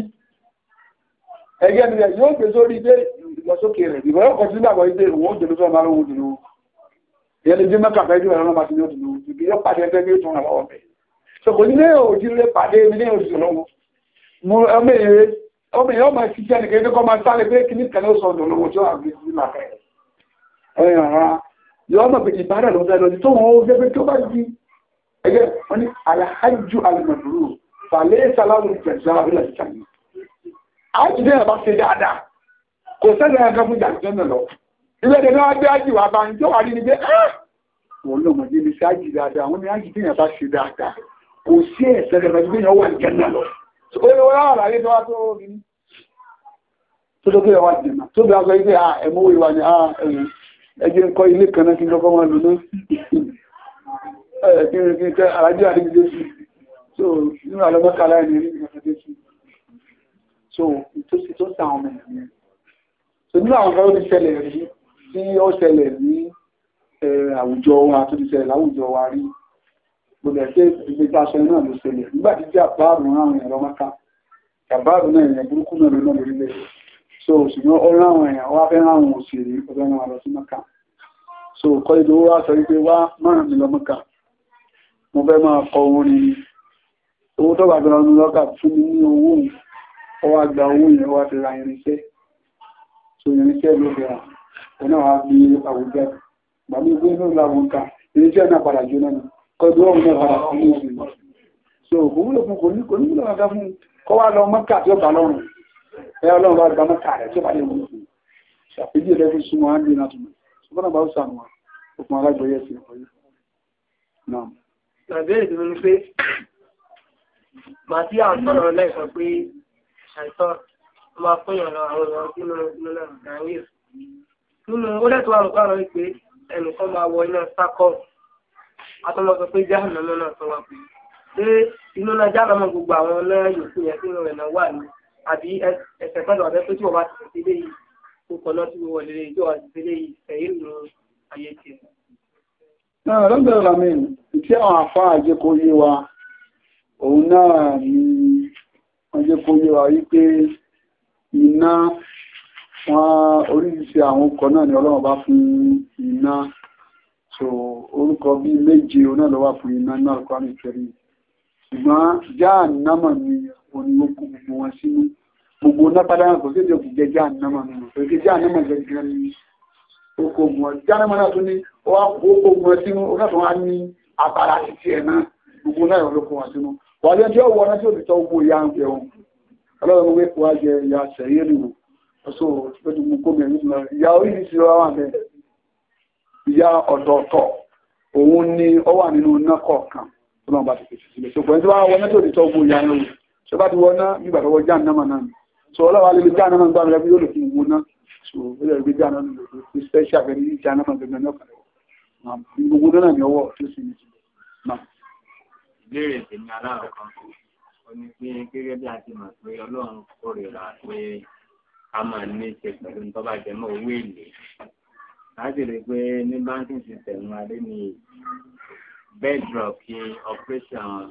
ẹgbẹ́ mi yóò gbé sórí pé ìlọsókè rẹ̀ ìbọ̀rọ̀ kan sí ìyẹn lè dé mẹ́ta fẹ́ jù ẹ̀rọ náà máa ti ní òdùnnú ìbí yóò pàdé ẹgbẹ́ ní àwọn so kò ní lé òjì lè pàdé ní ní òjì lọ́wọ́ mo ọmọ èyí ọmọ èyí ọmọ ti jẹ́ nìkan ẹgbẹ́ kọ́ máa sáré pé kí ní kan ó sọ ọ̀dọ̀ lọ́wọ́ tí ó àgbè sí làkẹ́ ẹ̀yìn ara yọ ọmọ pé ìbára ló fẹ́ lọ sí tó wọn ó jẹ́ pé tó bá di ẹgbẹ́ wọn ní fàlẹ́ sàlámù jẹ̀dá ìlà ìjàmbá àjùdẹ́ ẹ̀ ṣe dáadáa kò sẹ́ni ẹ̀ka fún jàǹdẹ́ lọ ilé ẹ̀dẹ̀ náà dé ájì wà bá ń jọ́ wà ah! ní ní pé wọ́n lọ mọ̀ débi sí ájì dáadáa wọ́n ní ájì tí èèyàn bá ṣe dáadáa kò sí ẹ̀sẹ̀ rẹ̀ pẹ̀lú èèyàn wà jẹ́nà lọ olówó láàrín tó wá tó rí tó tó kí wà jẹ́nà tó bí a sọ pé ah, ẹ̀mọ́ ìwà ni ah, ẹjẹ́ ń kọ́ ilé kan náà kí lọ́kọ́ wọn lò ní ẹ̀kí àrájẹ́ àdíjídé sí so nínú àlọ́gbọ́ká láìní rí ìgbàfẹ́dé sí so ìtòsí tó sàwọn mẹ́rin so nínú àwọn ọ̀rọ̀ ìṣẹ̀lẹ̀ rí tí ó ṣẹlẹ̀ ní àwùjọ wa tó ti ṣẹlẹ̀ láwùjọ wa rí gbogbo ẹ̀ṣẹ́ ìgbésí aṣọ náà ló ṣẹlẹ̀ nígbà tí jàbáàrù ráwọn ẹ̀rọ mọ́ká jàbáàrù náà èèyàn burúkú náà lọ́nà lórílẹ̀ so ṣùgbọ́n ó ráwọn èèyàn wá fẹ́ so kọ́ ìlú wa sọ wípé wá márùn mi lọ mọ́ká mo fẹ́ máa kọ orin owó tó gbàgbọ́ ọdún lọ́kà fún mi ní ra irinṣẹ́ so irinṣẹ́ ló fi ọ̀nà wa fi àwùjọ gbàmí gbé ní ìlú àwùjọ ilé iṣẹ́ náà padà jóná ni kọjú ọ̀hún náà padà fún òun ìmọ̀ so kò wúlò fún kò ní kò ní wúlò kankan fún kọ́ wá lọ mọ́kà tí ó bá lọ́rùn ẹ ọlọ́run bá gba mọ́kà rẹ̀ tí ó bá lè wúlò fún ṣàpèjì rẹ̀ fi súnmọ́ á ń dín náà ṣùgbọ́n bá ó sànù wa òkun alágbèyẹ sí ọkọ̀ yìí náà. nàìjíríà ìdúró ni pé màá tí à ń sọ̀rọ̀ pé àìsàn máa fún ìrànlọ́wọ́ àwọn èèyàn nínú ó dẹ́tọ̀ àrùkọ́ àrùn pé ẹnìkan máa wọ iná sákọ̀ atọ́mọ̀sọ pé jáàmù náà náà sọ wá pé ṣé inú náà jáàmù náà gbogbo àwọn náà yẹn sínú rẹ̀ náà wà ní àbí ẹsẹ̀ pé tí wọ́n bá ti ṣe lé yìí kó kọ́ náà tí wọ́n wọlé lé àti ṣe lé yìí ẹ̀yìn ayé tiẹ̀. náà ramin tí àwọn wa òun náà wọ́n oríṣiríṣi àwọn orúkọ náà ni ọlọ́run bá fún iná so orúkọ bíi méje oná ló wà fún iná náà kọ́ àmì kẹrin ṣùgbọ́n jáàn námà ni oníwókù gbogbo wọn sínú gbogbo náà padà kò sí èdè òkùnkẹ jáàn námà nínú kò sí jáàn námà gẹ́gẹ́ ní oko wọn jáàn námà náà tún ní ó wá kó oko wọn sínú ó náà wá ní abala títí ẹ̀ náà gbogbo náà ìrọ̀lọ́ kó wọn sínú wàá jẹ́ ọwọ́ so lójú mú kó mẹ́rin lọ ìyá oríṣiríṣi lọ wà bẹ́ẹ̀ ìyá ọ̀dọ̀ọ̀tọ̀ òun ni ó wà nínú iná kọ̀ọ̀kan tó náà bá ti pèsè sílẹ̀ ṣùgbọ́n tí wọ́n wọná tó di tọ́ gbogbo ìyá náà wò ṣé bá ti wọná nígbà tó wọ́n jáde náà náà so ọlọ́wà lè lè jáde náà gbá mi lẹ́bí yóò lè fi wò náà so ó lè gbé jáde náà lè fi special bẹ́ẹ̀ ní jáde náà gbẹ̀gbẹ̀ náà kàlẹ́ gbogbo náà ní ọwọ́ tó sì ní ìbéèrè tèmi aláàrọ̀ kan ó ní pé gẹ́gẹ́ bí a ti mọ̀ pé Ọlọ́run kórìíra pé a máa ní ṣe pẹ̀lú nítorí bá jẹ́ mọ́ owó èlé láti rí i pé ní báńkì sísẹ̀mù adé ni bedrock kí operation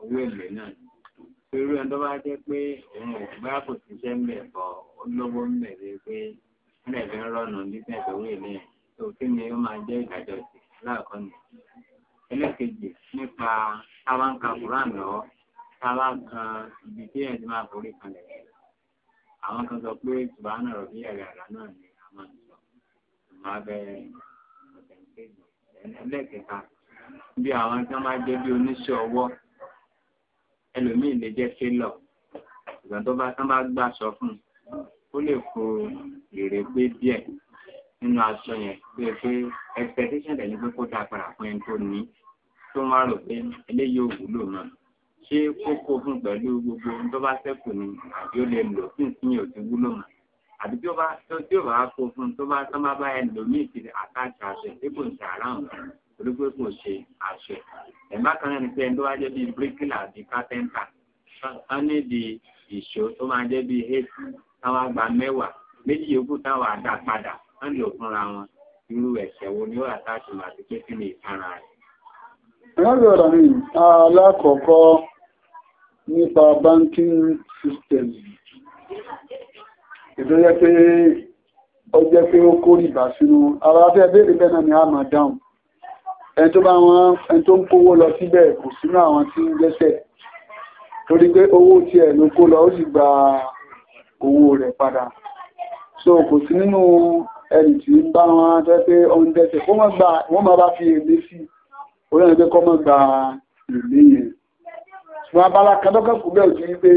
owó èlé náà irú ẹni tó bá jẹ́ pé òun ò gbá kò sí iṣẹ́ ń bẹ̀ bọ̀ ó lówó ń bẹ̀ rí i pé nílẹ̀ fi ń rọ̀nà business owó èlé yẹn tó kí ni ó máa jẹ́ ìdájọ́ sí láàkọ́ ni ẹlẹ́kejì nípa táwa ń ka Kùránì lọ́wọ́ táwa kan ibi tí ẹ̀ ti máa forí kalẹ̀ àwọn kan sọ pé tùbánà rọ̀bí àgàrà náà ni a máa ń sọ màá bẹ ẹlẹ́kẹta bí àwọn tí wọ́n máa jẹ́ bí oníṣẹ́ ọwọ́ ẹlòmíì lè jẹ́ fẹ́lọ̀ ìgbà tó bá tán bá gbà sọ fún un ó lè kó èrè pé díẹ̀ nínú aṣọ yẹn pé pé expectation rẹ̀ ni pé kó dá padà fún ẹni tó ní tó máa rò pé eléyìí ò wúlò náà ṣé kókó fún pẹ̀lú gbogbo ohun tó bá ṣẹ́kù ni àbí ó lè lò sí ìsinyìí òtún wúlò mọ́ àbí tí ó bá tí ó bá kó fún tó bá sábà bá ẹ lò ní ìsìn àtàkì àṣẹ tí kò ń ṣe àráhùn torí pé kò ṣe àṣẹ ẹ̀mbá kan náà ni pé ẹni tó bá jẹ́ bíi bíríkìlà àbí kápẹ́ńtà wọ́n ní di ìṣó tó máa jẹ́ bíi eight táwọn àgbà mẹ́wàá méjì yòókù táwọn àdá padà wọ́n lò fúnra wọn irú ẹ̀ṣẹ̀ wo ni ó àtàkì màtí pé kí ni ìtara rẹ̀. wọ́n lọ́rọ̀ mi alákọ̀ọ́kọ́ nípa banking system ètò yẹ pé ó jẹ́ pé ó kó rìbá sínú ara afẹ́ béèrè bẹ́ẹ̀ náà ni a máa dáhùn ẹni tó bá wọn ẹni tó ń kówó lọ síbẹ̀ kò sínú àwọn tí ń lẹ́sẹ̀ torí pé owó tiẹ̀ ló kó lọ ó sì gba owó rẹ̀ padà so kò sí nínú ẹni tí ń bá wọn tẹ́ pé ó ń dẹ́sẹ̀ wọ́n máa bá fi èlé sí orí ẹni pé kọ́ máa gba èlé yẹn ṣùgbọ́n abala kadọ́kẹ́ kù bẹ́ẹ̀ ju wípé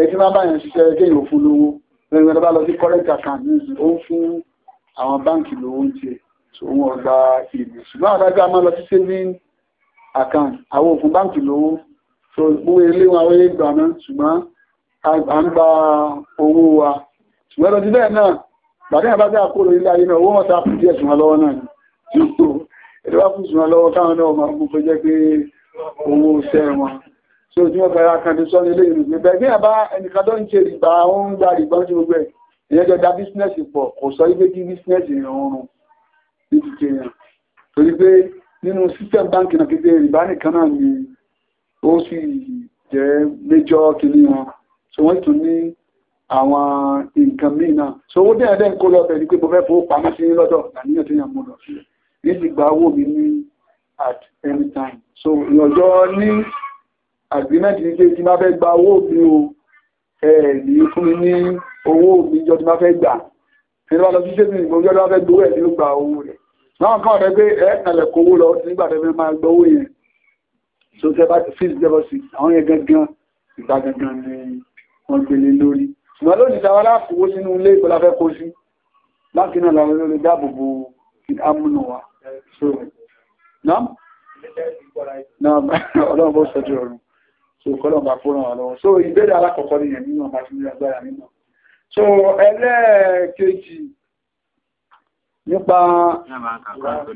ẹtí máa bá yẹn ṣiṣẹ́ kéèyàn fún lówó lẹ́yìn tó bá lọ sí correct account níbi ó ń fún àwọn báǹkì lówó ń tiẹ̀ tó wọn gba ìlú ṣùgbọ́n àdájọ́ a máa lọ sí saving account àwọn òfin báǹkì lówó tó gbówó ilé wọn àwọn ilé gbà náà ṣùgbọ́n à ń gba owó wa ṣùgbọ́n lọ sí bẹ́ẹ̀ náà bàtẹ́ yẹn bá dá kó lórí láyé náà owó wọn sá fún díẹ̀ wọn lọ́wọ́ náà ni èdè wá fún sùn wọn lọ́wọ́ káwọn náà máa mú jẹ́ pé owó sẹ́ wọn tí ó tí wọ́n fẹ́ra kan ti sọ nílé ìrùgbé bẹ́ẹ̀ bí àbá ẹnìkan tó ń ṣe ìgbà ó gba ìgbọ́n tí gbogbo ẹ̀ ìyẹn jọ da bísínẹ́sì pọ̀ kò sọ wípé kí bísínẹ́sì ọrùn ní ti ṣe yàn torí pé nínú system bank náà kékeré ìbá nìkan náà ni ó sì jẹ́ méjọ́ kìíní wọn so wọ́n tún ní àwọn nǹkan míì náà so owó dẹ́yẹ̀ dẹ́yẹ̀ kó lọ bẹ̀ ni pé mo fẹ́ fowó pamọ́ sí lọ́dọ̀ àníyàn tó yàn mú lọ sí ní ti gba owó mi ní at any time so ìyànjọ́ ní agreement ní pé tí máa fẹ́ gba owó mi o ẹ̀ẹ̀lì fún mi ní owó mi jọ tí máa fẹ́ gbà nínú wa lọ sí ṣébi ìgbò jọ tí máa fẹ́ gbowó ẹ̀ nínú gba owó rẹ̀ láwọn kan rẹ̀ pé ẹ̀ ẹ̀lẹ̀ kówó lọ nígbà tẹ́ fẹ́ máa gbowó yẹn so tẹ́ bá ti fi ìjẹbọ sí àwọn yẹn gangan ìgbà gangan ni wọ́n gbélé lórí ṣùgbọ́n lónìí táwa láàkówó sínú ilé ìkọlá fẹ́ kó sí láti náà làwọn olórí dáàbò bo amúnú wa so nam nam <laughs> ọlọ́run bó sọ́jú ọ̀run so kọ́lọ̀ bá fún ọ̀rọ̀ lọ́wọ́ so ìbéèrè alákọ̀ọ́kọ́ nìyẹn nínú ọba tí wọ́n gbára nínú so ẹlẹ́ẹ̀kejì nípa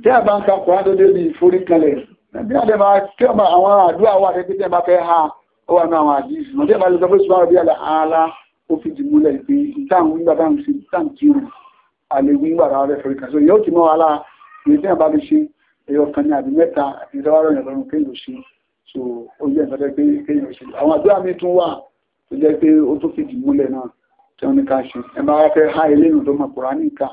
tí a bá ń ka kọ́ tó débi ìforíkalẹ̀ bí a dẹ̀bà tí ọba àwọn àdúrà wà tẹ́tí tẹ́ bá fẹ́ ha ó wà ní àwọn àdíjì mọ̀ tí a bá lè sọ pé ṣùgbọ́n bí àlà ààlá ó fi dì so yóò ti mọ́ wàhálà èyí tí a bá lè ṣe ẹyọ kan ní àbí so ó jẹ́ ìfẹ́ pé kéèyàn ṣe àwọn àdúrà mi tún wà tó jẹ́ pé ó tó fìdí múlẹ̀ náà tí wọ́n ní ká ṣe ẹ máa ha eléyìí tó mọ̀ kúrá nìka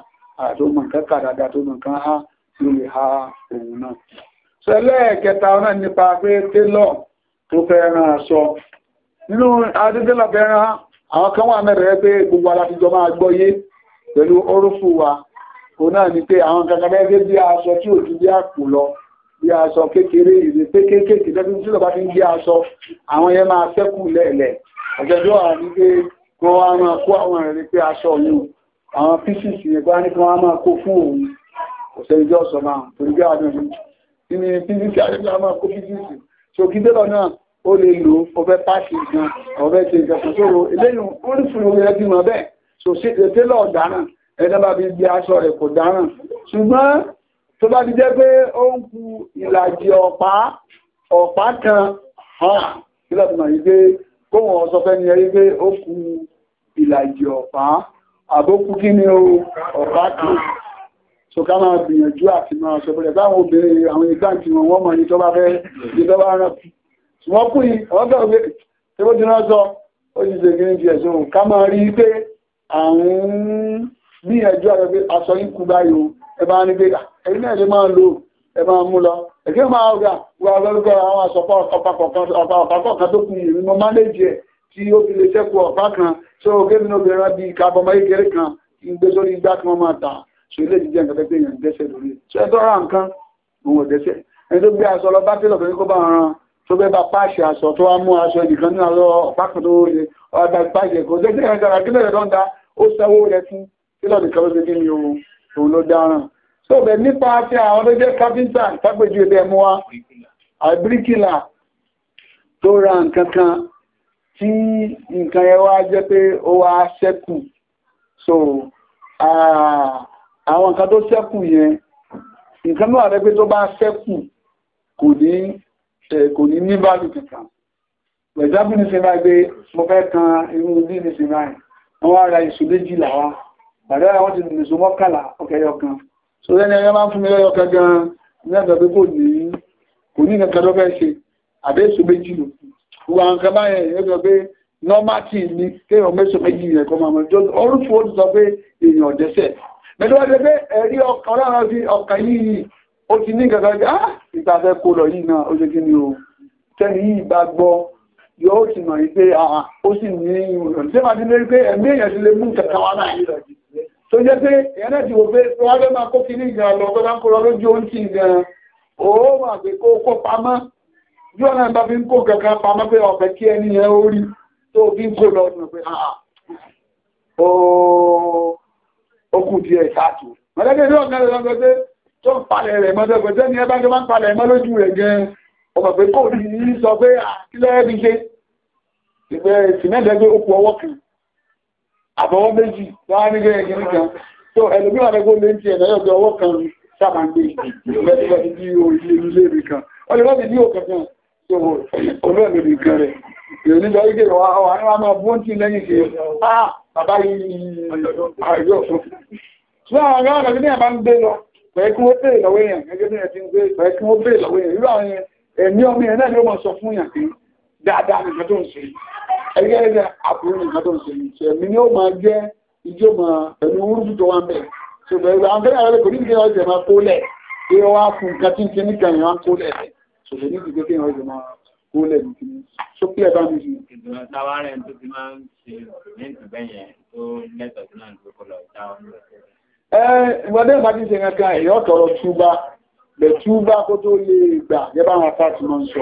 àti mọ̀ nǹkan kà tó mọ̀ nǹkan ha ló lè ha òun náà so ẹlẹ́ẹ̀kẹta náà nípa pé télọ̀ tó fẹ́ ran aṣọ nínú adédélọ̀ fẹ́ ran àwọn kan wà mẹ́rẹ̀ẹ́ pé gbogbo aláfijọ́ máa gbọ́yé pẹ̀lú orúfù wa òun náà ni pé àwọn kankan bẹ́ẹ̀ bí aṣọ tí ò bí àpò lọ bí aṣọ kékeré ìrè pé kéékèèké lẹ́bí tí lọ́ba fi ń gbé aṣọ àwọn yẹn máa sẹ́kù lẹ́ẹ̀lẹ̀ ọ̀jọ̀jọ́ àwọn ní pé kí wọ́n á máa kó àwọn ẹ̀rẹ́ pé aṣọ yìí àwọn pieces yẹn bá ní kí wọ́n á máa kó fún òun kò sẹ́ni jọ́ sọ máa torí bí àwọn ọ̀dọ́ kí ni pieces àti bí wọ́n máa kó pieces so kí délọ náà ó lè lò ó fẹ́ pàṣẹ gan ọ̀fẹ́ ṣe ìjọsìn sóró eléyìí ó ní fún omi ẹbí mọ́ bẹ́ẹ̀ so ṣe tẹ́lọ̀ ọ̀daràn ẹ̀dá bá fi gbé tó bá ti jẹ́ pé ó ń ku ìlàjì ọ̀pá ọ̀pá kan hàn nígbà tó máa yí pé kó wọ́n sọ fẹ́ ni ẹrí pé ó ku ìlàjì ọ̀pá àbókú kí ni o ọ̀pá kan so ká máa gbìyànjú àti máa sọ pẹ̀lẹ̀ báwọn obìnrin àwọn ìgbàǹtì wọn wọ́n mọ̀ ní tó fẹ́ ní tó bá rán wọ́n kú yìí wọ́n fẹ́ òwe tí ó dínà sọ ó sì ṣe gírí jẹ́ so ká máa rí pé àwọn gbìyànjú àti aṣọ yìí kú báyìí ẹ bá ní pé ẹ̀yìn náà lè máa lò ẹ máa mú lọ ẹ̀kí máa ọ̀gá wà lọ́lọ́gọ́ àwọn àsọpọ̀ ọ̀pá kọ̀ọ̀kan tó kún ìrìnnà mánéjì ẹ̀ tí ó fi lè sẹ́kù ọ̀pá kan tó gẹ́mìnà obìnrin rábí kábọmọ ìkẹrẹ kan ìgbé sórí igbá kan máa tà ṣe ilé jíjẹ́ nǹkan tẹ́gbẹ́ èèyàn dẹ́sẹ̀ lórí ṣe ẹ̀tọ́ ra nǹkan òun ọ̀dẹ́sẹ̀ ẹni tó gbé aṣọ lọ bá tẹ́lọ̀ fẹ́ kó bá ran tó bẹ́ ó sanwó rẹ̀ fún tẹ́lọ̀ nìkan ló ṣe kí ni òun ló dáràn so sọ́bẹ̀ nípa àti àwọn tó jẹ́ kápítà tápẹ̀jú ẹ̀bẹ̀ mú wa àbíríkìlà tó ra nǹkan kan tí nǹkan yẹn wá jẹ́ pé ó wá ṣẹ́kù so àwọn nǹkan tó ṣẹ́kù yẹn nǹkan náà rẹ̀ pé tó bá ṣẹ́kù kò ní kò ní ní báàlù kankan pẹ̀jábù ní sinmi gbé mo fẹ́ kan irú bí ní sinmi wọ́n wá ra ìṣù méjìlá wa bàdá àwọn ti nìṣó mọ́kànlá ọkẹyọ kan so lẹ́ni ẹgbẹ́ máa ń fún mi lọ́yọ́ gangan ní ẹgbẹ́ kò ní kò ní nǹkan tó fẹ́ ṣe àbí méjì lò gbogbo àwọn kan ẹgbẹ́ pé nọ́mátì ni kéèyàn mẹ́sàn méjì yẹn kọ́ máa mọ̀ orúfò ó sọ pé èèyàn dẹ́sẹ̀ mẹ́tọ́ wá jẹ́ pé ẹ̀rí ọkàn lára fi ọkàn yìí ó ti ní nǹkan kan ah ìta fẹ́ kó lọ yìí náà ó ṣe kí ni o tẹ́ni yìí bá gbọ́ yóò sì mọ̀ pé ó sì ní ìwòsàn tí wọ́n ti lé pé ẹ̀mí èèyàn ti lè mú kẹta wá náà yìí tó jẹ́ pé ẹ̀rẹ́ ti wò pé wáyé máa kó kìíní ìgbà lọ tó bá ń kóra lójú oúnjẹ gan ó wà pé kó kó pamọ́ bí ọ̀nà ìbá fi ń kó kankan pamọ́ pé ọ̀fẹ́ kí ẹni yẹn ó rí tó fi ń kó lọ ọdún pé ah, ah. ó kù díẹ̀ ṣáàtù mọ̀lẹ́gbẹ̀ ní ọ̀gá rẹ̀ lọ́gbẹ̀ẹ́ tó ń palẹ̀ rẹ̀ ọmọ pé kò ní sọ pé àkílẹ̀ ah, ẹbí ṣe ìgbẹ́ ìsìnẹ́dẹ́gbẹ́ ó kù ọwọ́ kan àbọ̀wọ́ méjì wọ́n ní gẹ́gẹ́ gẹ́gẹ́ kan tó ẹlòmí wà lẹ́gbọ́n lè ń ti ẹ̀dá yọ̀dọ̀ ọwọ́ kan sábà ń gbé ìgbẹ́sílẹ̀ ní orí ilé rẹ̀ kan wọ́n lè wọ́n ti ní òkè kan tó olóòrùn nìkan rẹ̀ yóò níjọ igi wà á máa bó ń tì lẹ́yìn ṣe á ah, bàbá yìí àyọ̀ fún ṣùgbọ́n àwọn ará ọ̀nà ní àbá ń gbé lọ pẹ̀lú kí wọ́n bèèrè lọ́wọ́ èèyàn gẹ́gẹ́ bí ẹ̀ ti ń gbé pẹ̀lú kí wọ́n bèèrè lọ́wọ́ èèyàn irú àwọn ẹ̀mí ọmọ yẹn náà ni ẹgbẹ́ ẹgbẹ́ àbúrò nìkan tó ń ṣe ìṣẹ́ mi ni ó máa jẹ́ ijó máa ẹnu orúkú tó wá ń bẹ̀ ṣùgbọ́n ìgbà àwọn fẹ́rẹ̀ rẹ̀ kò ní ìgbẹ́ ọjọ́ máa kólẹ̀ pé wá fún nǹkan tí ń ṣe níkan ìwà ń kólẹ̀ rẹ̀ ṣùgbọ́n ní ìgbẹ́ kéèyàn ọjọ́ máa kólẹ̀ ní kíní sókè ẹ̀ bá mi ṣe. ìdùnnà táwa rẹ̀ tó ti máa ń ṣe lẹ́ǹtì bẹ́yẹn tó lẹ́tọ̀ọ́ sí náà tó kọ́ lọ táwọn. ẹ ìwádìí ẹ̀ bá ti ṣe kankan èèyàn tọrọ túbá kó tó lè gbà yẹ bá wọn fásitì ń sọ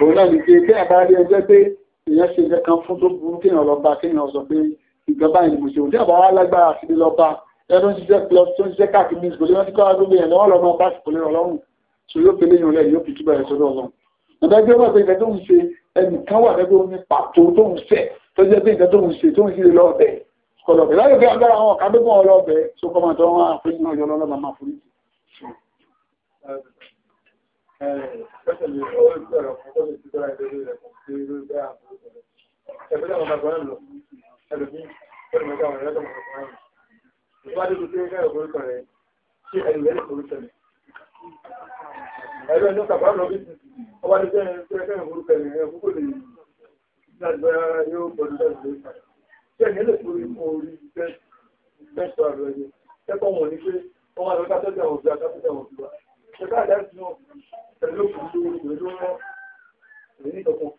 òun náà ní pé bẹ́ẹ̀ bá rí pé èèyàn ṣe nǹkan kan fún tó burú kéèyàn lọ bá kéèyàn sọ pé ìjọba yìí mo ṣe òun tí àbá wa lágbára àti lọ bá ẹ tó ń ṣiṣẹ́ plus tó ń ṣiṣẹ́ káàkiri ní ìṣòro wọn ti kọ́ agbóhùn yẹn lọ́wọ́ lọ́mọ bá ṣùkúlẹ̀ ọlọ́run tó yóò pélé yàn lẹ́yìn yóò fi túbọ̀ ẹ̀ sọ́dọ̀ ọlọ́run. ọ̀dà gbé wà pé ìgbà tó ń ṣe ẹnìkan wà lẹ́gbẹ́ omi pàtó tó ń fẹ́ tó jẹ́ pé ìgbà tó ń ṣe tó ń ṣe lọ́ọ̀bẹ̀ kọlọ̀bẹ̀ láyé pé agbára àwọn ọ̀ká gbẹ́gbọ́n ọlọ́ọ̀bẹ̀ tó kọ́ máa tọ́ wọn àfẹ́yìn náà yọ lọ́lọ́ba máa forí jù. Ẹ̀ẹ́dẹ̀gbẹ̀rẹ̀ ọ̀pọ̀ ẹgbẹ́ta ọmọ àgbọ̀n lọ ẹlòmí pẹ̀lú mẹ́ta ọmọ ẹlẹ́ta ọmọ àgbọ̀n lọ ìwádìí tó tẹ́lẹ̀ káyọ̀ orúkọ rẹ̀ sí ẹ̀yìn rẹ̀ orúkọ rẹ̀ ẹ̀rọ ẹ̀dọ́ta bá lọ bí ọwọ́ adé tẹ́lẹ̀ káyọ̀ orúkọ rẹ̀ ẹ̀yọ̀ púpọ̀ lè gbàgbọ́ yóò gbọdọ̀ lọ́dọ̀ lórí ìpàdé tí ẹ̀yìn lè forí orí bẹ́ẹ̀sì ọ̀rọ̀ ẹ̀yẹ kẹ́kọ̀ọ́ wọn ni pé wọ́n wá lọ kátẹ́tẹ́ àwọn òbí akátẹ́tẹ́ àwọn òbí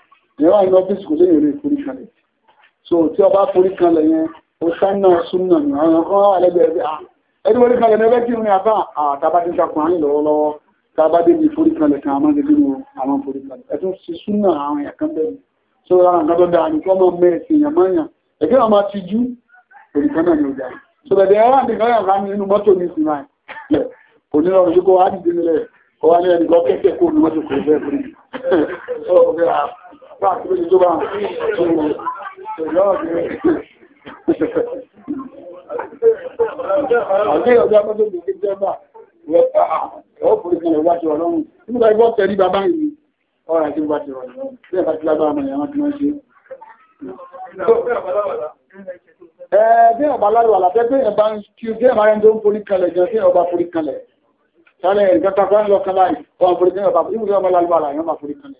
ìyẹn wà ní ọ́fíìsì kò léyìn orí forí kanlẹ̀ so tí ọba forí kanlẹ̀ yẹn ó sáńnà súnà ní àwọn kan wà lẹ́gbẹ̀ẹ́ bí ah, ẹni forí kanlẹ̀ ní ẹgbẹ́ tí ìrìn àbá àtàbá ah, ti ń ta kùnrin lọ́wọ́lọ́wọ́ tábà débi forí kanlẹ̀ kan àmọ́ débi nu àwọn forí kanlẹ̀ ẹ̀tún sí súnà àwọn èèyàn kan bẹ́ẹ̀ so lára nǹkan tó dáa nìkan máa mẹ́ ẹ̀sìn èèyàn máa yàn ẹ̀kẹ́ wọn máa ti jú forí kan náà ni ó dáa so bẹ̀dẹ̀ ẹ̀rọ àti ìkan yàn kan nínú mọ́tò ní ìsìn náà kò ní lọ́rùn yìí kó wá dìde nílẹ̀ kó wá ní ẹnì kan kẹ́kẹ́ kó ní mọ́tò kò fẹ́ forí <laughs> káàkiri ìjọba Àgbé ọjọ́ amọ́tò ìgbé jẹ́bà rẹ̀ ọ̀pọ̀ ìgbé rẹ̀ wáṣọ ọlọ́run. Nígbà ìbọn tẹ̀rí bàbá ìlú ọ̀rọ̀ àti wáṣọ ọlọ́run. Bí ẹ̀ka ti lágbára mọ̀ ìyàwó tí wọ́n ṣe. Bí ọba láwọ̀ àlàfẹ́ pé ẹ̀bá ń kí ó gẹ́ẹ̀mà rẹ̀ tó ń forí kalẹ̀ jẹ́ sí ọba forí kalẹ̀. Sálẹ̀ ìgbẹ́ta kan lọ kan láì, ọba forí kalẹ̀, ọba forí kalẹ̀,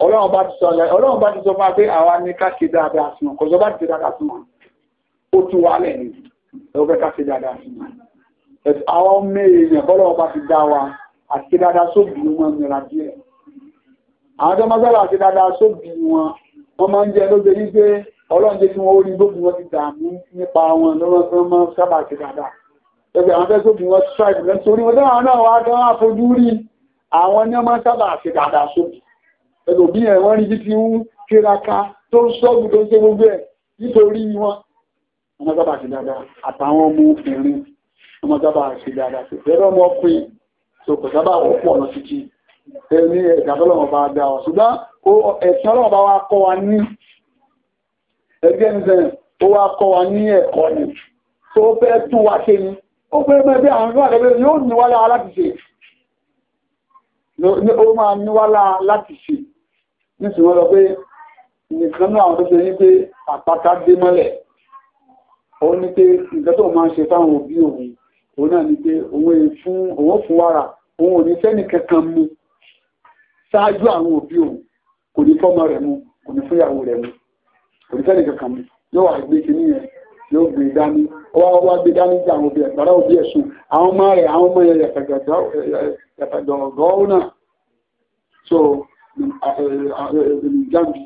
ọlọ́run bá ti sọ ọlọ́run bá ti sọ máa pé àwa ní ká ṣe dáadáa sí wọn kò sọ bá ti ṣe dáadáa sí wọn ó tú wa lẹ̀ ní ẹ̀rọ fẹ́ ká ṣe dáadáa sí wọn àwọn ọmọ èèyàn bọ́lọ́run bá ti dá wa àti ṣe dáadáa sóbì wọn nira díẹ̀ àwọn tó máa sábà ṣe dáadáa sóbì wọn wọ́n máa ń jẹ lóde yí pé ọlọ́run jẹ́ kí wọ́n ó rí gbógun wọn ti dààmú nípa wọn lọ́wọ́ máa máa sábà ṣe ẹlòmí ẹ̀ wọ́n rí bí ti ń kéraka tó ń ṣọ́gbù tó ń ṣe gbogbo ẹ̀ nítorí wọn ọmọ sábà ṣe dáadáa àtàwọn ọmọ obìnrin ọmọ sábà ṣe dáadáa tó fẹ́rẹ́ ọmọ ọkùnrin tó kò sábà wọ́pọ̀ ọ̀nà títí ẹni ẹ̀dá tọ́lọ́wọ́n bá dá ọ ṣùgbọ́n ẹ̀sìn ọlọ́wọ́n bá wá kọ́ wa ní ẹgbẹ́ ó wá kọ́ wa ní ẹ̀kọ́ ni tó fẹ́ tún wa ṣe ni ó fẹ́ mẹ́ bí àwọn ìwà lẹ́gbẹ̀rẹ̀ yóò níwálá láti ṣe nísì wọ́n lọ pé nìkan náà àwọn tó ṣe ní pé àpáta dé mọ́lẹ̀ ó ní pé nǹkan tó máa ń ṣe fáwọn òbí òun òun náà ni pé òun fún òun fún wàrà òun ò ní fẹ́ni kankan mu ṣáájú àwọn òbí òun kò ní fọ́mọ rẹ̀ mu kò ní fúnyàwó rẹ̀ mu kò ní fẹ́ni kankan mu yóò wà gbé kìíní yẹn yóò gbé dání ọwọ́ ọwọ́ gbé dání sí àwọn òbí ẹ̀ gbàdá òbí ẹ̀ sùn àwọn ọmọ rẹ̀ àwọn ọmọ yẹn yàtàgọ̀gọ́ ìjáàbì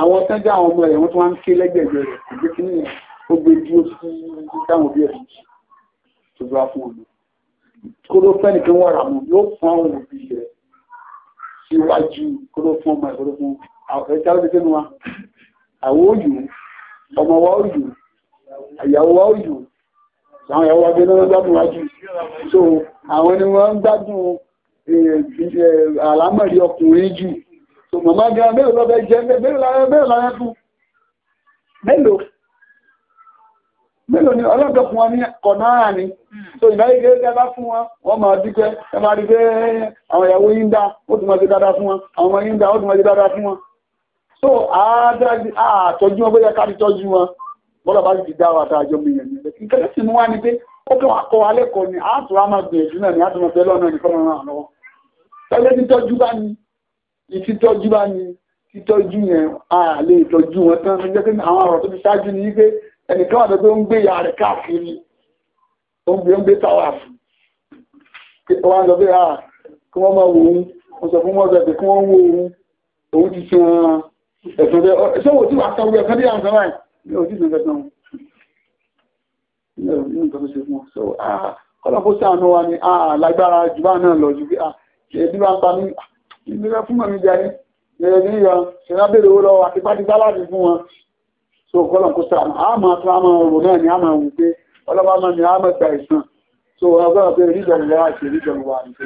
àwọn tẹ́jà àwọn ọmọ rẹ̀ wọ́n tó wá ń ké lẹ́gbẹ̀ẹ́gbẹ̀ rẹ̀ kò gbé kí nìyẹn ó gbé dúró sí táwọn òbí ẹ̀ tó bá fún olú kó ló fẹ́ nìkan wà ràmù yóò fún àwọn òbí rẹ̀ síwájú kó ló fún ọmọ ìkó ló fún ẹ̀ka ló fi sínú wa àwọn òyù ọmọ wa òyù àyàwó wa òyù àwọn ìyàwó wa gbé lọ́wọ́ gbádùn wájú so àwọn ni wọ́n ń gbádùn eh, eh, àlámọ̀rí ọkùnrin jù tó màmá gan mélòó lọ́bẹ̀ jẹ́ mélòó láyé fún mélòó mélòó ni ọlọ́dọ̀ wọn ní ọ̀nà ara ni hmm. so ìbáyé gẹ́gẹ́ gẹ́gẹ́ bá fún wọn wọ́n máa dúpẹ́ ẹ máa rí pé àwọn ìyàwó yìí ń dá ó tún máa ṣe fún wọn àwọn ọmọ ń dá ó tún máa ṣe fún wọn so àtọ́jú wọn bóyá kárí tọ́jú wọn bọ́lá bá ti dá wàtà àjọ mi yẹn nìkẹ́lẹ́ sì mú ni pé ó ni àtúrà máa gbìyànjú náà ni ni títọ́jú bá ní títọ́jú yẹn a lè tọ́jú wọn tán ló jẹ́ pé àwọn ọ̀rọ̀ tó ti ṣáájú ní wípé ẹnìkan wà tó ń gbé ìyá rẹ̀ káàkiri ó ń gbé ń gbé táwà fún wọ́n ń sọ pé àà kí wọ́n máa wo òun wọ́n sọ fún wọ́n sọ pé kí wọ́n wo òun òun ti ṣe wọn ẹ̀sùn bẹ́ẹ̀ ṣé wò tí wàá sọ wíwẹ̀ kan dé àwọn sọ́wọ́n ní òjì ìṣẹ́ sọ́wọ́n ní òun tó ṣe fún wọn sọ àà kọ́lọ̀ kó sàánú wa ni àà lágbára jù bá ìnira fún mọ̀mí jẹ́ ẹ̀rẹ̀ ní ìyọ ṣẹlá bèèrè owó lọ́wọ́ àti pátipá láti fún wọn so kọ́lọ̀ kó sàánù àmà tó àmà ni àmà wù pé ọlọ́pàá mọ̀ ní àmà so ọgbọ́n pé oníjọba wà àti oníjọba wà nípe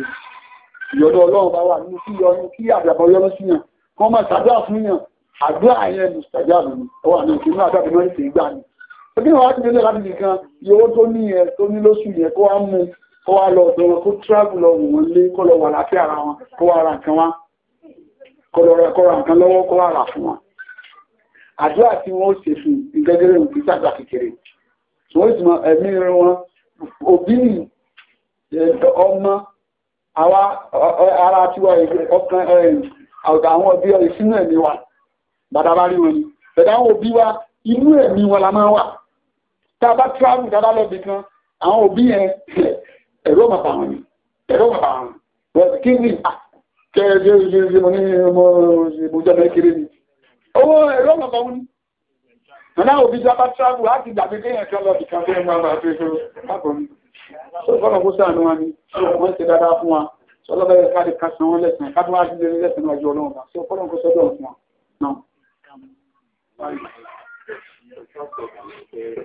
ìyọ̀dọ̀ ọlọ́run bá wà nínú kí yọnu kí àdàbọ̀ yọnu sí yàn kọ́ mọ̀ sàdúrà fún yàn àdúrà yẹn mùsàdúrà mi ó wà náà kí inú àdàbọ̀ náà ti gbà ni wàá ti láti nìkan iye tó ní yẹn tó ní lóṣù yẹn kó wá mú kó wá lọ ọ̀dọ̀ wọn kó tíráàbù lọ wò wọ́n lé kó lọ wà láfíà ara wọn kó wá ra nǹkan wá kó lọ ra nǹkan lọ́wọ́ kó wá rà fún wọn àdúrà tí wọ́n ṣe fún ìgẹ́gẹ́rẹ́ òkú sàgbà kékeré wọ́n sì mọ ẹ̀mí wọn òbí ọmọ ara tí wọ́n ọkàn ọ̀gá àwọn òbí ọ̀rẹ́ sínú ẹ̀mí wa bàdá bá rí wọn ni bẹ̀dá àwọn òbí wa inú ẹ̀mí wọn la máa wà tá a bá tíráàbù dáadáa lọ́bì kan àwọn òbí yẹn ẹ̀rọ bàbá wọn ni ẹ̀rọ bàbá wọn wọ́n kí ni ah, kẹ́ẹ̀jẹ́ ìṣẹ́ mo ní ọmọ ìbújọ́ mẹ́kiri ni owó ẹ̀rọ bàbá wọn ni nana òbí jábá travel láti gbàgbé kéèyàn kan lọ ìkan fẹ́ mú àwọn àti ìṣòro bákan ni tó fọ́nà kó sáà ní wọn ni wọ́n ti dáadáa fún wa sọlọ́bẹ̀rẹ̀ káàdì kásán wọn lẹ́sìn káàdì wá sí lẹ́sìn ọjọ́ ọlọ́run bá sí fọ́nà kó sọ́dọ̀ fún wa náà Thank you.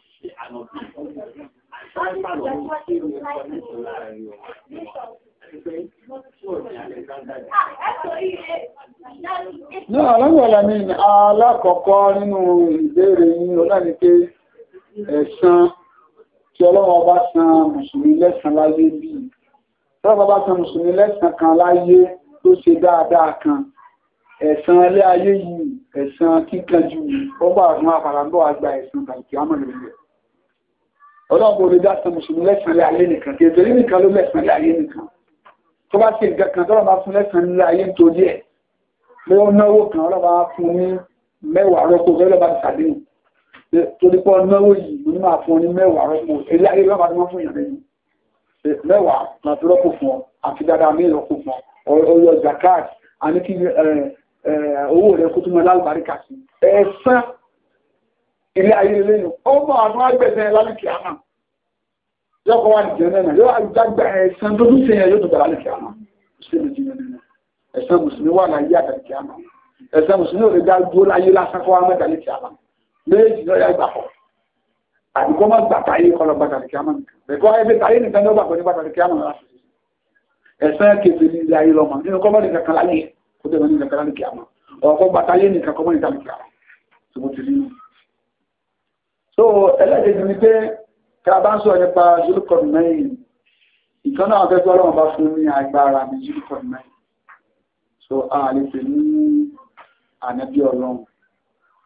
ṣe àná bí àṣàlù ọ̀hún ṣe ń wọ́n ní ìṣúná rẹ̀ yọ̀ náà lọ́gbọ̀lá ní alákọ̀ọ́kọ́ nínú ìbéèrè yìí ọlọ́ni pé ẹ̀san tí ọlọ́wọ́ bá san mùsùlùmí lẹ́san láyé bí tọ́lọ́wọ́ bá san mùsùlùmí lẹ́san kan láyé tó ṣe dáadáa kan ẹ̀san ilé ayé yìí ẹ̀san kíkanjú ọgbà ọ̀sán àpàlàbọ̀ àgbà ẹ̀san tàbí àmọ̀lẹ́gbẹ̀ẹ́ ọlọ́gbọ̀n olùdásọ mùsùlùmí lẹ́sìnlẹ̀ ayé nìkan kí ètò nìkan ló lẹ́sìnlẹ̀ ayé nìkan tó bá ṣe nǹkan kan tọ́lọ́ bá fún lẹ́sìnlẹ̀ ayé tó díẹ̀ pé ó náwó kan ọlọ́ba fún ní mẹ́wàá rọ́pò ọlọ́ba ti sàdéhùn tó ní pọ́ náwó yìí mo ní máa fún ní mẹ́wàá rọ́pò ilé ayé lọ́ba tí wọ́n fún yàn lẹ́yìn ilé ayé lẹ́nu ọmọ àwọn agbẹ̀sẹ̀ lálùkì àmà yọ́kọ̀ wà ní jẹ́rẹ̀ náà yóò àgbàgbà ẹ̀sán tó tún sẹ́yìn yóò tó bẹ̀rẹ̀ lálùkì àmà ẹ̀sán mùsùlùmí wà láyé àtàlùkì àmà ẹ̀sán mùsùlùmí ò lè dá dúró láyé lásán kọ́ àmà àtàlùkì àmà méjì lọ́yà ìgbà pọ̀ àti kọ́ máa gbà táyé kọlọ bàtàlùkì àmà ẹ̀kọ́ ẹgbẹ́ táyé nìkan ló gbàgbọ́ ní bàtàlùkì àmà láti ẹ̀sán kejì ní ilé ayé lọ́mọ nínú kọ́mọ́ nìkan kan láyé kó tẹ̀wọ́n nìkan kan láyé kí àmà ọ̀kọ́ gbàtáyé so ẹlẹ́gẹ̀ẹ́gì ni pé ká bá ń sọ nípa zulukọ̀dù mẹ́yìn ìkan náà fẹ́ tọ́lọ́ wọn bá fún ní agbára ní zulukọ̀dù mẹ́yìn so a lè pè ní ànábí ọlọ́run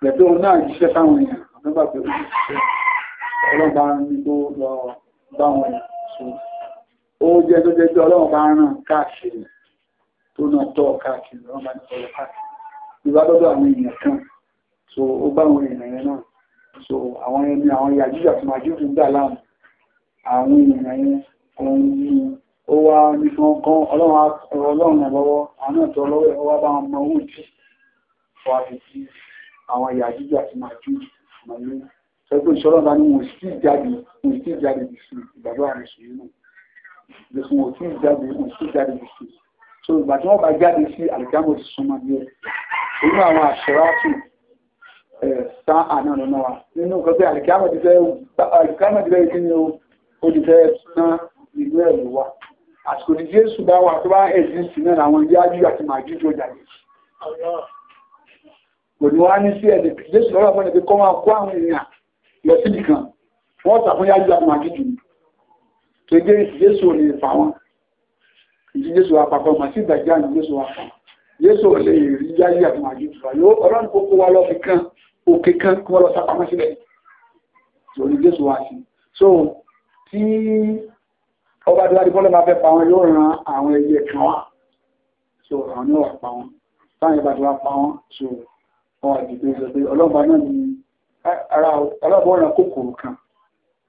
pẹ̀lú òun náà jíṣẹ́ sáwọn èèyàn àbẹ́bà pé ó jíṣẹ́ ọlọ́run bá ń ní kó lọ bá wọn so ó jẹ́ tó jẹ́ pé ọlọ́run bá ràn káàkiri tó náà tọ́ káàkiri ọlọ́run bá ní ọlọ́ káàkiri ìwádọ́dọ̀ àwọn èèyàn kan so ó bá àwọn èèyàn náà so àwọn ẹni àwọn yàjújà tó máa jùlọ gbà láàmù àwọn èèyàn yẹn ohun ni ó wá ní kankan ọlọ́run lọ́wọ́ àwọn ẹ̀tọ́ lọ́wọ́ ẹ̀ wá bá wọn mọ owó jì wá fi sí àwọn yàjújà tó máa jùlọ mọ̀ ní sọ́gbọ́n ìṣọ́lọ́ba ni mo sì jáde mo sì jáde bìsì ìgbàgbọ́ àwọn ìṣòro náà lẹ́sùn ò tí jáde ò tí jáde bìsì so ìgbà tí wọ́n bá jáde sí àlìkámọ̀ ti súnmọ́ bí ẹ̀ nínú àwọn àṣẹwàtì sán àná nínú wa nínú nǹkan pé àlìkámọ̀ ti fẹ́ àlìkámọ̀ ti fẹ́ kí ni ó ti fẹ́ sán ìlú ẹ̀lú wa àsìkò tí Jésù bá wà tó bá ẹ̀sìn sí náà àwọn ilé ajú àti màjú tó jáde kò ní wá ní sí ẹ̀dẹ̀ Jésù lọ́wọ́ fún ẹ̀dẹ̀ kọ́ máa kó àwọn èèyàn lọ síbì kan wọ́n tà fún yájú àti màjú jù tó gé Jésù ò lè fà wọn ìdí Jésù apapọ̀ Jésù ò lè rí yáyé àti màjúfà yóò ọlọ́run kó kó wa lọ fi kan òkè kan kó wọ́n lọ sápamọ́ sílẹ̀ lórí Jésù wá sí so tí ọba tó wá di bọ́lá bá fẹ́ pa wọn yóò ran àwọn ẹyẹ kan wá so àwọn yóò wà pa wọn táwọn ìbàdàn wá pa wọn so wọn àdìgbò sọ pé ọlọ́ba náà ni ara ọlọ́ba ọ̀ràn kòkòrò kan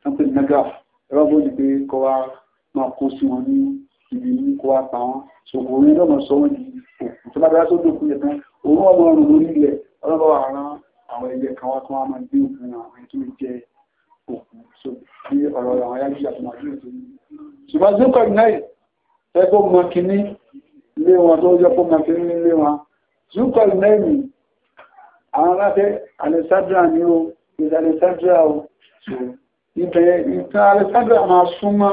wọ́n pè ní nàgàf ọlọ́ba ó di pé kọ́ ibi ní kó wá pa wọn ṣòkò orí lọ́mọ sọ wọn di òkú tó bá dára sódò kú yẹn tán òun ọmọ ọrùn lórí ilẹ̀ ọlọ́bọ̀ wà rán àwọn ẹgbẹ́ kan wá tó wá máa gbé òkú àwọn ẹni tó lè jẹ òkú so bí ọ̀rọ̀ àwọn ayájú àtúmọ̀ àdúrà tó ní. ṣùgbọ́n zokor náà ẹ kó mọ kínní ilé wọn tó yẹ kó mọ kínní ilé wọn zokor náà ni àwọn aláfẹ́ alessandra ni o is alessandra o so ìbẹ̀rẹ̀ ìtàn alessandra máa súnmọ́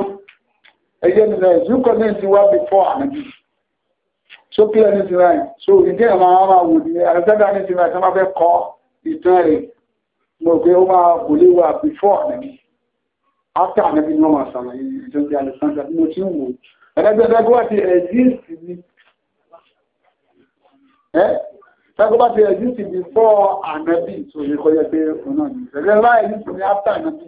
ẹjẹ́ nínú ẹ̀ zúkọ náà ti wá before àmì so clear ní ti ráì so ìdí ẹ̀ máa máa wò ní alexander ní ti ráì tí wọ́n fẹ́ kọ́ ìtàn rẹ̀ mo pé ó máa kò lè wà before àmì after àmì ni wọ́n máa sọ̀rọ̀ ìjọ ti alexander mo ti ń wò ẹ̀ẹ́dẹ́gbẹ́gbẹ́ wá ti exist ni ẹ́ tẹ́gbọ́n bá ti exist before àmì so ìkọ́jẹ́ pé òun náà ní ẹ̀rẹ́ láì ní ti ní after àmì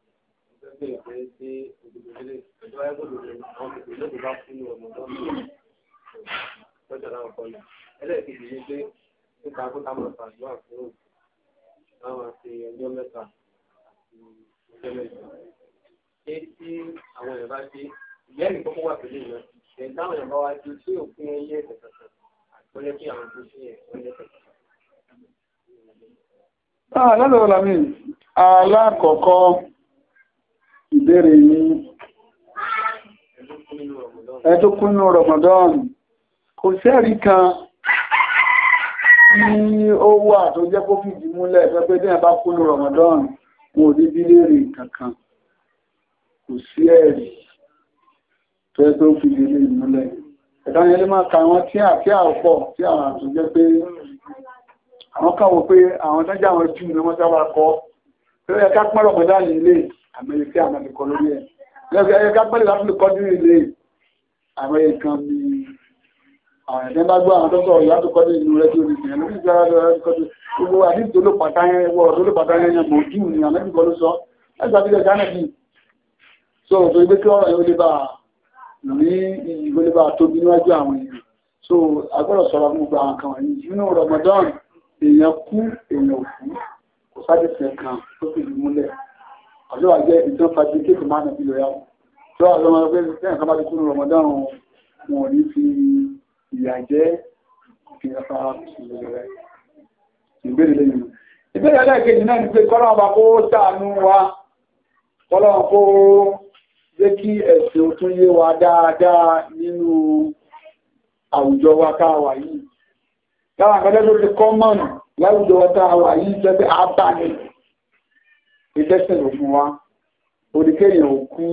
ẹlẹ́ẹ̀kejì ni pé nípa kó ká máa ṣàdúrà fún òun láwọn àti ọjọ́ mẹ́ta àti ọjọ́ mẹ́ta ṣé tí àwọn èèyàn bá ṣe ìyẹ́rìí kọ́kọ́ wà pẹ̀lú ìlú ẹ̀ táwọn èèyàn bá wá ju sí òfin ẹyẹ ẹ̀sẹ̀ kankan àti ọjọ́ kí àwọn tó ṣe ẹ̀sẹ̀ ẹ̀sẹ̀ kankan. Ah, lọ́dọ̀ ọ̀la mi, alákọ̀ọ́kọ́ ìbéèrè ní ẹ̀dùnkúnnú Ramadan kò sẹ́rí kan ní owó àtọ́jẹ́ kó fìdí múlẹ̀ pẹ́pẹ́ díẹ̀ bá kúnnú Ramadan o rí bílèrè kankan kò sí ẹ̀rí tó ẹ́ tó fìdí lè múlẹ̀ ẹ̀dáyẹn lè máa ka àwọn tí àti àpọ̀ tí àwọn àtọ́jẹ́ pé àwọn káwọ pé àwọn tọ́jà àwọn jù ní wọ́n sábà kọ́ pé ẹ̀ká pọ́n Ramadan ilé àmọ́ iye tí àwọn ẹnìkan lórí ẹ̀ lọ́sẹ̀ ẹ̀yẹ ká pẹ́lú láti lè kọ́jú ilé àwọn nǹkan bí àwọn ẹ̀dẹ́ bá gbọ́ àwọn tó sọ̀rọ̀ láti kọ́jú inú rẹ̀ tí ó ní ìgbìyàn lórí ìgbà láti kọ́jú gbogbo àdìsí olópàtà yẹn wọ olópàtà yẹn yẹn mọ̀jú ni àwọn ẹbí kan ló sọ ẹgbà bí ẹja náà bí so tó gbé kí ọ̀rọ̀ yóò lè bá rí ìyìnbó lè bá tóbi níwájú àwọn èèyàn so agbọ́dọ̀ sọ̀rọ̀ mú gba àwọn wọ̀nyí nínú Ramadan èèyàn kú èèyàn òkú kò sáré fẹ̀ kan tó fi múlẹ̀ àlọ́ àjẹ́ ìtàn fàṣíkéèkì máa nà bílò yàwó tó àwọn ọmọ ẹgbẹ́ ìfẹ́ nǹkan bá ti kúrò Ramadan wọn ò ní fi ìyà jẹ́ ìyàfa ìbẹ̀rẹ̀ ìbéèrè lẹ́yìn ìbéèrè aláìkejì náà ni pé kọ́lọ́wọ́n bá kó sàánú wa kọ́lọ́wọ́n kó jẹ́ kí ẹ̀sìn òtún yé wa dáadáa nínú àwùjọ wa tá a wà yìí táwọn akẹ́lẹ́ ló ti kọ́ mọ́nù láwùjọ wa tá a wà yìí jẹ́ pé àbá ni ìdẹ́sẹ̀ ló fún wa oníkéèyàn ò kú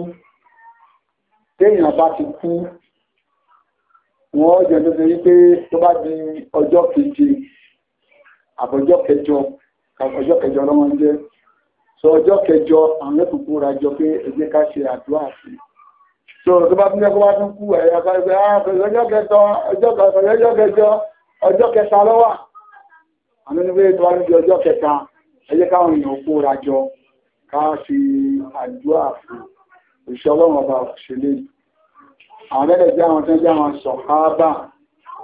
téèyàn bá ti kú wọ́n jẹ́ tó ṣe wípé tó bá di ọjọ́ keje àbọ̀jọ́ kẹjọ ọjọ́ kẹjọ lọ́wọ́ ń jẹ́ so ọjọ́ kẹjọ àwọn ẹ̀kùnkùn ra jọ pé ẹ jẹ́ ká ṣe àdúrà sí so tó bá tún lẹ́kọ́ wá tún kú ẹ̀yà bá ẹgbẹ́ ọjọ́ kẹjọ ọjọ́ kẹjọ ọjọ́ kẹta lọ́wà àwọn ẹni pé tó wá ní ọjọ́ kẹta ẹ káwọn èèyàn kó ra jọ ká fi àdúrà fún òṣìṣẹ́ ọlọ́run ọba òṣèlè àwọn mẹ́lẹ̀ jẹ́ àwọn tó ń jẹ́ àwọn sọ̀hábà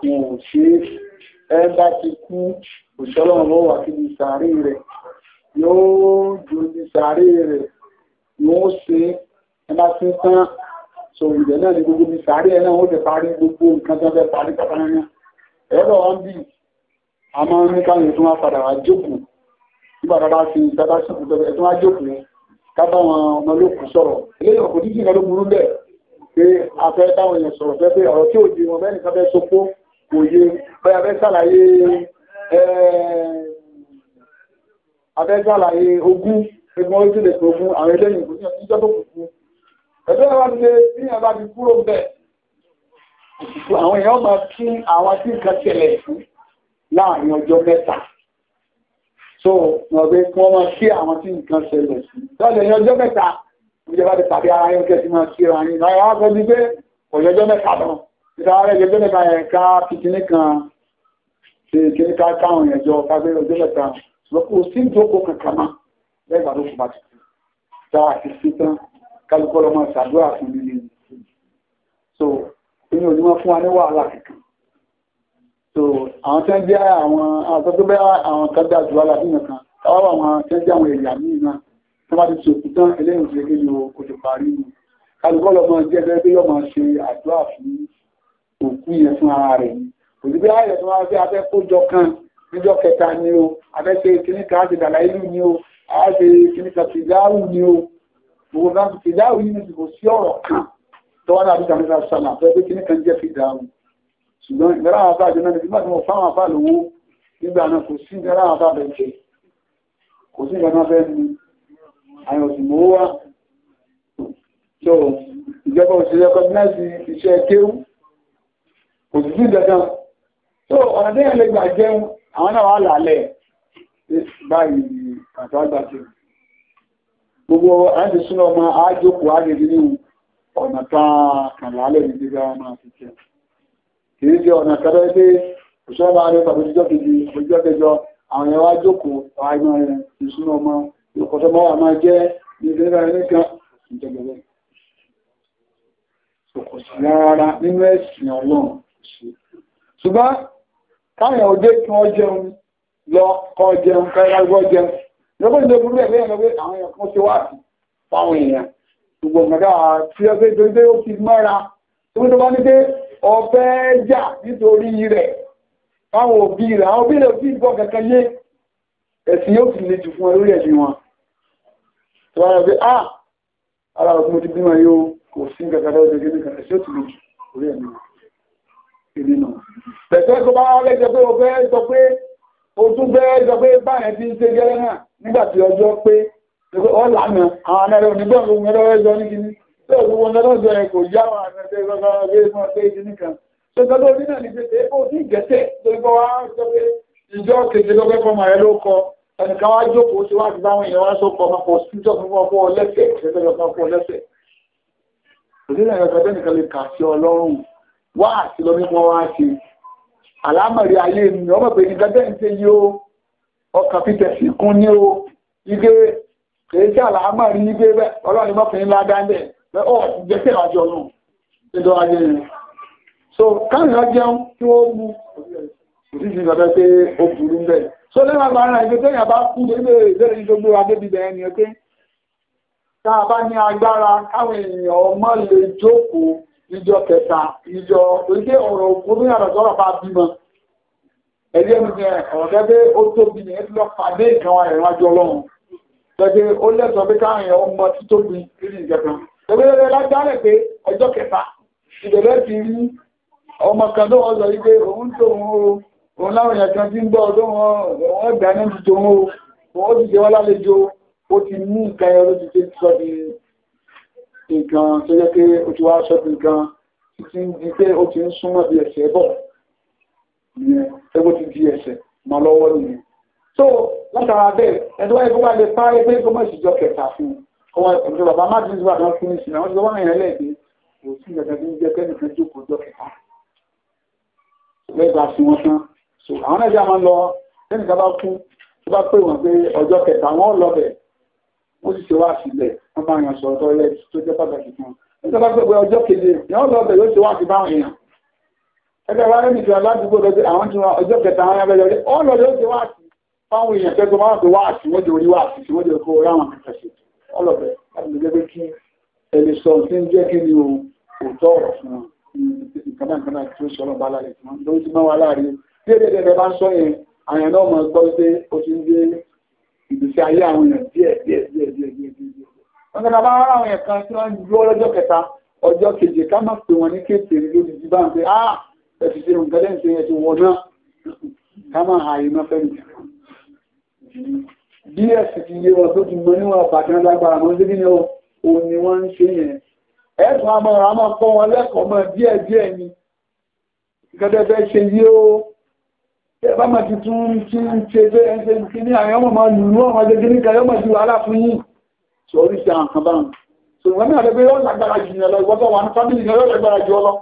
wọn ò ṣe é ẹ bá ti kú òṣìṣẹ́ ọlọ́run wà síbi sàárè rẹ̀ yóò ju ibi sàárè rẹ̀ yóò ṣe ẹ ti tán so ìbẹ̀ náà ni gbogbo ibi sàárè ẹ náà ó ti parí gbogbo nǹkan tó fẹ́ parí pátá náà ẹ̀rọ wọn bì a máa ń ní káyọ̀ tó wá padà wá jókòó nígbà bàbá fi bàbá sùn gbogbo ẹ̀tún ajókòó kábà wọn ọmọ olókùn sọ̀rọ̀ eléyìí ọkọ̀ díjì náà burú bẹ́ẹ̀ pé a fẹ́ báwọn èèyàn sọ̀rọ̀ fẹ́ pé ọ̀rọ̀ tí ò di wọn bẹ́ẹ̀ nìkan fẹ́ sopó kò yé bẹ́ẹ̀ abẹ́ sàlàyé abẹ́ sàlàyé ogún ẹgbọ́n ojú lè fi ogún àwọn eléyìí kò ní ọjọ́ tó kù fún ẹ̀tọ́ ti lè bí ẹ̀ bá ti kúrò bẹ́ẹ̀ àwọn èèyàn máa kí àwọn tí nǹkan ṣẹlẹ̀ láàrin ọjọ́ mẹ́ta so ọ̀gbẹ́ kí wọ́n máa ṣí àwọn tí nǹkan ṣẹlẹ̀ sí lọ́dẹ̀ ní ọjọ́ mẹ́ta ìjọba ti tàbí ara yín kẹ́ sí máa ṣí ara yín náà wọ́n sọ pé ọ̀yọ́ ọjọ́ mẹ́ta lọ ìta rẹ̀ ọjọ́ mẹ́ta yẹn ká pikinní kan ṣe kí ká káwọn yẹn jọ ká gbé ọjọ́ mẹ́ta ṣùgbọ́n kò sí ìjókòó kankan náà lẹ́gbà ló kò bá ti kú tá a ti sí tán kálukọ́ lọ́mọ ṣàdúrà fún mi ni so inú onímọ̀ fún so àwọn tí wọ́n jẹ́ àwọn àtọ́gbẹ́ àwọn kan dá ju wàhálà nínú kan káwọ́ àwọn tí wọ́n jẹ́ àwọn èèyàn míì náà tí wọ́n bá ti sòkú tán eléyìí ti kéde kò lè parí ni kálukọ́ lọ máa jẹ́ bẹ́ẹ̀ bí yóò máa ṣe àdúrà fún òkú yẹn fún ara rẹ̀ kò sí bí ayẹ̀ tó máa fi afẹ́ kójọ kan níjọ́ kẹta ni o afẹ́ ṣe kíníkà á ti dàlà ìlú ni o á ṣe kíníkà ti dáhù ni o gbogbo náà ti dáhù yìí ni kò sí ọ̀rọ̀ kan tọ́wọ́n náà àbíkà ṣùgbọ́n ìgbẹ́ra àwọn afá jẹ́nà nígbà tí wọ́n fáwọn afá lówó nígbà náà kò sí ìgbẹ́ra àwọn afá bẹ̀rẹ̀ ṣe kò sí ìgbẹ́ra fẹ́ ní àyàn sì mọ́ wá tó ìjọba òṣèré kọ́bínẹ́sì iṣẹ́ kéwú kò sí sí dandan tó ọ̀nà tí yẹn lè gbà jẹun àwọn náà wà lálẹ́ báyìí àtọ́ àgbà ti gbogbo àti súnmọ́ ọmọ àájókòó àgbègbè ní ọ̀nà tá a kàn lálẹ́ nígbà máa fi jẹun kìí jẹ ọ̀nà kẹfẹ́ pé òṣèlú ààrẹ tàbí ìjọ kejì ìjọ kẹjọ àwọn ẹ̀wà jókòó àìmọ̀ rẹ̀ ìṣúná ọmọ ìkọ̀tọ́ mọ́ àmọ́ jẹ́ ìgbéra ẹni kan ìjọgbẹ̀rẹ̀ kò sí rárá nínú ẹ̀sìn ọlọ́run sí ṣùgbọ́n káyọ̀ òde kí wọ́n jẹun lọ kọ́ jẹun kẹ́lágbọ́ jẹun lọ́gbọ́n ìjọba burú ẹ̀gbẹ́ ẹ̀rọ pé àwọn èèyàn kan ṣe wá sí ọbẹ̀ jà nítorí rẹ̀ fáwọn òbí rẹ̀ àwọn òbí rẹ̀ òbí gbọ́ kankan yé ẹ̀sìn yóò jù fún ẹlórí ẹ̀sìn wọn tó wáyé pé ah ara ọ̀tí ti bímọ yóò kò sí kankan lọ́wọ́ gẹ́gẹ́ nìkan ẹ̀sìn yóò sì le jù orí ẹ̀mí wọn o o tó gbogbo ọ̀nà lọ́jọ́ ẹ̀ kò yá wà àgbẹ̀tẹ̀ ìrọ̀lọ́ ọgbẹ́ fún ọgbẹ́ ìdí nìkan tó gbogbo orí náà ní pé èébò ní ìgẹ́sẹ̀ tó gbọ́ wá sọ pé ìjọ kejì lọ́gbẹ́ fọmọ ẹ ló kọ ẹnìkan wá jókòó sí wá gbá àwọn èèyàn wá sọ pọ̀ mọ́pọ̀ síjọ́ fún ọpọ̀ lẹ́sẹ̀ ìrẹ́lẹ́gbẹ̀ọ́pọ̀ lẹ́sẹ̀ òdínà ẹ̀kọ́ tẹ́nìkan lè kà sí ọlọ́run wá àti lọ nípa wá ṣe àlámọ̀rí ayé mi ọmọ pé nǹkan tẹ́ ń ṣe yí o ọkàn fi tẹ̀sí kún ní o ike kèé sí àlámọ̀rí ike bẹ́ẹ̀ ọlọ́run mọ́kùnrin ládá bẹ́ẹ̀ ọ̀ jẹ́kẹ́ àjọ náà ẹjọ́ ayé rẹ̀ so káàrin ọjẹun tí wọ́n mú òsìsì ìgbàgbẹ́ pé ó burú ń bẹ̀ so lẹ́wọ̀n àgbà ara ìgbẹ́ tẹ́yà bá kú lórí ìbéèrè ní gbogbo agbébí bẹ̀rẹ̀ ni pé tá a bá ní agbára káwọn èèyàn ọmọ lè jókòó níjọ kẹta níjọ oríṣẹ́ ọ̀rọ̀ òkú ní àrọ̀sọ́rọ̀ bá bímọ ẹ̀rí ẹ̀mí ni ọ̀rọ̀ gẹ́gẹ́ ó tóbi ní ẹ̀rí lọ pàdé ìkan ẹ̀rọ ajọ́ ọlọ́run gẹ́gẹ́ ó lẹ́sọ̀ pé káwọn ọmọ títóbi nínú ìjẹta Ẹgbẹ́rẹ́ lágbàrẹ̀ pé ọjọ́ kẹta, ìbẹ̀rẹ̀ ti rí ọmọ kan tó wọ́n sọ wípé tó wọn o, òun láwọn èèyàn kan ti ń gbọ́ ọdún wọn gbà ní ti tó wọn o, òun ti jẹ́ wọ́n lálejò, ó ti mú nǹkan ẹ̀rọ ti ti sọ di nǹkan tó yẹ pé ó ti wá sọ di nǹkan títí di pé ó ti ń súnmọ́ bí ẹ̀sẹ̀ bọ̀. Ẹgbẹ́ ti di ẹ̀sẹ̀ mọ́ lọ́wọ́ nìyẹn. So, látara bẹ́ẹ̀, ẹ̀dọ́ ẹgbẹ́ wà lè pa ẹgbẹ́ tó mọ̀ ìṣìjọ kẹta fún un ọwọ́ ìjọba bàbá má dín ìwà tó ń fún ní sinmi àwọn ìjọba wọn yẹn lẹ́ẹ̀dẹ́ kò sí ìjọba bí jẹ́ kẹ́mi kan jókòó jọ kẹta lẹ́gbàá sí wọn tán so àwọn ẹ̀jẹ̀ máa ń lọ kẹ́mi kan bá kú tó bá pè wọ́n pé ọjọ́ kẹta wọ́n lọ bẹ̀ ó sì ṣe wá sílẹ̀ wọ́n bá yàn sọ̀rọ̀ tọ́lẹ̀ tó jẹ́ pàtàkì kan nígbà bá pẹ̀lú ọjọ́ keje yàn lọ bẹ̀ yóò ṣe wá sí báwọn èèyàn ẹgbẹ́ wa rẹ́mi ìtura ládùúgbò lọ́jọ́ àwọn tí wọn ọjọ́ kẹta àwọn abẹ́lẹ̀ ọ̀rẹ́ ọ̀lọ́dẹ̀ ó ṣe wá sí fáwọn èèyàn tẹ́gbọ́n máa ọlọ́bẹ̀ láti lè jẹ́ kí ẹni sọ tí ń jẹ́ kí ni òótọ́ ọ̀rọ̀ fún wọn ìkànnàkànnà tí ó sọ̀rọ̀ bá láàrin fún wọn lórí ti máa wà láàrin tí èdè ẹ̀dẹ̀ bá ń sọ yẹn àyàn náà mọ̀ gbọ́ pé ó ti ń gbé ọjọ́ keje ká má pè wọn ní kéèkèrè lórí ti ń pé ah ẹ ti ṣe nǹkan lẹ́yìn tí wọ náà ká má ha iná fẹ́ẹ́ bí ẹ̀sì ti yé wọn tó ti mọ níwọ̀n àbàkẹ́ lágbára mọ́ sí nínú òun ni wọ́n ń ṣe yẹn ẹ̀sùn amọ̀ràn a máa kọ́ wọn lẹ́kọ̀ọ́ mọ́ díẹ̀ díẹ̀ ni gẹ́gẹ́ ṣe yí ó ẹbá máa ti tún tí ń ṣe bẹ́ ẹ̀ṣẹ́ ìkí ní àyọ́mọ̀ máa lùlú ọmọ ẹgbẹ́ ní kàyọ́mọ̀ sí wàhálà fún yìí tí orí ṣe àǹkan bá ń so wọ́n ní àdẹ́gbẹ́ yọ́ lágbára jù yẹn lọ ìwọ́tọ̀ wà ní fámìlì yẹn lọ́ lágbára jù ọ lọ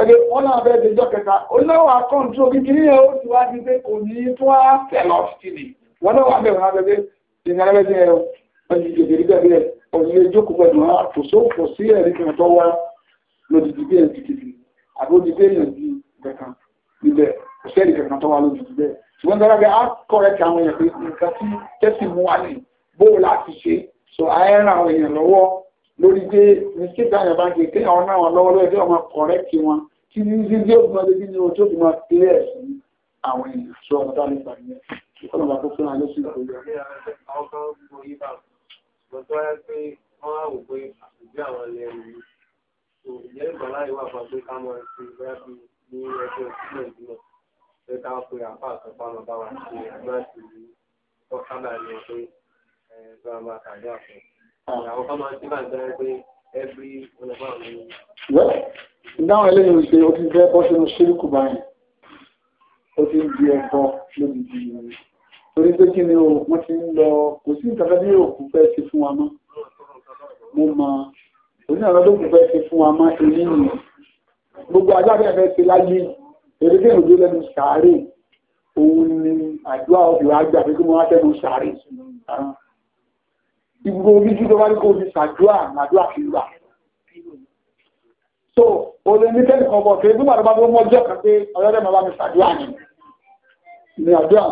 ẹgbẹ́ wọ́n náà bẹ́ẹ̀ dẹjọ́ kẹta ó náà wà kọ́ńtú orí wọn náà wà bẹ̀rẹ̀ abẹ́gbẹ́ ìrìnàlẹ́gbẹ́ jẹ́ ẹ̀rọ ọdún ìgbèrè bẹ̀rẹ̀ ọdún ìjókòó pẹ̀lú àtòsó kò sí ẹ̀rí kan tó wá lódìdí bí ẹ̀rí kìkìkì àbójú bí èèyàn bí kankan níbẹ̀ kò sí ẹ̀rí kankan tó wá lódìdí bẹ́ẹ̀ ṣùgbọ́n dára bẹ́ẹ̀ á kọ̀rẹ́kì àwọn èèyàn pé nǹkan tí tẹ́sí mú wá ní bóò so àẹ́ràn àwọn èèyàn lọ́wọ́ lórí pé mistake àyàn bá ń ṣe kéèyàn náà wọn lọ́wọ́ lórí pé ọmọ kọ̀rẹ́kì wọn kí ní sí bí ó gbọ́n ọlọ́mọ bá tó wáyé pé wọn àwọn ilé ẹrù yìí tó wà fún pé ká mọ ẹsẹ ní ẹgbẹ́ òsínà ìdúná pé ká àpá àtọpá máa bá wa ṣe àdúrà sí i ọkadà ni wọn pé ẹ bá wa àwọn kan máa ń pé ẹbí wọn lọ bá ìdáhùn ẹlẹ́yìn ìṣe ó ti fẹ́ bọ́ sínú ṣírùkù báyìí ó ti ń di ẹ̀kọ́ lóbi ti yìí torí pé kí ni o wọ́n ti ń lọ kò sí nǹkan kan ní òkú fẹ́ ṣe fún wa mọ́ mo mọ òní àwọn olóòkú fẹ́ ṣe fún wa mọ́ èyí nìyẹn gbogbo ajáde fẹ́ ṣe láyé èrè tí òjò lẹ́nu sàárè òun ni àdúrà ọ̀dọ̀ àgbà pé kí wọ́n á tẹnu sàárè ìgbogbo ojú tó bá ní kó o ti sàdúrà àdúrà fi gbà so olè ní kẹ́lì kan bọ̀ kí nígbà tó bá tó mọ́jọ́ kan pé ọlọ́dẹ̀ máa bá mi ṣàdúrà ni ní àdúrà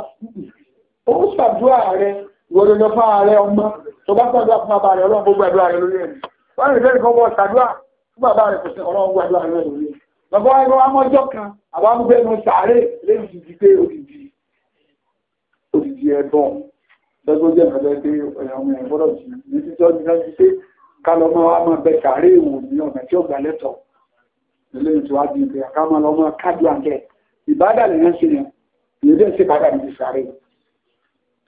ó ṣàdúrà rẹ ìwọ́dọ̀ lọ fún ààrẹ ọmọ tó bá ṣàdúrà fún bàbá rẹ ọlọ́run gbogbo àdúrà rẹ lórí ẹ̀mí wọ́n ní kẹ́lì kan bọ̀ ṣàdúrà fún bàbá rẹ kò sí ọlọ́run gbogbo àdúrà rẹ lórí bàbá wa ẹgbẹ́ wa mọ́jọ́ kan àbá ń gbẹ́nu sàárè lẹ́yìn ti di pé òdìdí òdìdí ẹ̀bọ̀n lọ́gbọ́n jẹ́ ìrọ̀lẹ́ pé ọmọ ẹ̀ gbọ́dọ̀ jù ní títọ́ ní ká lọ máa máa bẹ sàárè ìwò ní ọ̀nà tí ó gbà lẹ́tọ̀ọ́ eléyìí tó wá di ìpè àkàmọ́ lọ́mọ kájú àjẹ ìbádà lè yẹn ṣe yẹn èyí lè ṣe padà níbi sáré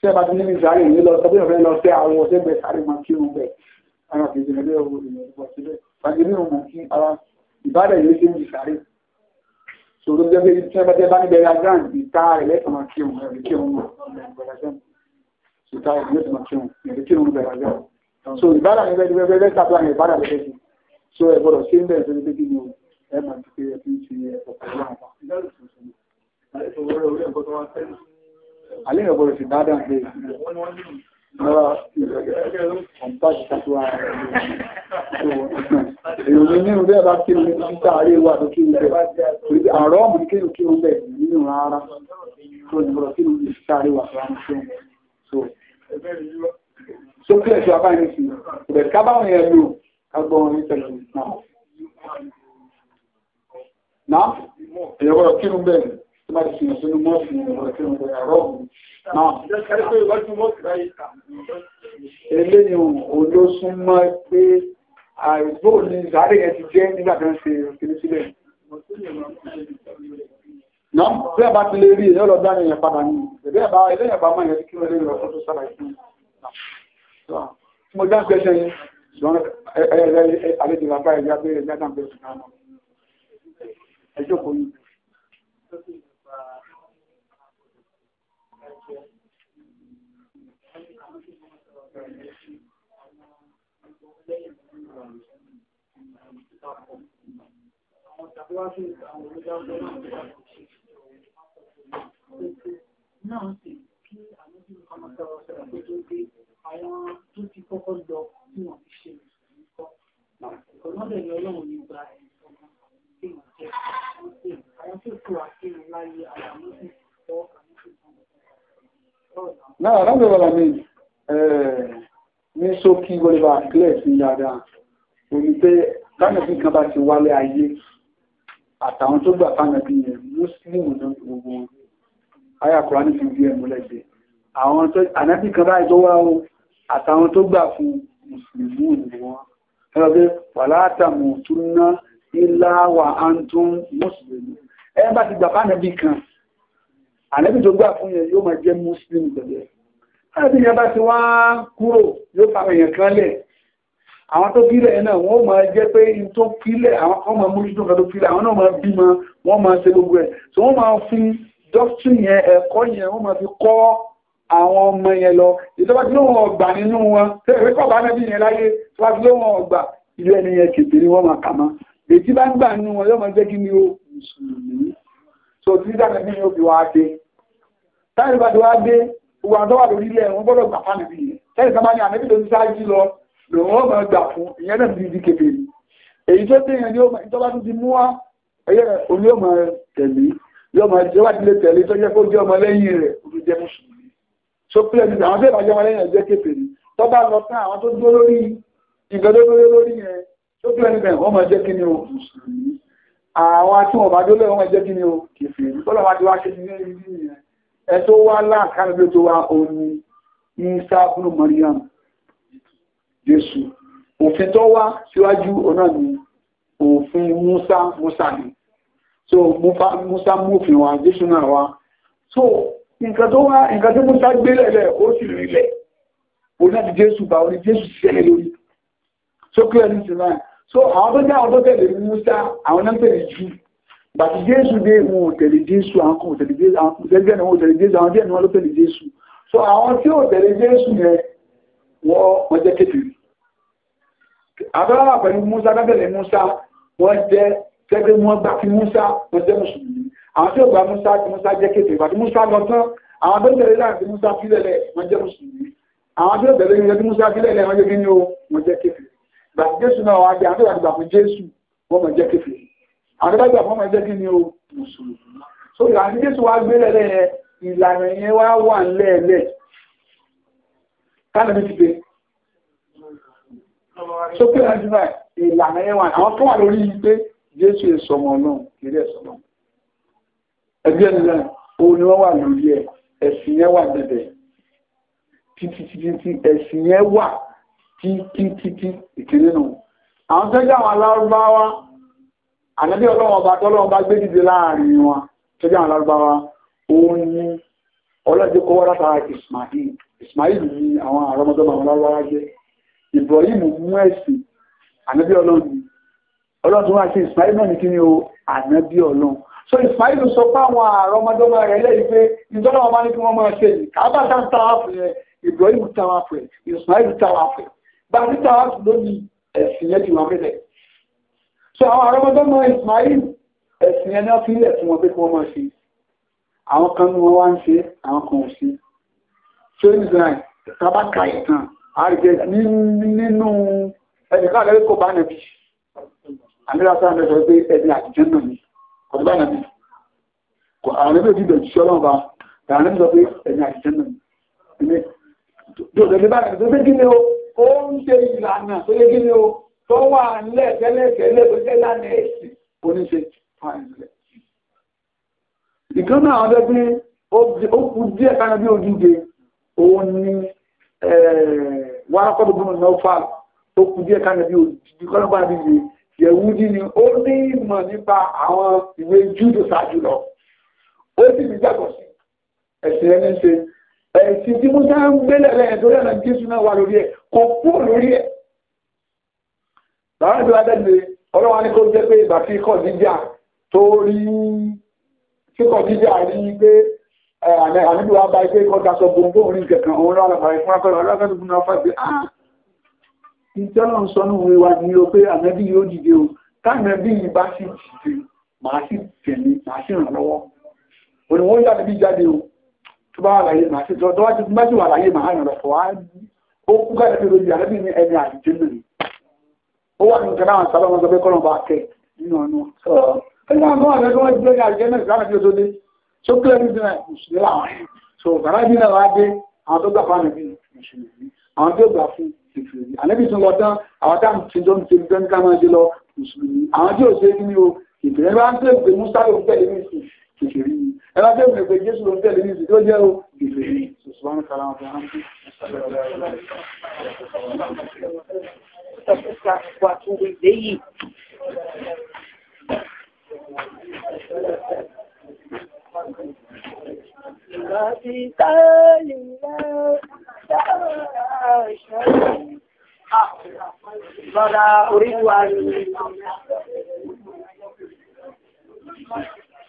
tí ẹ bá ti níbi sáré yìí lọ sọ pé ìfẹ́ lọ sí àwọn ọ̀sẹ̀ gbẹ sáré máa kí òun bẹ̀ ara kìí ṣe lé owó ìyẹn wọ̀ síbẹ̀ fàgé ní òun kí ara ìbádà yìí ṣe níbi sáré sòrò jẹ́ pé tí ẹ bá tẹ́ bá níbẹ̀ ya gán ìta rẹ̀ lẹ́tọ̀ máa máa kí òun ẹ̀rí kí òun so ìbádà yẹn bẹ́ẹ̀ bẹ́ẹ̀ bẹ́ẹ̀ ẹ máa ti pé ẹ fi ń ṣe ẹ̀kọ́ pẹ̀lú àwọn ìdájọ́ tuntun àlejò wọ́rọ̀ orí ẹ̀kọ́ tó wá tẹ́lẹ̀ àlejò gbọ́dọ̀ sì bá dàn pé lọ́wọ́ ọ̀ntájì tàbí wa èèyàn nínú bẹ́ẹ̀ bá kí omi títà àárẹ̀ wà tó kí omi bẹ́ẹ̀ àrọ́ ọ̀mù kí omi kí omi bẹ́ẹ̀ nínú rárá tó ní bọ̀rọ̀ kí omi títà àárẹ̀ wà tó rárá tó sókè ẹ̀ṣọ́ abáyé sí ìbẹ̀ká báwọn yẹn lò ká gbọ́ wọn ní tẹ̀lé náà náà èyàn wọ́n kírun bẹ́ẹ̀ tí máa ti fi hàn sínú mọ́ọ̀sì ìwọ̀n kírun bẹ́ẹ̀ rọ̀ náà eléyìí olóṣùnmọ́ pé àìgbò ní ìsáré yẹn ti jẹ́ nígbà tó ń ṣe òkèlè sílẹ̀ náà bí a bá ti lè rí èyàn lọ dá yẹn padà ní ìbẹ̀rẹ̀ bá eléyàn bá mọ̀ yẹn kí wọ́n lè lọ fọ́tò sára ìfún mo dá ń pẹ́ṣẹ́ yẹn ṣùgbọ́n àlejò bàbá ẹ̀yà bẹ́ẹ̀ ẹ̀yà dá ń pẹ́ṣẹ́ náà ẹjọ́ yìí. Náà sì kí àwọn tí wọ́n máa tó gbé àwọn tó ti kọ́kọ́ lọ tí wọ́n ti ṣe ìṣòro kọ́. Ọ̀nà ọ̀dẹ̀ Ọlọ́run ní gba ẹ̀sọ́ kan tí mo jẹ́ àwọn tí kò àti láyé ara mi sì pọ̀ náà rábẹ̀ wọ́la mi ní ṣókí wọlébà gílẹ̀ sí dáadáa òní pé lánàbí kan bá ti wálé ayé àtàwọn tó gbà fánàbí yẹn mùsùlùmù náà gbogbo ayà kùránì fi bí ẹ̀mú lẹ́gbẹ̀ẹ́ àwọn kan báyìí tó wá o àtàwọn tó gbà fún mùsùlùmù ni wọ́n ẹgbẹ́ wà ìlàwà àǹtún mùsùlùmí ẹ bá ti gbà fánàbí kan ànẹ́bí tó gbà fún yẹn yóò máa jẹ́ mùsùlùmí pẹ̀lẹ́ láti yẹn bá ti wá kúrò yóò fa èèyàn kan lẹ̀ àwọn tó kílẹ̀ náà wọ́n máa jẹ́ pé tó kílẹ̀ àwọn kan máa mójútó kan tó kílẹ̀ àwọn náà máa bímọ wọ́n máa ṣe gbogbo ẹ̀ so wọ́n máa fi dọ́kítù yẹn ẹ̀kọ́ yẹn wọ́n máa fi kọ́ àwọn ọmọ yẹn lọ ìjọba tí lóun ọgbà nínú wọn tẹ́lẹ̀ kọ́ bá náà yẹn láyé tí wọ́n ti lóun ẹni yẹn kìtìrí wọ́n máa kà máa ètí bá ń gbà nú wọn yọ́ máa jẹ́ kí ni ó mùsùlùmí tó tí dáadáa ní yóò fi wá dé táyì bá ti wá dé gbogbo àwọn tó wà lórí ilẹ̀ wọn gbọ́dọ̀ gbà fáànù bí yẹn táyì kan bá ní àmẹ́bí tó ti ṣáájú lọ lòun ó máa gbà fún ìyẹn náà ti di kékeré èyí tó téèyàn ni ó máa ìjọba tó ti mú wá ẹyẹ oní ọmọ tẹ̀lé yọmọ ìjọba ti lè tẹ̀lé tó jẹ́ kó jẹ́ ọmọ lẹ́yìn rẹ̀ ó ti jẹ́ mùsùlùmí so pílẹ̀ ti àwọn tó ìbàjẹ́ ọmọ lẹ́yìn rẹ̀ jẹ́ kékeré tó bá lọ tán àwọn tó dúró lórí ìgbẹ́dọ́ lórí yẹn tó bí ẹni bẹ̀rẹ̀ wọ́n máa jẹ́ kí o àwọn tí wọ́n bá dólé wọ́n máa jẹ́ kí o kìfì tọ́lọ̀ máa tó wá so Musa múfin nǹkan tó wá nǹkan lẹ́lẹ̀ ó sì rí lẹ̀ òun náà ti Jésù bá orí Jésù ṣẹlẹ̀ lórí so clear ní ti náà so àwọn tó jẹ́ àwọn tó tẹ̀lé Musa àwọn náà tẹ̀lé jù bàtí Jésù dé wọn ò tẹ̀lé Jésù àwọn kò tẹ̀lé Jésù àwọn kùsẹ́gbẹ́ ni wọn ò tẹ̀lé Jésù àwọn díẹ̀ ni wọn ló tẹ̀lé Jésù so àwọn tí ò tẹ̀lé Jésù yẹn wọ́n wọ́n jẹ́ kékeré àbẹ́wà pẹ̀lú Musa kábẹ̀lẹ̀ Musa wọ́n jẹ́ tẹ́gbẹ́ wọn gbà kí Musa wọ́n jẹ́ mùsùlùmí àwọn tí ó gba Musa tí Musa jẹ́ kékeré bàtí Musa lọ tán àwọn tó tẹ̀lé láti Musa fílẹ̀lẹ̀ wọ́n jẹ́ mùsùlùmí àwọn tó tẹ̀lé jésù náà wá jẹ́ àdúrà gbà fún jésù wọ́n mọ̀ jẹ́ kéfì àdúrà gbà fún ọmọ jẹ́ kí ni o mùsùlùmí so ìlànà jésù wá gbé lẹ́lẹ́ yẹn ìlànà yẹn wá wà lẹ́ẹ̀lẹ́ kánàmí ti pé so pé láti náà ìlànà yẹn wà àwọn tó wà lórí pé jésù èsọmọ náà kéré èsọmọ ẹgbẹ́ ẹni náà òun ni wọ́n wà lórí ẹ̀ ẹ̀sìn yẹn wà bẹ̀bẹ̀ títí títí ẹ̀sìn yẹn wà títítítí ìkìrínú àwọn tó jẹ́ àwọn alárúbáwá ànábí ọlọ́wọ́n ọba tọ́lọ́wọ́n bá gbé dìde láàrin wọn tó jẹ́ àwọn alárúbáwá òun ni ọlọ́dẹ kó látara Ismail Ismail ni àwọn àrọ́mọdọ́mọ àwọn alárúbáwá jẹ́ Ibrahim mú ẹ̀sìn ànábí ọlọ́run ọlọ́run Ismail ni o ànábí so Ismail sọ pé àwọn àrọ́mọdọ́mọ rẹ̀ lẹ́yìn pé ìjọba wọn bá ní kí wọ́n Ismail táwà gbàdúrà áàtù lónìí ẹ̀sìn yẹn ti wà mẹ́lẹ̀ so àwọn àrọ́mọdọ́ mọ Ismail ẹ̀sìn yẹn náà fílẹ̀ fún wọn pé kí wọ́n máa ṣe àwọn kan ní wọ́n wá ń ṣe àwọn kan ò ṣe ṣé ní ìsìnkú tabaka ìtàn àrìjẹ nínú ẹnìkan àgbẹ̀rẹ̀ kò bá nàbí àmìlà sáà ń sọ pé ẹni àtijọ́ náà ni kò bá nàbí kò àwọn ẹgbẹ́ ìdíbẹ̀ ìṣọ́ náà bá àwọn ẹgbẹ́ sọ pé ẹni àtijọ́ náà ni ó ń ṣe ìlànà tó yẹ kí ni o tó wà nílẹ̀ tẹ́lẹ̀tẹ́lẹ̀ tó jẹ́ lánàá ẹ̀sìn oníṣe fáìlẹ̀. ìkan náà ọdẹ bí ó kú díẹ̀ kára bí odíje òun ni wárákọ́ gbogbo náà fà tó kú díẹ̀ kára bí odíje kọ́nà bá díje yẹ̀wúdí ni ó ní ìmọ̀ nípa àwọn ìwé júdò ṣáájú lọ ó sì ní gbàgbọ́ sí ẹ̀sìn ẹni ṣe ẹ̀sìn tí Musa ń gbélẹ̀ lẹ́yìn tó lẹ́nà Jésù náà wà lórí ẹ̀ kò kú lórí ẹ̀ láwọn ìjọba dẹ́gbẹ̀ ọlọ́wà ní kó jẹ́ pé ìgbà tí kọ̀ jíjà tó rí tí kọ̀ jíjà rí pé àmìlú àbá ipé kọ́ daṣọ gbogbo orin kẹ̀kẹ́ òun lọ́wọ́ àpàrẹ fún akọ́lọ́ alákẹ́lú fún afá pé ah ìtẹ́lọ̀ ń sọnù òwe wa ni o pé àmẹ́bí yóò dìde o táàmẹ́bí yìí bá sì dìde màá sì tẹ̀lé màá sì ràn lọ́wọ́ òní wọ́n jáde bí jáde o tó bá wàlàyé màá sí tó wá ti bá sí wàlàyé màá rìn rọ̀fọ̀ wá ó kú káyọ̀ tó lórí àrẹ́bí ní ẹni àdìjẹ́ náà ni ó wà ní nǹkan àwọn sábà wọn sọ pé kọ́nà bá kẹ nínú ọ̀nà ẹni àwọn àwọn àrẹ́bí wọn gbé ní àdìjẹ́ náà sábà tó dé tó kílẹ̀ ní ìdílé mùsùlùmí làwọn ẹ̀ so bàrá bí náà wá dé àwọn tó gbà fún àrẹ́bí mùsùlùmí àwọn tó gbà fún ìfìrì àrẹ́bí tún lọ tán àwọn ń ti gbẹ́ ní ká máa kìfìrí ẹ̀rọ tó ìwé pé jésù ló ń tẹ̀lé ní ìsìn tó jẹ́ o kìfìrí sùsùmánù kàlámù fún hàmdí Bọ́dá orí wa ni.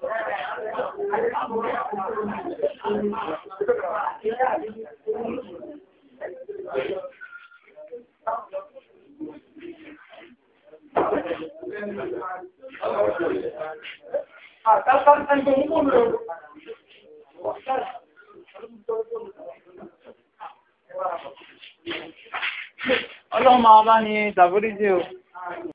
Ọlọ́run máa bá ní ìtàbóríjì o.